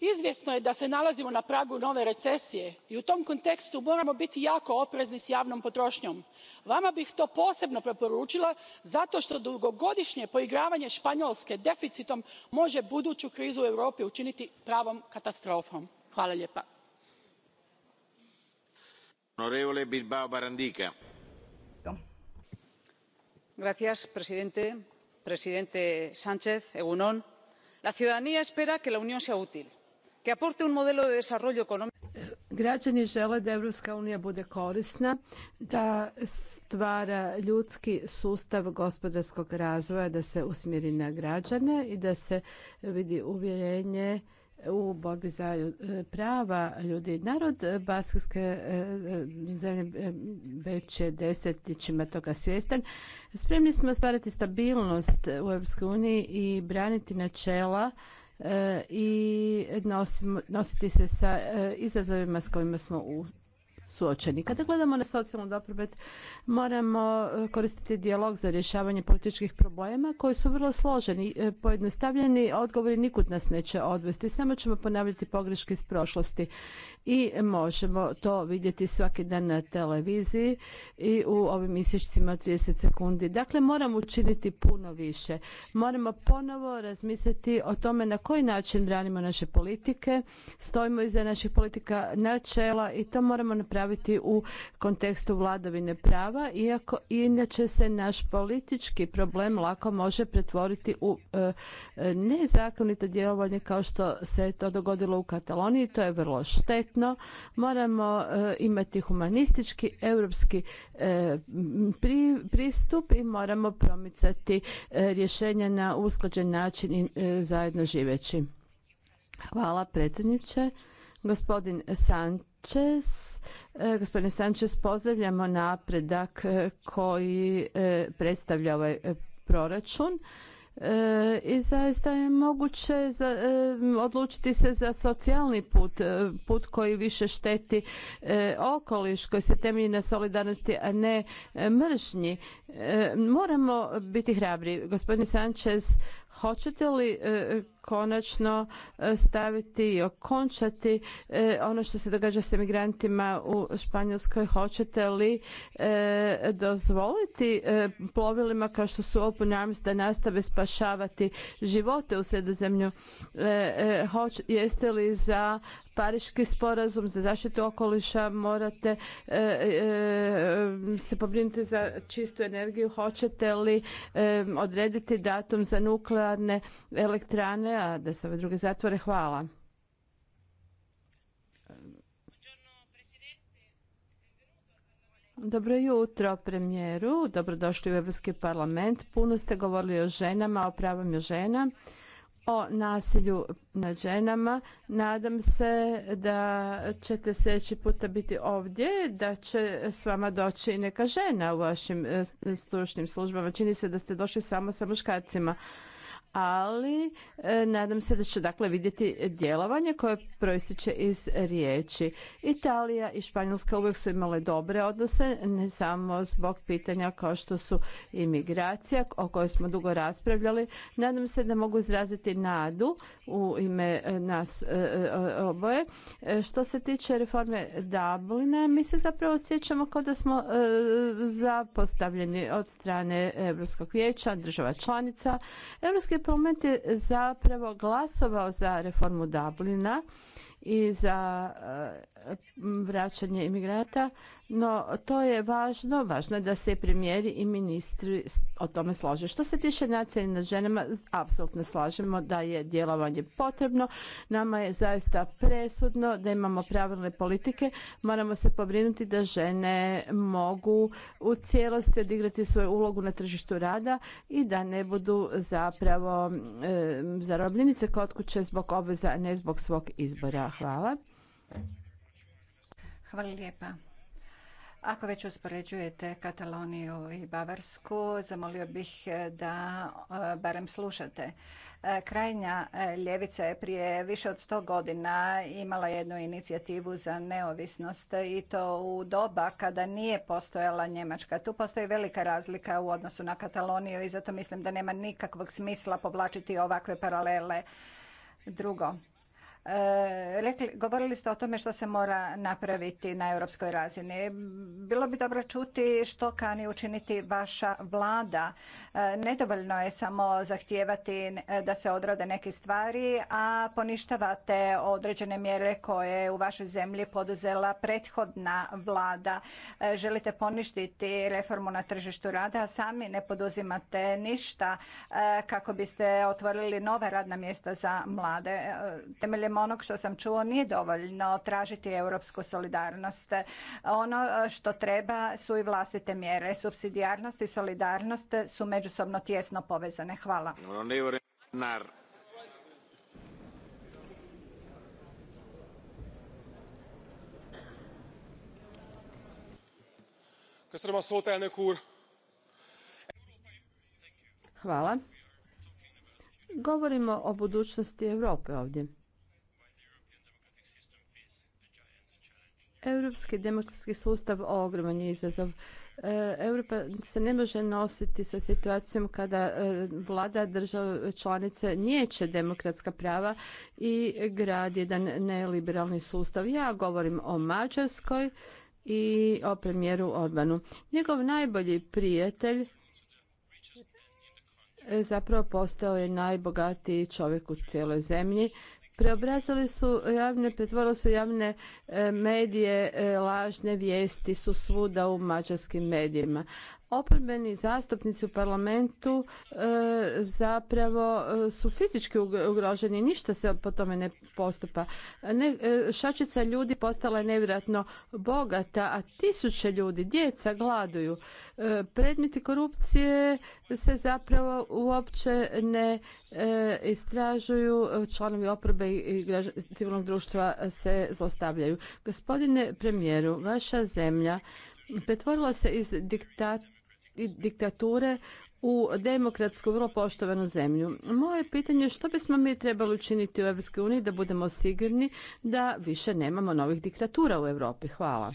izvjesno je da se nalazimo na pragu nove recesije i u tom kontekstu moramo biti jako oprezni s javnom potrošnjom. vama bih to posebno preporučila zato što dugogodišnje poigravanje španjolske deficitom može buduću krizu u europi učiniti pravom katastrofom. hvala lijepa. la ciudadanía espera que la unión sea que aporte un modelo de desarrollo económico Građani žele da Europska unija bude korisna, da stvara ljudski sustav gospodarskog razvoja, da se usmjeri na građane i da se vidi uvjerenje u borbi za e, prava ljudi. Narod Baskijske e, e, zemlje već je desetnićima toga svjestan. Spremni smo stvarati stabilnost u uniji i braniti načela E, i nositi se sa e, izazovima s kojima smo suočeni. Kada gledamo na socijalnu dobrobit, moramo e, koristiti dijalog za rješavanje političkih problema koji su vrlo složeni. E, pojednostavljeni odgovori nikud nas neće odvesti, samo ćemo ponavljati pogreške iz prošlosti i možemo to vidjeti svaki dan na televiziji i u ovim isječcima 30 sekundi. Dakle, moramo učiniti puno više. Moramo ponovo razmisliti o tome na koji način branimo naše politike, stojimo iza naših politika načela i to moramo napraviti raspraviti u kontekstu vladavine prava, iako inače se naš politički problem lako može pretvoriti u e, nezakonito djelovanje kao što se to dogodilo u Kataloniji. To je vrlo štetno. Moramo e, imati humanistički, europski e, pristup i moramo promicati rješenja na usklađen način i zajedno živeći. Hvala predsjedniče. Gospodin Sanchez E, gospodine Sanchez, pozdravljamo napredak e, koji e, predstavlja ovaj proračun i zaista je moguće odlučiti se za socijalni put, put koji više šteti okoliš, koji se temelji na solidarnosti, a ne mržnji. Moramo biti hrabri. Gospodin Sanchez Hoćete li e, konačno e, staviti i okončati e, ono što se događa s emigrantima u Španjolskoj? Hoćete li dozvoliti plovilima kao što su Open Arms da nastave spašavati živote u sredozemlju? Jeste li za Pariški sporazum za zaštitu okoliša, morate e, e, e, se pobrinuti za čistu energiju. Hoćete li odrediti datum za nuklearne elektrane, a da se ove druge zatvore? Hvala. Dobro jutro premijeru, dobrodošli u Europski parlament. Puno ste govorili o ženama, o pravima žena o nasilju nad ženama. Nadam se da ćete sljedeći puta biti ovdje, da će s vama doći neka žena u vašim e, stručnim službama. Čini se da ste došli samo sa muškarcima ali e, nadam se da će dakle vidjeti djelovanje koje proističe iz riječi. Italija i Španjolska uvijek su imale dobre odnose, ne samo zbog pitanja kao što su imigracija o kojoj smo dugo raspravljali. Nadam se da mogu izraziti nadu u ime e, nas e, oboje. Što se tiče reforme Dublina, mi se zapravo sjećamo kao da smo zapostavljeni od strane Europskog vijeća, država članica. Europski parlament je zapravo glasovao za reformu Dublina i za eh, vraćanje imigranata no, to je važno, važno je da se premijeri i ministri o tome slože. Što se tiče nacije nad ženama, apsolutno slažemo da je djelovanje potrebno. Nama je zaista presudno da imamo pravilne politike. Moramo se pobrinuti da žene mogu u cijelosti odigrati svoju ulogu na tržištu rada i da ne budu zapravo e, zarobljenice kod kuće zbog obveza, a ne zbog svog izbora. Hvala. Hvala lijepa. Ako već uspoređujete Kataloniju i Bavarsku, zamolio bih e, da e, barem slušate. E, krajnja ljevica je prije više od sto godina imala jednu inicijativu za neovisnost i to u doba kada nije postojala Njemačka. Tu postoji velika razlika u odnosu na Kataloniju i zato mislim da nema nikakvog smisla povlačiti ovakve paralele. Drugo, E, rekli, govorili ste o tome što se mora napraviti na europskoj razini. Bilo bi dobro čuti što kani učiniti vaša vlada. E, nedovoljno je samo zahtijevati e, da se odrade neke stvari, a poništavate određene mjere koje je u vašoj zemlji poduzela prethodna vlada. Želite poništiti reformu na tržištu rada, a sami ne poduzimate ništa kako biste otvorili nova radna mjesta za mlade. Temeljem onog što sam čuo nije dovoljno tražiti europsku solidarnost. Ono e, što treba su i vlastite mjere. Subsidijarnost i solidarnost su međusobno tjesno povezane. Hvala. Hvala. Govorimo o budućnosti Europe ovdje. Europski demokratski sustav ogroman je izazov. E, Europa se ne može nositi sa situacijom kada e, vlada država članice niječe demokratska prava i gradi jedan neliberalni sustav. Ja govorim o Mađarskoj i o premijeru Orbanu. Njegov najbolji prijatelj e, zapravo postao je najbogatiji čovjek u cijeloj zemlji Preobrazili su javne, pretvorili su javne e, medije, e, lažne vijesti su svuda u mađarskim medijima oporbeni zastupnici u parlamentu e, zapravo e, su fizički ugroženi, ništa se po tome ne postupa. E, šačica ljudi postala je nevjerojatno bogata, a tisuće ljudi, djeca gladuju. Predmeti korupcije se zapravo uopće ne istražuju, članovi oporbe i civilnog društva se zlostavljaju. Gospodine premijeru, vaša zemlja pretvorila se iz diktat diktature u demokratsku, vrlo poštovanu zemlju. Moje pitanje je što bismo mi trebali učiniti u EU da budemo sigurni da više nemamo novih diktatura u Europi. Hvala.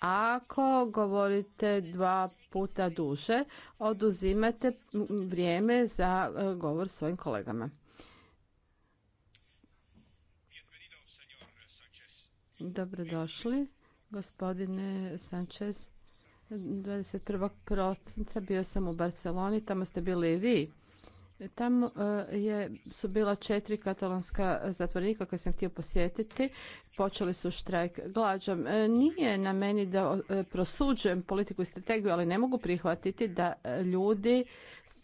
Ako govorite dva puta duže, oduzimate vrijeme za e, govor svojim kolegama. Dobrodošli, gospodine Sanchez. 21. prosinca bio sam u Barceloni, tamo ste bili i vi. E, tamo e, je, su bila četiri katalonska zatvornika koje sam htio posjetiti. Počeli su štrajk glađom. E, nije na meni da prosuđujem politiku i strategiju, ali ne mogu prihvatiti da ljudi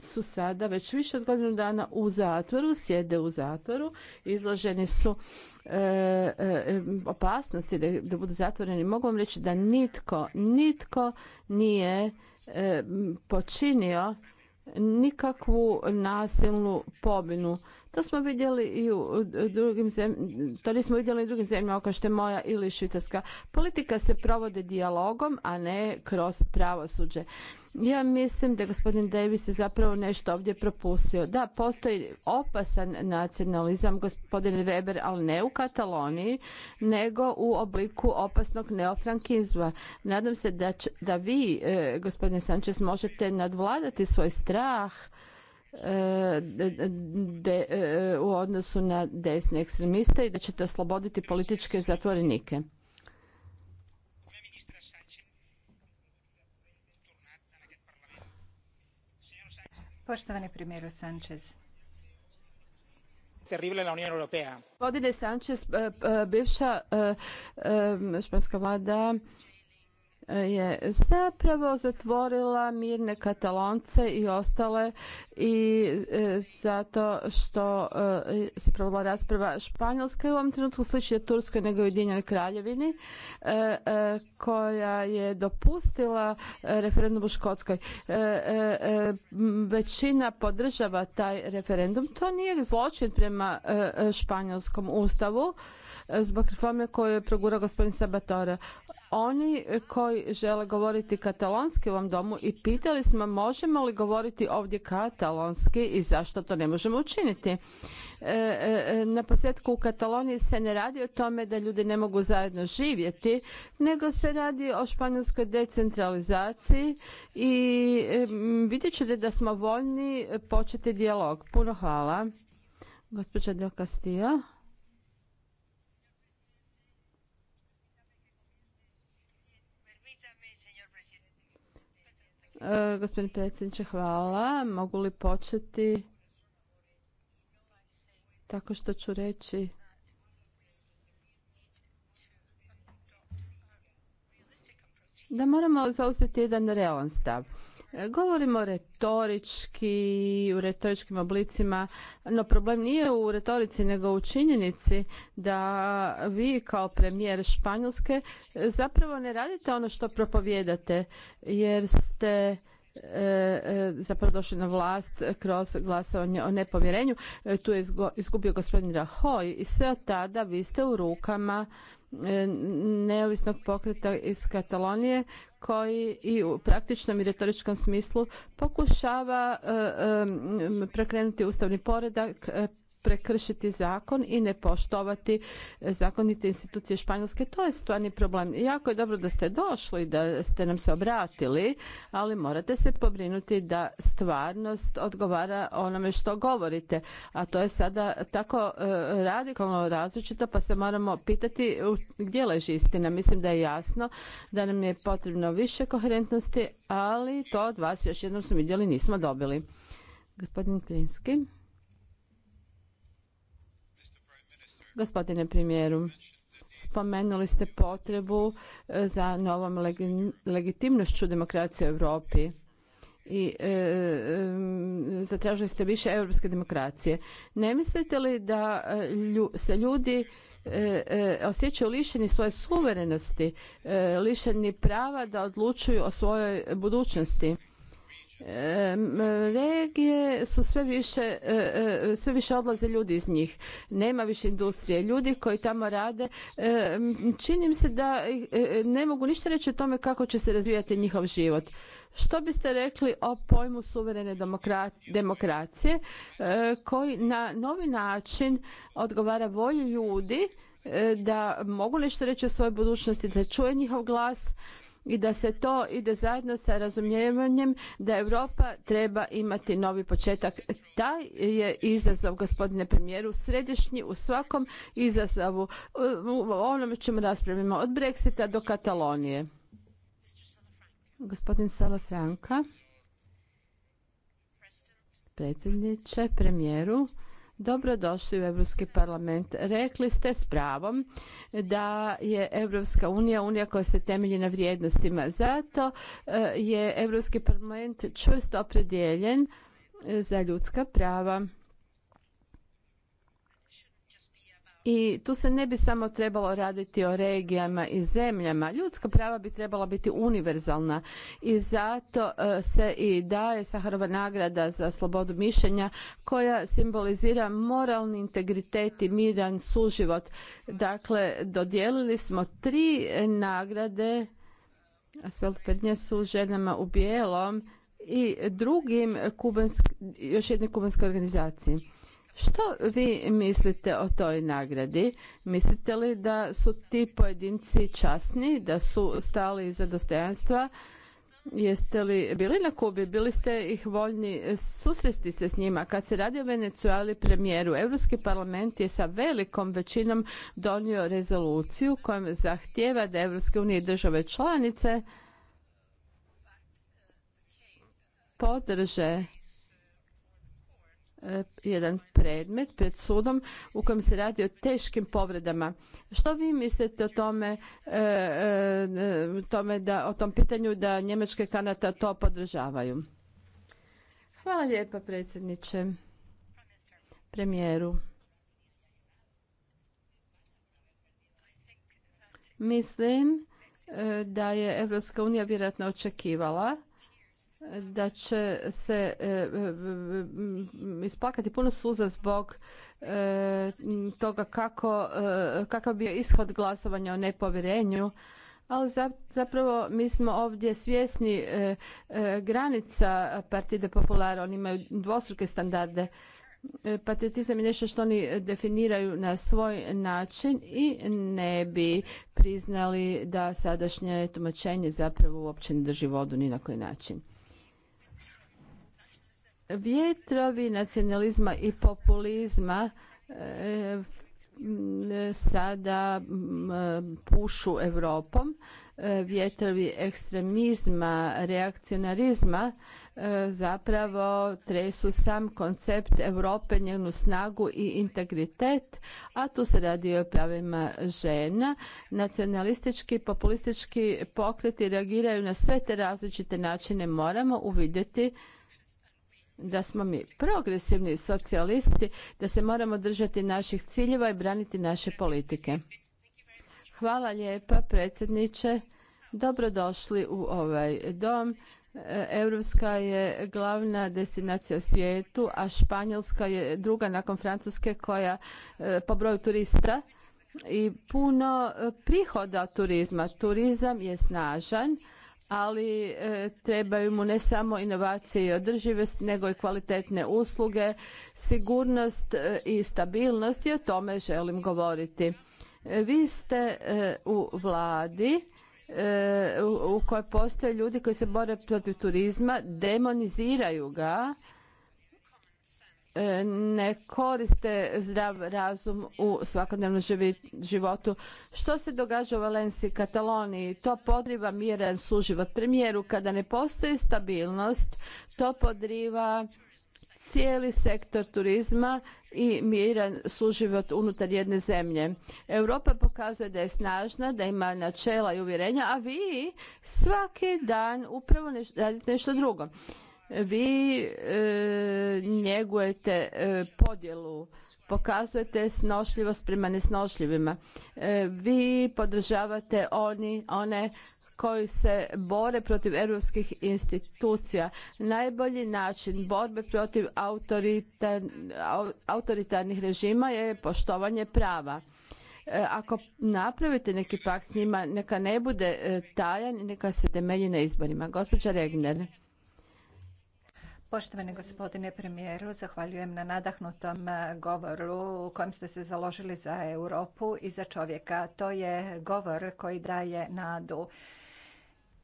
su sada već više od godinu dana u zatvoru, sjede u zatvoru, izloženi su E, e, opasnosti da, da budu zatvoreni. Mogu vam reći da nitko, nitko nije e, počinio nikakvu nasilnu pobinu. To smo vidjeli i u drugim zemljama, to nismo vidjeli i u drugim zemljama kao što je moja ili Švicarska. Politika se provodi dijalogom, a ne kroz pravosuđe. Ja mislim da gospodin Davis je zapravo nešto ovdje propustio. Da, postoji opasan nacionalizam, gospodin Weber, ali ne u Kataloniji, nego u obliku opasnog neofrankizma. Nadam se da, da vi, e, gospodine Sanchez, možete nadvladati svoj strah e, e, u odnosu na desne ekstremiste i da ćete osloboditi političke zatvorenike. Poštovani premijeru Sanchez. Terrible la Unión Europea. Godine Sanchez, e, e, bivša e, španska vlada je zapravo zatvorila mirne katalonce i ostale i e, zato što se provodila rasprava Španjolska u ovom trenutku je Turskoj nego Ujedinjenoj kraljevini e, e, koja je dopustila referendum u Škotskoj. Većina podržava taj referendum. To nije zločin prema španjolskom ustavu zbog reklame koju je progurao gospodin Sabatore. Oni koji žele govoriti katalonski u ovom domu i pitali smo možemo li govoriti ovdje katalonski i zašto to ne možemo učiniti. E, e, e, na posjetku u Kataloniji se ne radi o tome da ljudi ne mogu zajedno živjeti, nego se radi o španjolskoj decentralizaciji i vidjet ćete da smo voljni početi dijalog. Puno hvala. Gospođa Del Castillo. E, gospodine gospodin predsjedniče, hvala. Mogu li početi tako što ću reći da moramo zauzeti jedan realan stav. Govorimo retorički, u retoričkim oblicima, no problem nije u retorici nego u činjenici da vi kao premijer Španjolske zapravo ne radite ono što propovjedate jer ste e, e, zapravo došli na vlast kroz glasovanje o nepovjerenju. E, tu je izgubio gospodin Rahoj i sve od tada vi ste u rukama E, neovisnog pokreta iz Katalonije koji i u praktičnom i retoričkom smislu pokušava e, e, prekrenuti ustavni poredak, prekršiti zakon i ne poštovati zakonite institucije Španjolske. To je stvarni problem. Jako je dobro da ste došli, da ste nam se obratili, ali morate se pobrinuti da stvarnost odgovara onome što govorite. A to je sada tako e, radikalno različito pa se moramo pitati gdje leži istina. Mislim da je jasno da nam je potrebno više koherentnosti, ali to od vas još jednom smo vidjeli nismo dobili. Gospodin Klinski. Gospodine premijeru, spomenuli ste potrebu e, za novom legitimnošću demokracije u Europi i e, e, zatražili ste više europske demokracije. Ne mislite li da se ljudi osjećaju lišeni svoje suverenosti, lišeni prava da odlučuju o svojoj budućnosti? E, regije su sve više, e, e, sve više odlaze ljudi iz njih. Nema više industrije. Ljudi koji tamo rade, činim se da ne mogu ništa reći o tome kako će se razvijati njihov život. Što biste rekli o pojmu suverene demokracije koji na novi način odgovara volji ljudi da mogu nešto reći o svojoj budućnosti, da čuje njihov glas, i da se to ide zajedno sa razumijevanjem da Europa treba imati novi početak. Taj je izazov, gospodine premijeru, središnji u svakom izazovu, u onome čemu raspravimo, od Brexita do Katalonije. Gospodin salafranca predsjedniče, premijeru, Dobrodošli u Europski parlament. Rekli ste s pravom da je Europska unija unija koja se temelji na vrijednostima. Zato e, je Europski parlament čvrsto opredijeljen e, za ljudska prava. i tu se ne bi samo trebalo raditi o regijama i zemljama. Ljudska prava bi trebala biti univerzalna i zato e, se i daje Saharova nagrada za slobodu mišljenja koja simbolizira moralni integritet i miran suživot. Dakle, dodijelili smo tri nagrade Asfalt Prednje su ženama u bijelom i drugim još jednoj kubanskoj organizaciji. Što vi mislite o toj nagradi? Mislite li da su ti pojedinci časni, da su stali iza dostojanstva? Jeste li bili na Kubi? Bili ste ih voljni susresti se s njima? Kad se radi o Venecueli premijeru, Europski parlament je sa velikom većinom donio rezoluciju kojom zahtjeva da Europske unije države članice podrže E, jedan predmet pred sudom u kojem se radi o teškim povredama. Što vi mislite o tome, e, e, tome da, o tom pitanju da Njemačke kanata to podržavaju? Hvala lijepa predsjedniče, premijeru. Mislim da je Evropska unija vjerojatno očekivala da će se e, e, e, isplakati puno suza zbog toga kako, kakav bi ishod glasovanja o nepovjerenju ali zapravo mi smo ovdje svjesni granica Partide Populara, oni imaju dvostruke standarde. Patriotizam je nešto što oni definiraju na svoj način i ne bi priznali da sadašnje tumačenje zapravo uopće ne drži vodu ni na koji način. Vjetrovi nacionalizma i populizma e, sada pušu Europom. E, vjetrovi ekstremizma, reakcionarizma e, zapravo tresu sam koncept Europe, njenu snagu i integritet, a tu se radi o pravima žena. Nacionalistički, populistički pokreti reagiraju na sve te različite načine. Moramo uvidjeti da smo mi progresivni socijalisti, da se moramo držati naših ciljeva i braniti naše politike. Hvala lijepa predsjedniče. Dobrodošli u ovaj dom. E, Europska je glavna destinacija u svijetu, a Španjolska je druga nakon Francuske koja e, po broju turista i puno e, prihoda turizma. Turizam je snažan ali e, trebaju mu ne samo inovacije i održivost, nego i kvalitetne usluge, sigurnost e, i stabilnost i o tome želim govoriti. E, vi ste u vladi u kojoj postoje ljudi koji se bore protiv turizma, demoniziraju ga, E, ne koriste zdrav razum u svakodnevnom životu. Što se događa u Valenciji i Kataloniji? To podriva miran suživot premijeru. Kada ne postoji stabilnost, to podriva cijeli sektor turizma i miran suživot unutar jedne zemlje. Europa pokazuje da je snažna, da ima načela i uvjerenja, a vi svaki dan upravo radite nešto drugo vi e, njegujete e, podjelu pokazujete snošljivost prema nesnošljivima e, vi podržavate oni one koji se bore protiv europskih institucija. Najbolji način borbe protiv autoritarnih režima je poštovanje prava. Ako napravite neki pakt s njima, neka ne bude tajan, neka se temelji na izborima. Gospođa Regner. Poštovani gospodine premijeru, zahvaljujem na nadahnutom e, govoru u kojem ste se založili za Europu i za čovjeka. To je govor koji daje nadu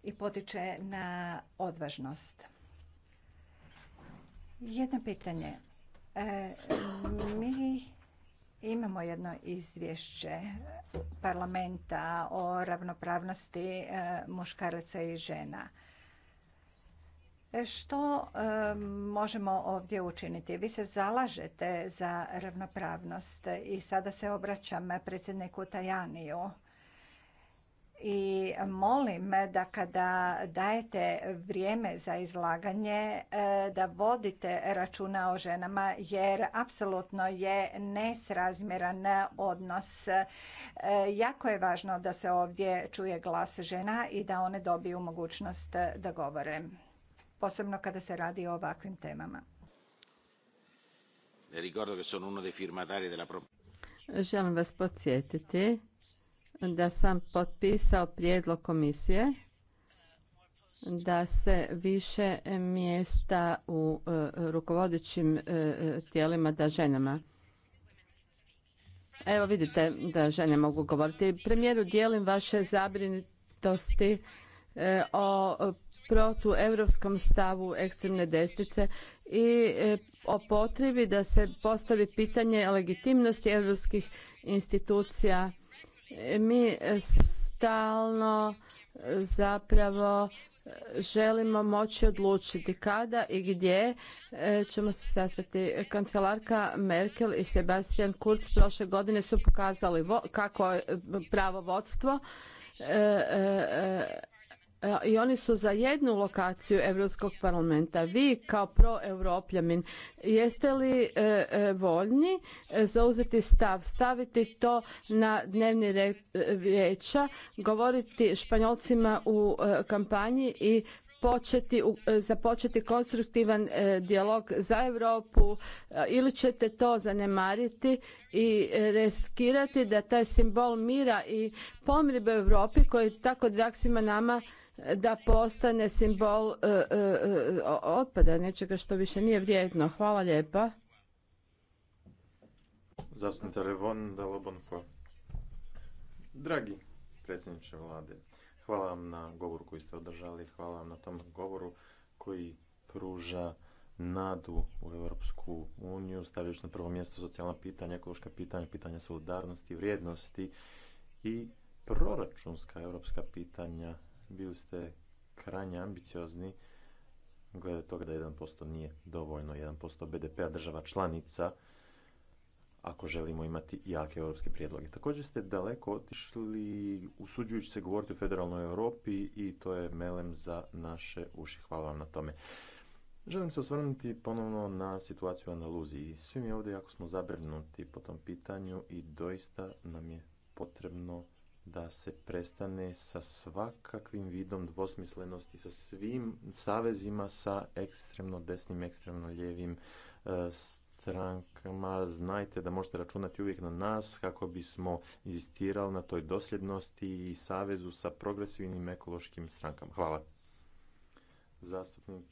i potiče na odvažnost. Jedno pitanje. E, mi Imamo jedno izvješće parlamenta o ravnopravnosti e, muškaraca i žena. Što e, možemo ovdje učiniti? Vi se zalažete za ravnopravnost i sada se obraćam predsjedniku Tajaniju i molim da kada dajete vrijeme za izlaganje e, da vodite računa o ženama jer apsolutno je nesrazmjeran odnos. E, jako je važno da se ovdje čuje glas žena i da one dobiju mogućnost da govore posebno kada se radi o ovakvim temama. Želim vas podsjetiti da sam potpisao prijedlog komisije da se više mjesta u e, rukovodećim e, tijelima da ženama. Evo vidite da žene mogu govoriti. Premijeru, dijelim vaše zabrinutosti e, o protueuropskom stavu ekstremne desnice i e, o potrebi da se postavi pitanje legitimnosti europskih institucija. E, mi stalno e, zapravo želimo moći odlučiti kada i gdje ćemo se sastati. Kancelarka Merkel i Sebastian Kurz prošle godine su pokazali kako je pravo vodstvo. E, i oni su za jednu lokaciju Europskog parlamenta. Vi kao proeuropljanin jeste li e, e, voljni zauzeti stav, staviti to na dnevni red vijeća, govoriti Španjolcima u kampanji i početi, e, započeti konstruktivan e, dijalog za Europu e, ili ćete to zanemariti i riskirati da taj simbol mira i pomribe u Europi koji je tako drag svima nama da postane simbol otpada, nečega što više nije vrijedno. Hvala lijepa. Dragi predsjedniče vlade, Hvala vam na govoru koji ste održali, hvala vam na tom govoru koji pruža nadu u Europsku uniju, stavljajući na prvo mjesto socijalna pitanja, ekološka pitanja, pitanja solidarnosti, vrijednosti i proračunska europska pitanja. Bili ste krajnje ambiciozni glede toga da 1% nije dovoljno, 1% BDP-a država članica ako želimo imati jake europske prijedloge. Također ste daleko otišli usuđujući se govoriti o federalnoj Europi i to je melem za naše uši. Hvala vam na tome. Želim se osvrnuti ponovno na situaciju u Andaluziji. Svi mi ovdje jako smo zabrinuti po tom pitanju i doista nam je potrebno da se prestane sa svakakvim vidom dvosmislenosti, sa svim savezima, sa ekstremno desnim, ekstremno ljevim e, strankama, znajte da možete računati uvijek na nas kako bismo inzistirali na toj dosljednosti i savezu sa progresivnim ekološkim strankama. Hvala. Zastupnik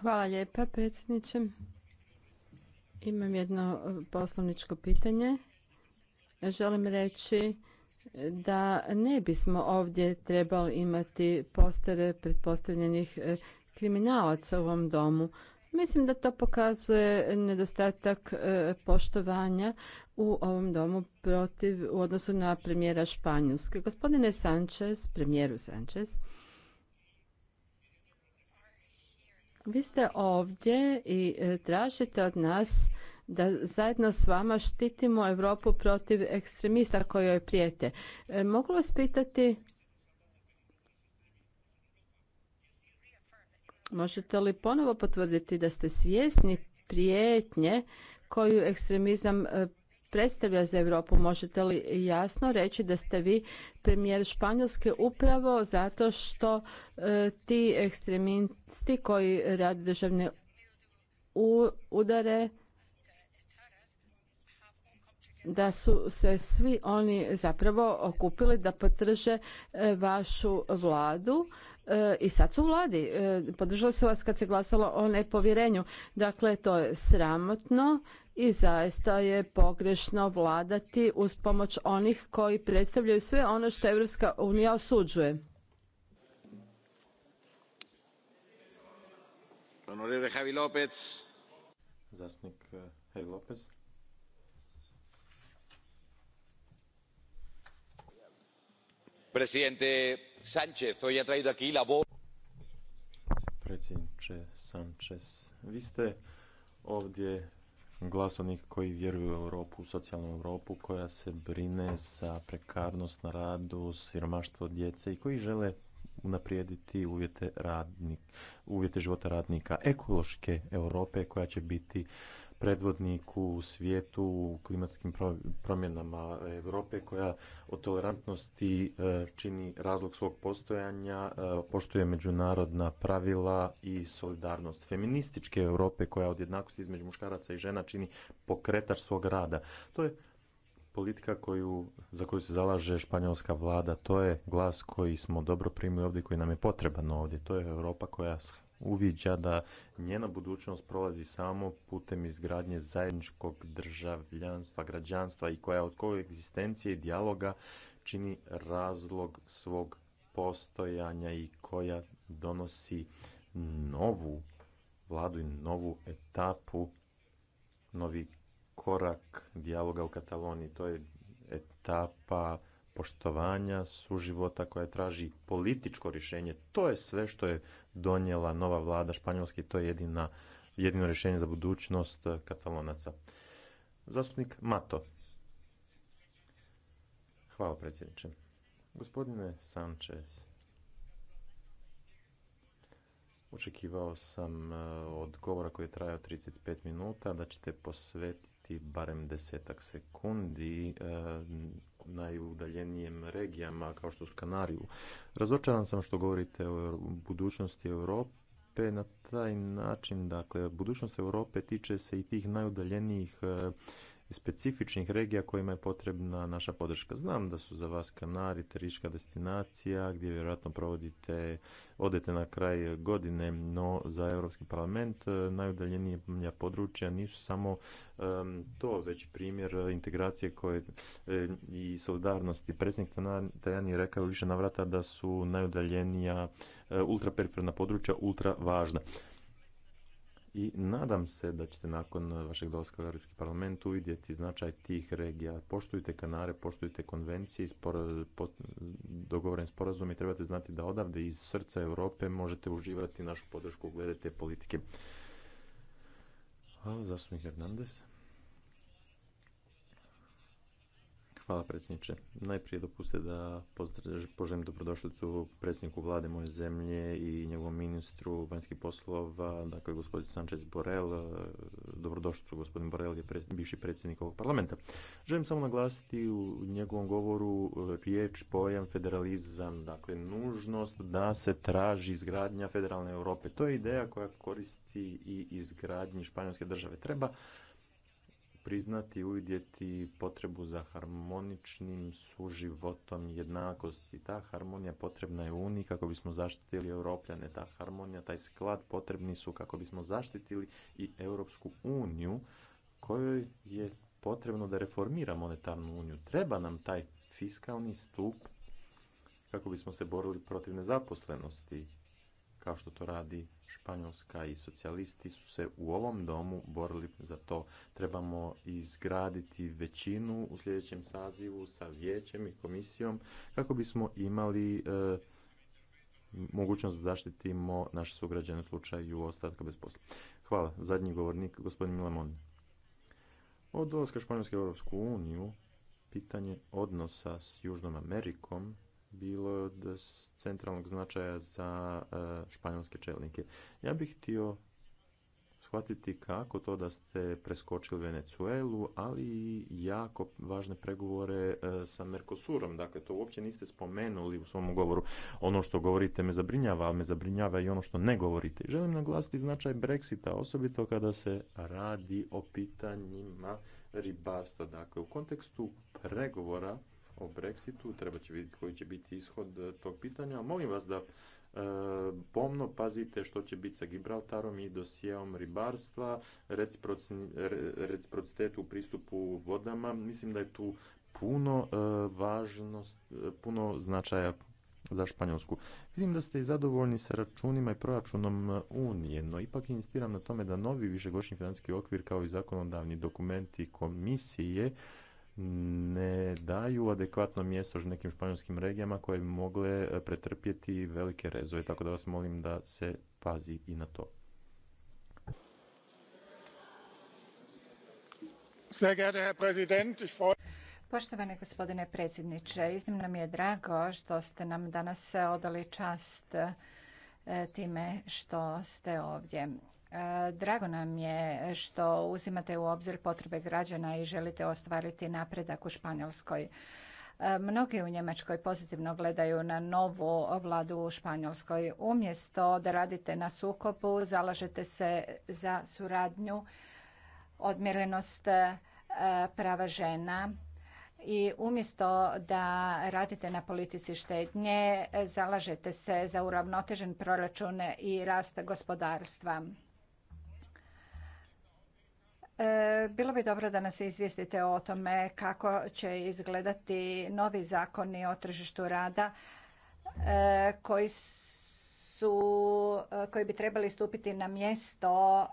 Hvala lijepa predsjedniče. Imam jedno e, poslovničko pitanje. Želim reći da ne bismo ovdje trebali imati postere pretpostavljenih e, kriminalaca u ovom domu. Mislim da to pokazuje nedostatak e, poštovanja u ovom domu protiv, u odnosu na premijera Španjolske. Gospodine Sanchez, premijeru Sanchez, vi ste ovdje i e, tražite od nas da zajedno s vama štitimo Europu protiv ekstremista koji joj prijete. E, mogu vas pitati Možete li ponovo potvrditi da ste svjesni prijetnje koju ekstremizam e, predstavlja za Europu. Možete li jasno reći da ste vi premijer Španjolske upravo zato što e, ti ekstremisti koji rade državne udare da su se svi oni zapravo okupili da potrže e, vašu vladu E, i sad su u vladi. E, Podržali su vas kad se glasalo o nepovjerenju. Dakle, to je sramotno i zaista je pogrešno vladati uz pomoć onih koji predstavljaju sve ono što Evropska unija osuđuje. Honorere Javi e, Presidente ha traído aquí Predsjedniče Sanchez, vi ste ovdje glasovnik koji vjeruje u Europu, socijalnu Europu, koja se brine za prekarnost na radu, siromaštvo djece i koji žele unaprijediti uvjete, radnik, uvjete života radnika, ekološke Europe koja će biti predvodnik u svijetu u klimatskim promjenama Europe koja o tolerantnosti e, čini razlog svog postojanja, e, poštuje međunarodna pravila i solidarnost feminističke Europe koja od jednakosti između muškaraca i žena čini pokretač svog rada. To je politika koju, za koju se zalaže španjolska vlada, to je glas koji smo dobro primili ovdje, koji nam je potreban ovdje. To je Europa koja uviđa da njena budućnost prolazi samo putem izgradnje zajedničkog državljanstva, građanstva i koja od koegzistencije i dijaloga čini razlog svog postojanja i koja donosi novu vladu i novu etapu, novi korak dijaloga u Kataloniji. To je etapa poštovanja, suživota koja traži političko rješenje. To je sve što je donijela nova vlada Španjolske i to je jedina, jedino rješenje za budućnost katalonaca. Zastupnik Mato. Hvala predsjedniče. Gospodine Sanchez, očekivao sam e, od govora koji je trajao 35 minuta da ćete posvetiti barem desetak sekundi e, najudaljenijim regijama kao što su Kanariju. Razočaran sam što govorite o budućnosti Europe na taj način, dakle, budućnost Europe tiče se i tih najudaljenijih e, specifičnih regija kojima je potrebna naša podrška. Znam da su za vas Kanari teriška destinacija gdje vjerojatno provodite, odete na kraj godine, no za Europski parlament e, najudaljenija područja nisu samo to, već primjer integracije koje e, i solidarnosti. Predsjednik Tajani je rekao više navrata da su najudaljenija ultraperferna ultraperiferna područja ultra važna i nadam se da ćete nakon vašeg dolaska u Europski parlament uvidjeti značaj tih regija. Poštujte Kanare, poštujte konvencije, dogovoren sporazum i trebate znati da odavde iz srca Europe možete uživati našu podršku glede te politike. Hvala, zastupnik Hernandez. Hvala predsjedniče. Najprije dopustite da poželim dobrodošlicu predsjedniku vlade moje zemlje i njegovom ministru vanjskih poslova, dakle gospodin Sanchez Borel. Dobrodošlicu gospodin Borel je bivši predsjednik ovog parlamenta. Želim samo naglasiti u njegovom govoru e, riječ pojam federalizam, dakle nužnost da se traži izgradnja federalne Europe. To je ideja koja koristi i izgradnji španjolske države. Treba priznati i uvidjeti potrebu za harmoničnim suživotom jednakosti. Ta harmonija potrebna je Uniji kako bismo zaštitili Europljane. Ta harmonija, taj sklad potrebni su kako bismo zaštitili i Europsku uniju kojoj je potrebno da reformira monetarnu uniju. Treba nam taj fiskalni stup kako bismo se borili protiv nezaposlenosti kao što to radi Španjolska i socijalisti su se u ovom domu borili za to. Trebamo izgraditi većinu u sljedećem sazivu sa vijećem i komisijom kako bismo imali e, mogućnost da zaštitimo naše sugrađane u slučaju ostatka bez posla. Hvala. Zadnji govornik, gospodin Milamon. Od dolaska Španjolske u Europsku uniju, pitanje odnosa s Južnom Amerikom bilo od centralnog značaja za e, španjolske čelnike. Ja bih htio shvatiti kako to da ste preskočili Venecuelu, ali i jako važne pregovore e, sa Mercosurom. Dakle, to uopće niste spomenuli u svom govoru. Ono što govorite me zabrinjava, ali me zabrinjava i ono što ne govorite. Želim naglasiti značaj Brexita, osobito kada se radi o pitanjima ribarstva. Dakle, u kontekstu pregovora o Brexitu, treba će vidjeti koji će biti ishod e, tog pitanja. Molim vas da e, pomno pazite što će biti sa Gibraltarom i dosijeom ribarstva, reciprocitetu u pristupu vodama. Mislim da je tu puno e, važnost, puno značaja za Španjolsku. Vidim da ste i zadovoljni sa računima i proračunom Unije, no ipak insistiram na tome da novi višegodišnji financijski okvir kao i zakonodavni dokumenti komisije ne daju adekvatno mjesto nekim španjolskim regijama koje bi mogle eh, pretrpjeti velike rezove, tako da vas molim da se pazi i na to. Poštovani gospodine predsjedniče, iznimno mi je drago što ste nam danas odali čast eh, time što ste ovdje. E, drago nam je što uzimate u obzir potrebe građana i želite ostvariti napredak u Španjolskoj. E, mnogi u Njemačkoj pozitivno gledaju na novu vladu u Španjolskoj. Umjesto da radite na sukobu, zalažete se za suradnju, odmjerenost e, prava žena i umjesto da radite na politici štednje, zalažete se za uravnotežen proračun i rast gospodarstva. E, bilo bi dobro da nas izvijestite o tome kako će izgledati novi zakoni o tržištu rada e, koji su, e, koji bi trebali stupiti na mjesto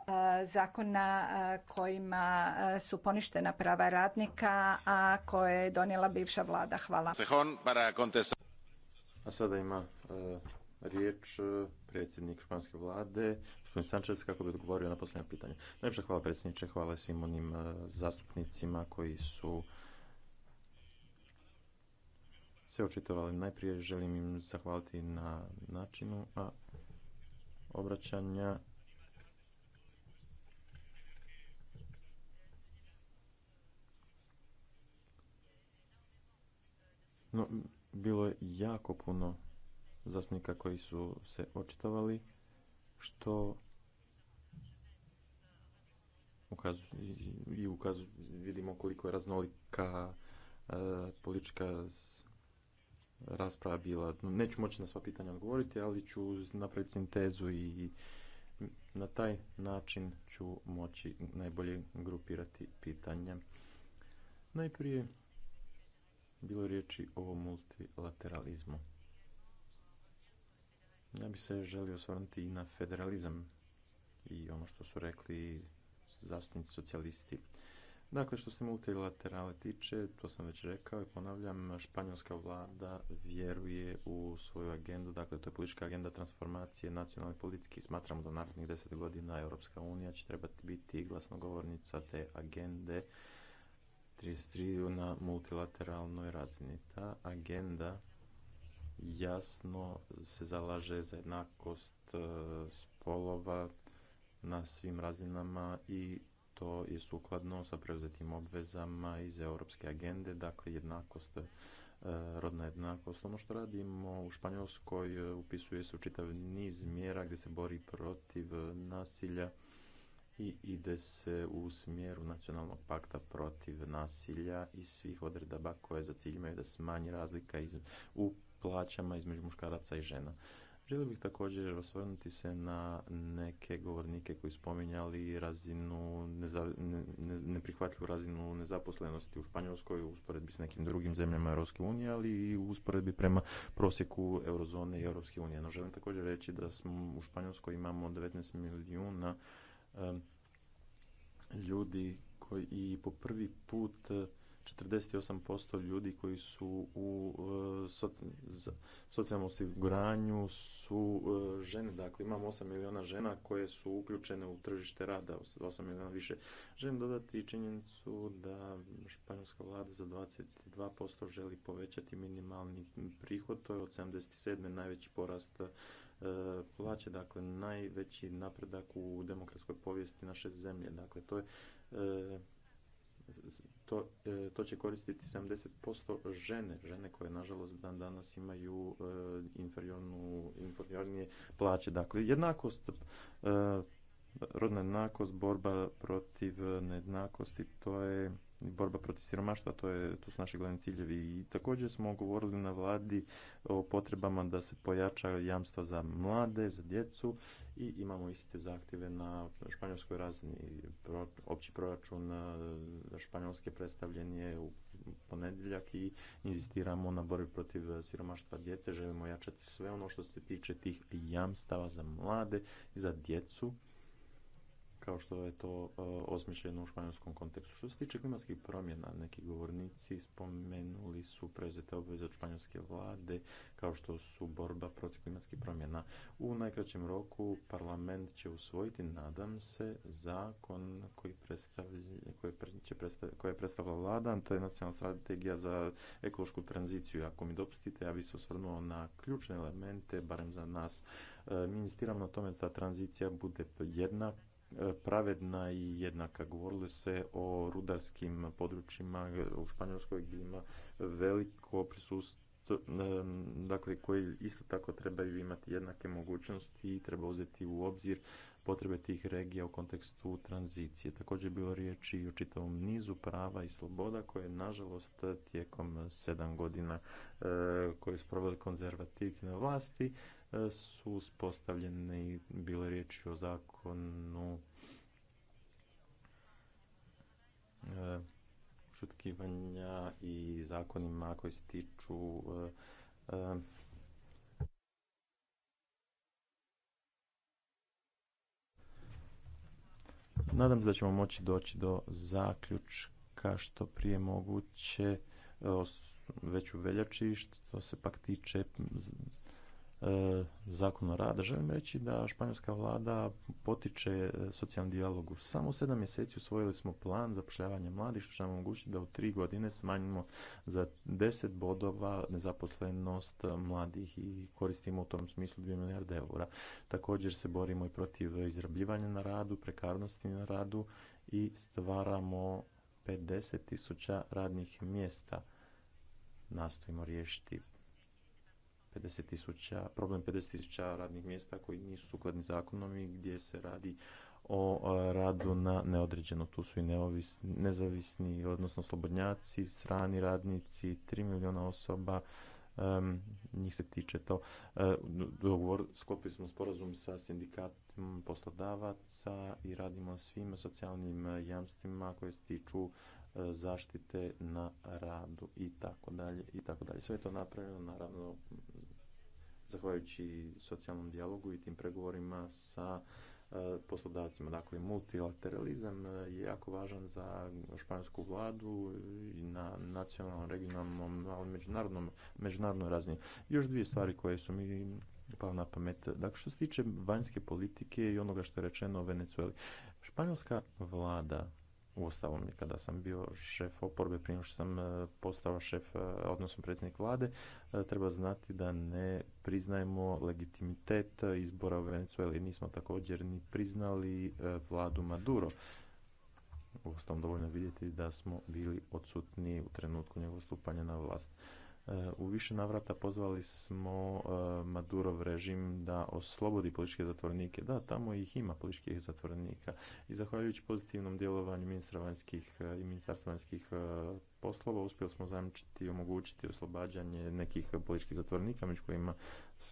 zakona kojima su poništena prava radnika, a koje je donijela bivša vlada. Hvala. A sada ima riječ predsjednik španske vlade gospodin kako bi odgovorio na posljednje pitanje. Najprije hvala predsjedniče, hvala svim onim e, zastupnicima koji su se očitovali. Najprije želim im zahvaliti na načinu a obraćanja. No, bilo je jako puno zastupnika koji su se očitovali što i vidimo koliko je raznolika e, politička rasprava bila. Neću moći na sva pitanja odgovoriti, ali ću napraviti sintezu i na taj način ću moći najbolje grupirati pitanja. Najprije bilo riječi o multilateralizmu. Ja bih se želio osvrnuti i na federalizam i ono što su rekli zastupnici socijalisti. Dakle, što se multilaterale tiče, to sam već rekao i ponavljam, španjolska vlada vjeruje u svoju agendu, dakle to je politička agenda transformacije nacionalne politike i smatramo da narednih deset godina Europska unija će trebati biti glasnogovornica te agende 33 na multilateralnoj razini. Ta agenda jasno se zalaže za jednakost e, spolova na svim razinama i to je sukladno sa preuzetim obvezama iz europske agende, dakle jednakost e, rodna jednakost. Ono što radimo u Španjolskoj e, upisuje se u čitav niz mjera gdje se bori protiv nasilja i ide se u smjeru nacionalnog pakta protiv nasilja i svih odredaba koje za cilj imaju da se manji razlika iz, u plaćama između muškaraca i žena. Želio bih također osvrnuti se na neke govornike koji spominjali razinu ne, neprihvatljivu razinu nezaposlenosti u Španjolskoj u usporedbi s nekim drugim zemljama Europske unije, ali i u usporedbi prema prosjeku eurozone i Europske unije. No želim također reći da smo u Španjolskoj imamo 19 milijuna ljudi koji i po prvi put 48% ljudi koji su u e, socijalnom osiguranju su e, žene. Dakle, imamo 8 milijuna žena koje su uključene u tržište rada, 8 milijuna više. Želim dodati činjenicu da španjolska vlada za 22% želi povećati minimalni prihod. To je od 77. najveći porast e, plaće, dakle najveći napredak u demokratskoj povijesti naše zemlje. Dakle, to je to, e, to će koristiti 70% žene, žene koje nažalost dan danas imaju e, inferiornu, inferiornije plaće. Dakle, jednakost, e, rodna jednakost, borba protiv nejednakosti, to je borba protiv siromaštva, to, je, to su naši glavni ciljevi. I također smo govorili na vladi o potrebama da se pojača jamstva za mlade, za djecu i imamo iste zahtjeve na španjolskoj razini. Opći proračun e, španjolske predstavljen je u ponedjeljak i inzistiramo na borbi protiv siromaštva djece. Želimo jačati sve ono što se tiče tih jamstava za mlade i za djecu kao što je to e, osmišljeno u španjolskom kontekstu. Što se tiče klimatskih promjena, neki govornici spomenuli su preuzete obveze od španjolske vlade, kao što su borba protiv klimatskih promjena. U najkraćem roku parlament će usvojiti, nadam se, zakon koji, je će vlada, to je nacionalna strategija za ekološku tranziciju. Ako mi dopustite, ja bih se osvrnuo na ključne elemente, barem za nas. E, mi insistiramo na tome da ta tranzicija bude jedna pravedna i jednaka. Govorilo se o rudarskim područjima u Španjolskoj gdje ima veliko prisustvo dakle koji isto tako trebaju imati jednake mogućnosti i treba uzeti u obzir potrebe tih regija u kontekstu tranzicije. Također je bilo riječi i o čitavom nizu prava i sloboda koje nažalost tijekom sedam godina eh, koje su proveli konzervativci na vlasti E, su uspostavljene i bilo riječi o zakonu e, šutkivanja i zakonima koji se tiču e, Nadam se da ćemo moći doći do zaključka što prije moguće već u veljači, što se pak tiče E, zakon o rada, želim reći da španjolska vlada potiče e, socijalni dijalog. U samo sedam mjeseci usvojili smo plan zapošljavanja mladih, što će nam omogućiti da u tri godine smanjimo za deset bodova nezaposlenost e, mladih i koristimo u tom smislu 2 milijarde eura. Također se borimo i protiv izrabljivanja na radu, prekarnosti na radu i stvaramo 50 tisuća radnih mjesta. Nastojimo riješiti 50 tisuća, problem 50 tisuća radnih mjesta koji nisu sukladni zakonom i gdje se radi o e, radu na neodređeno. Tu su i neovisni, nezavisni, odnosno slobodnjaci, strani radnici, 3 milijuna osoba, um, njih se tiče to. E, dogovor, sklopili smo sporazum sa sindikatom poslodavaca i radimo svim socijalnim e, jamstvima koje se tiču E, zaštite na radu i tako dalje i tako dalje. Sve to napravljeno naravno zahvaljujući socijalnom dijalogu i tim pregovorima sa e, poslodavcima. Dakle, multilateralizam e, je jako važan za špansku vladu i na nacionalnom, regionalnom, ali međunarodnom, međunarodnoj razini. Još dvije stvari koje su mi pao na pamet. Dakle, što se tiče vanjske politike i onoga što je rečeno o Venecueli. Španjolska vlada Uostalom, kada sam bio šef oporbe, prije što sam e, postao šef, e, odnosno predsjednik vlade, e, treba znati da ne priznajemo legitimitet izbora u Venezueli. Nismo također ni priznali vladu Maduro. Uostalom, dovoljno vidjeti da smo bili odsutni u trenutku njegovog stupanja na vlast. E, u više navrata pozvali smo e, Madurov režim da oslobodi političke zatvornike. Da, tamo ih ima političkih zatvornika. I zahvaljujući pozitivnom djelovanju ministra vanjskih e, i ministarstva vanjskih poslova uspjeli smo zamčiti i omogućiti oslobađanje nekih političkih zatvornika, među kojima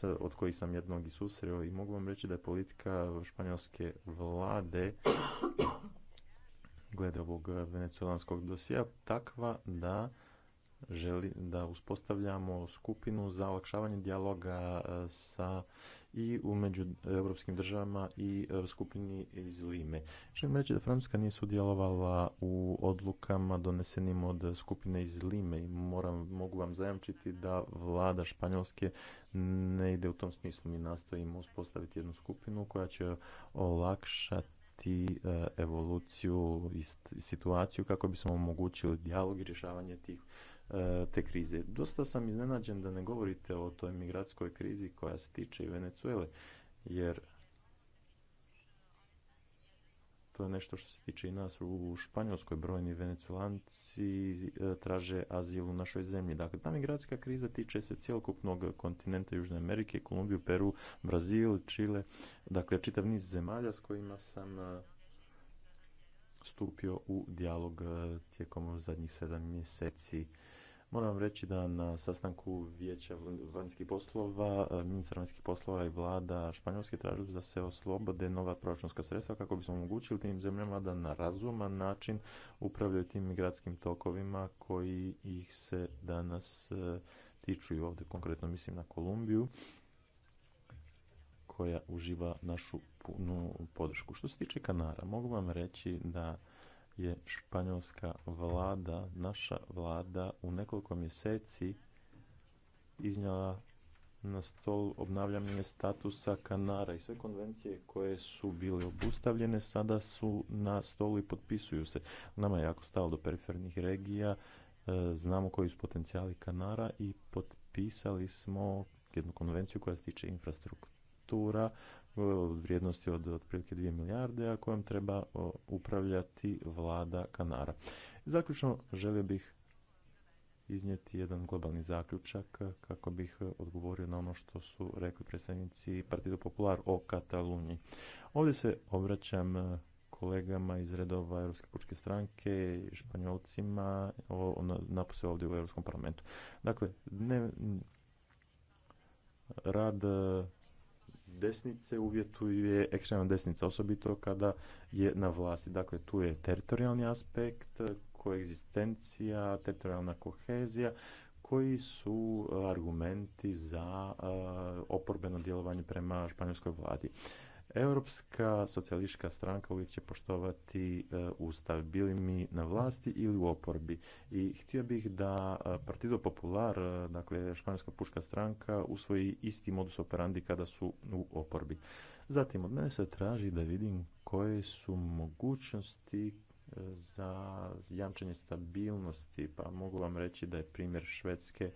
od kojih sam jednog i susreo i mogu vam reći da je politika španjolske vlade glede ovog venecuelanskog dosija takva da želi da uspostavljamo skupinu za olakšavanje dijaloga e, sa i u među europskim državama i e, skupini iz Lime. Želim reći da Francuska nije sudjelovala u odlukama donesenim od skupine iz Lime i moram, mogu vam zajamčiti da vlada Španjolske ne ide u tom smislu. Mi nastojimo uspostaviti jednu skupinu koja će olakšati e, evoluciju i situaciju kako bismo omogućili dijalog i rješavanje tih E, te krize. Dosta sam iznenađen da ne govorite o toj migracijskoj krizi koja se tiče i Venezuele, jer to je nešto što se tiče i nas u Španjolskoj. Brojni venecuelanci e, traže azil u našoj zemlji. Dakle, ta migracijska kriza tiče se cjelokupnog kontinenta Južne Amerike, Kolumbiju, Peru, Brazil, Čile. Dakle, čitav niz zemalja s kojima sam e, stupio u dijalog tijekom zadnjih sedam mjeseci. Moram reći da na sastanku vijeća vanjskih poslova, e, ministar vanjskih poslova i vlada Španjolske tražili da se oslobode nova proračunska sredstva kako bismo omogućili tim zemljama da na razuman način upravljaju tim migratskim tokovima koji ih se danas e, tiču i ovdje konkretno mislim na Kolumbiju koja uživa našu punu podršku. Što se tiče Kanara, mogu vam reći da je španjolska vlada, naša vlada u nekoliko mjeseci iznijela na stol obnavljanje statusa Kanara i sve konvencije koje su bile obustavljene sada su na stolu i potpisuju se. Nama je jako stalo do perifernih regija, e, znamo koji su potencijali Kanara i potpisali smo jednu konvenciju koja se tiče infrastruktura vrijednosti od otprilike 2 milijarde, a kojom treba upravljati vlada Kanara. Zaključno želio bih iznijeti jedan globalni zaključak kako bih odgovorio na ono što su rekli predstavnici Partido Popular o Kataluniji. Ovdje se obraćam e, kolegama iz redova Europske pučke stranke, španjolcima, napose ovdje u Europskom parlamentu. Dakle, rad desnice uvjetuje ekstremna desnica, osobito kada je na vlasti. Dakle, tu je teritorijalni aspekt, koegzistencija, teritorijalna kohezija, koji su eh, argumenti za eh, oporbeno djelovanje prema španjolskoj vladi. Europska socijalistička stranka uvijek će poštovati e, ustav, bili mi na vlasti ili u oporbi. I htio bih da e, Partido Popular, e, dakle španjolska puška stranka, usvoji isti modus operandi kada su u oporbi. Zatim od mene se traži da vidim koje su mogućnosti za jamčanje stabilnosti, pa mogu vam reći da je primjer Švedske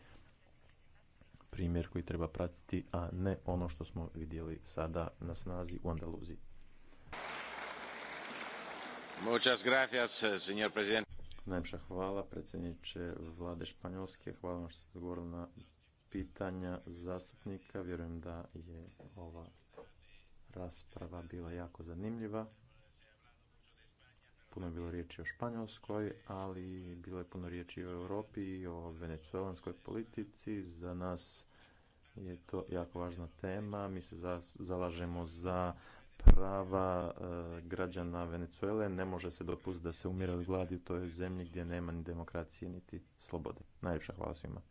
primjer koji treba pratiti, a ne ono što smo vidjeli sada na snazi u Andaluziji. Muchas gracias, hvala predsjedniče vlade Španjolske. Hvala vam što ste odgovorili na pitanja zastupnika. Vjerujem da je ova rasprava bila jako zanimljiva puno je bilo riječi o Španjolskoj, ali bilo je puno riječi o Europi i o venecuelanskoj politici. Za nas je to jako važna tema. Mi se zalažemo za prava e, građana Venecuele. Ne može se dopustiti da se umire od gladi u toj zemlji gdje nema ni demokracije niti slobode. Najljepša hvala svima.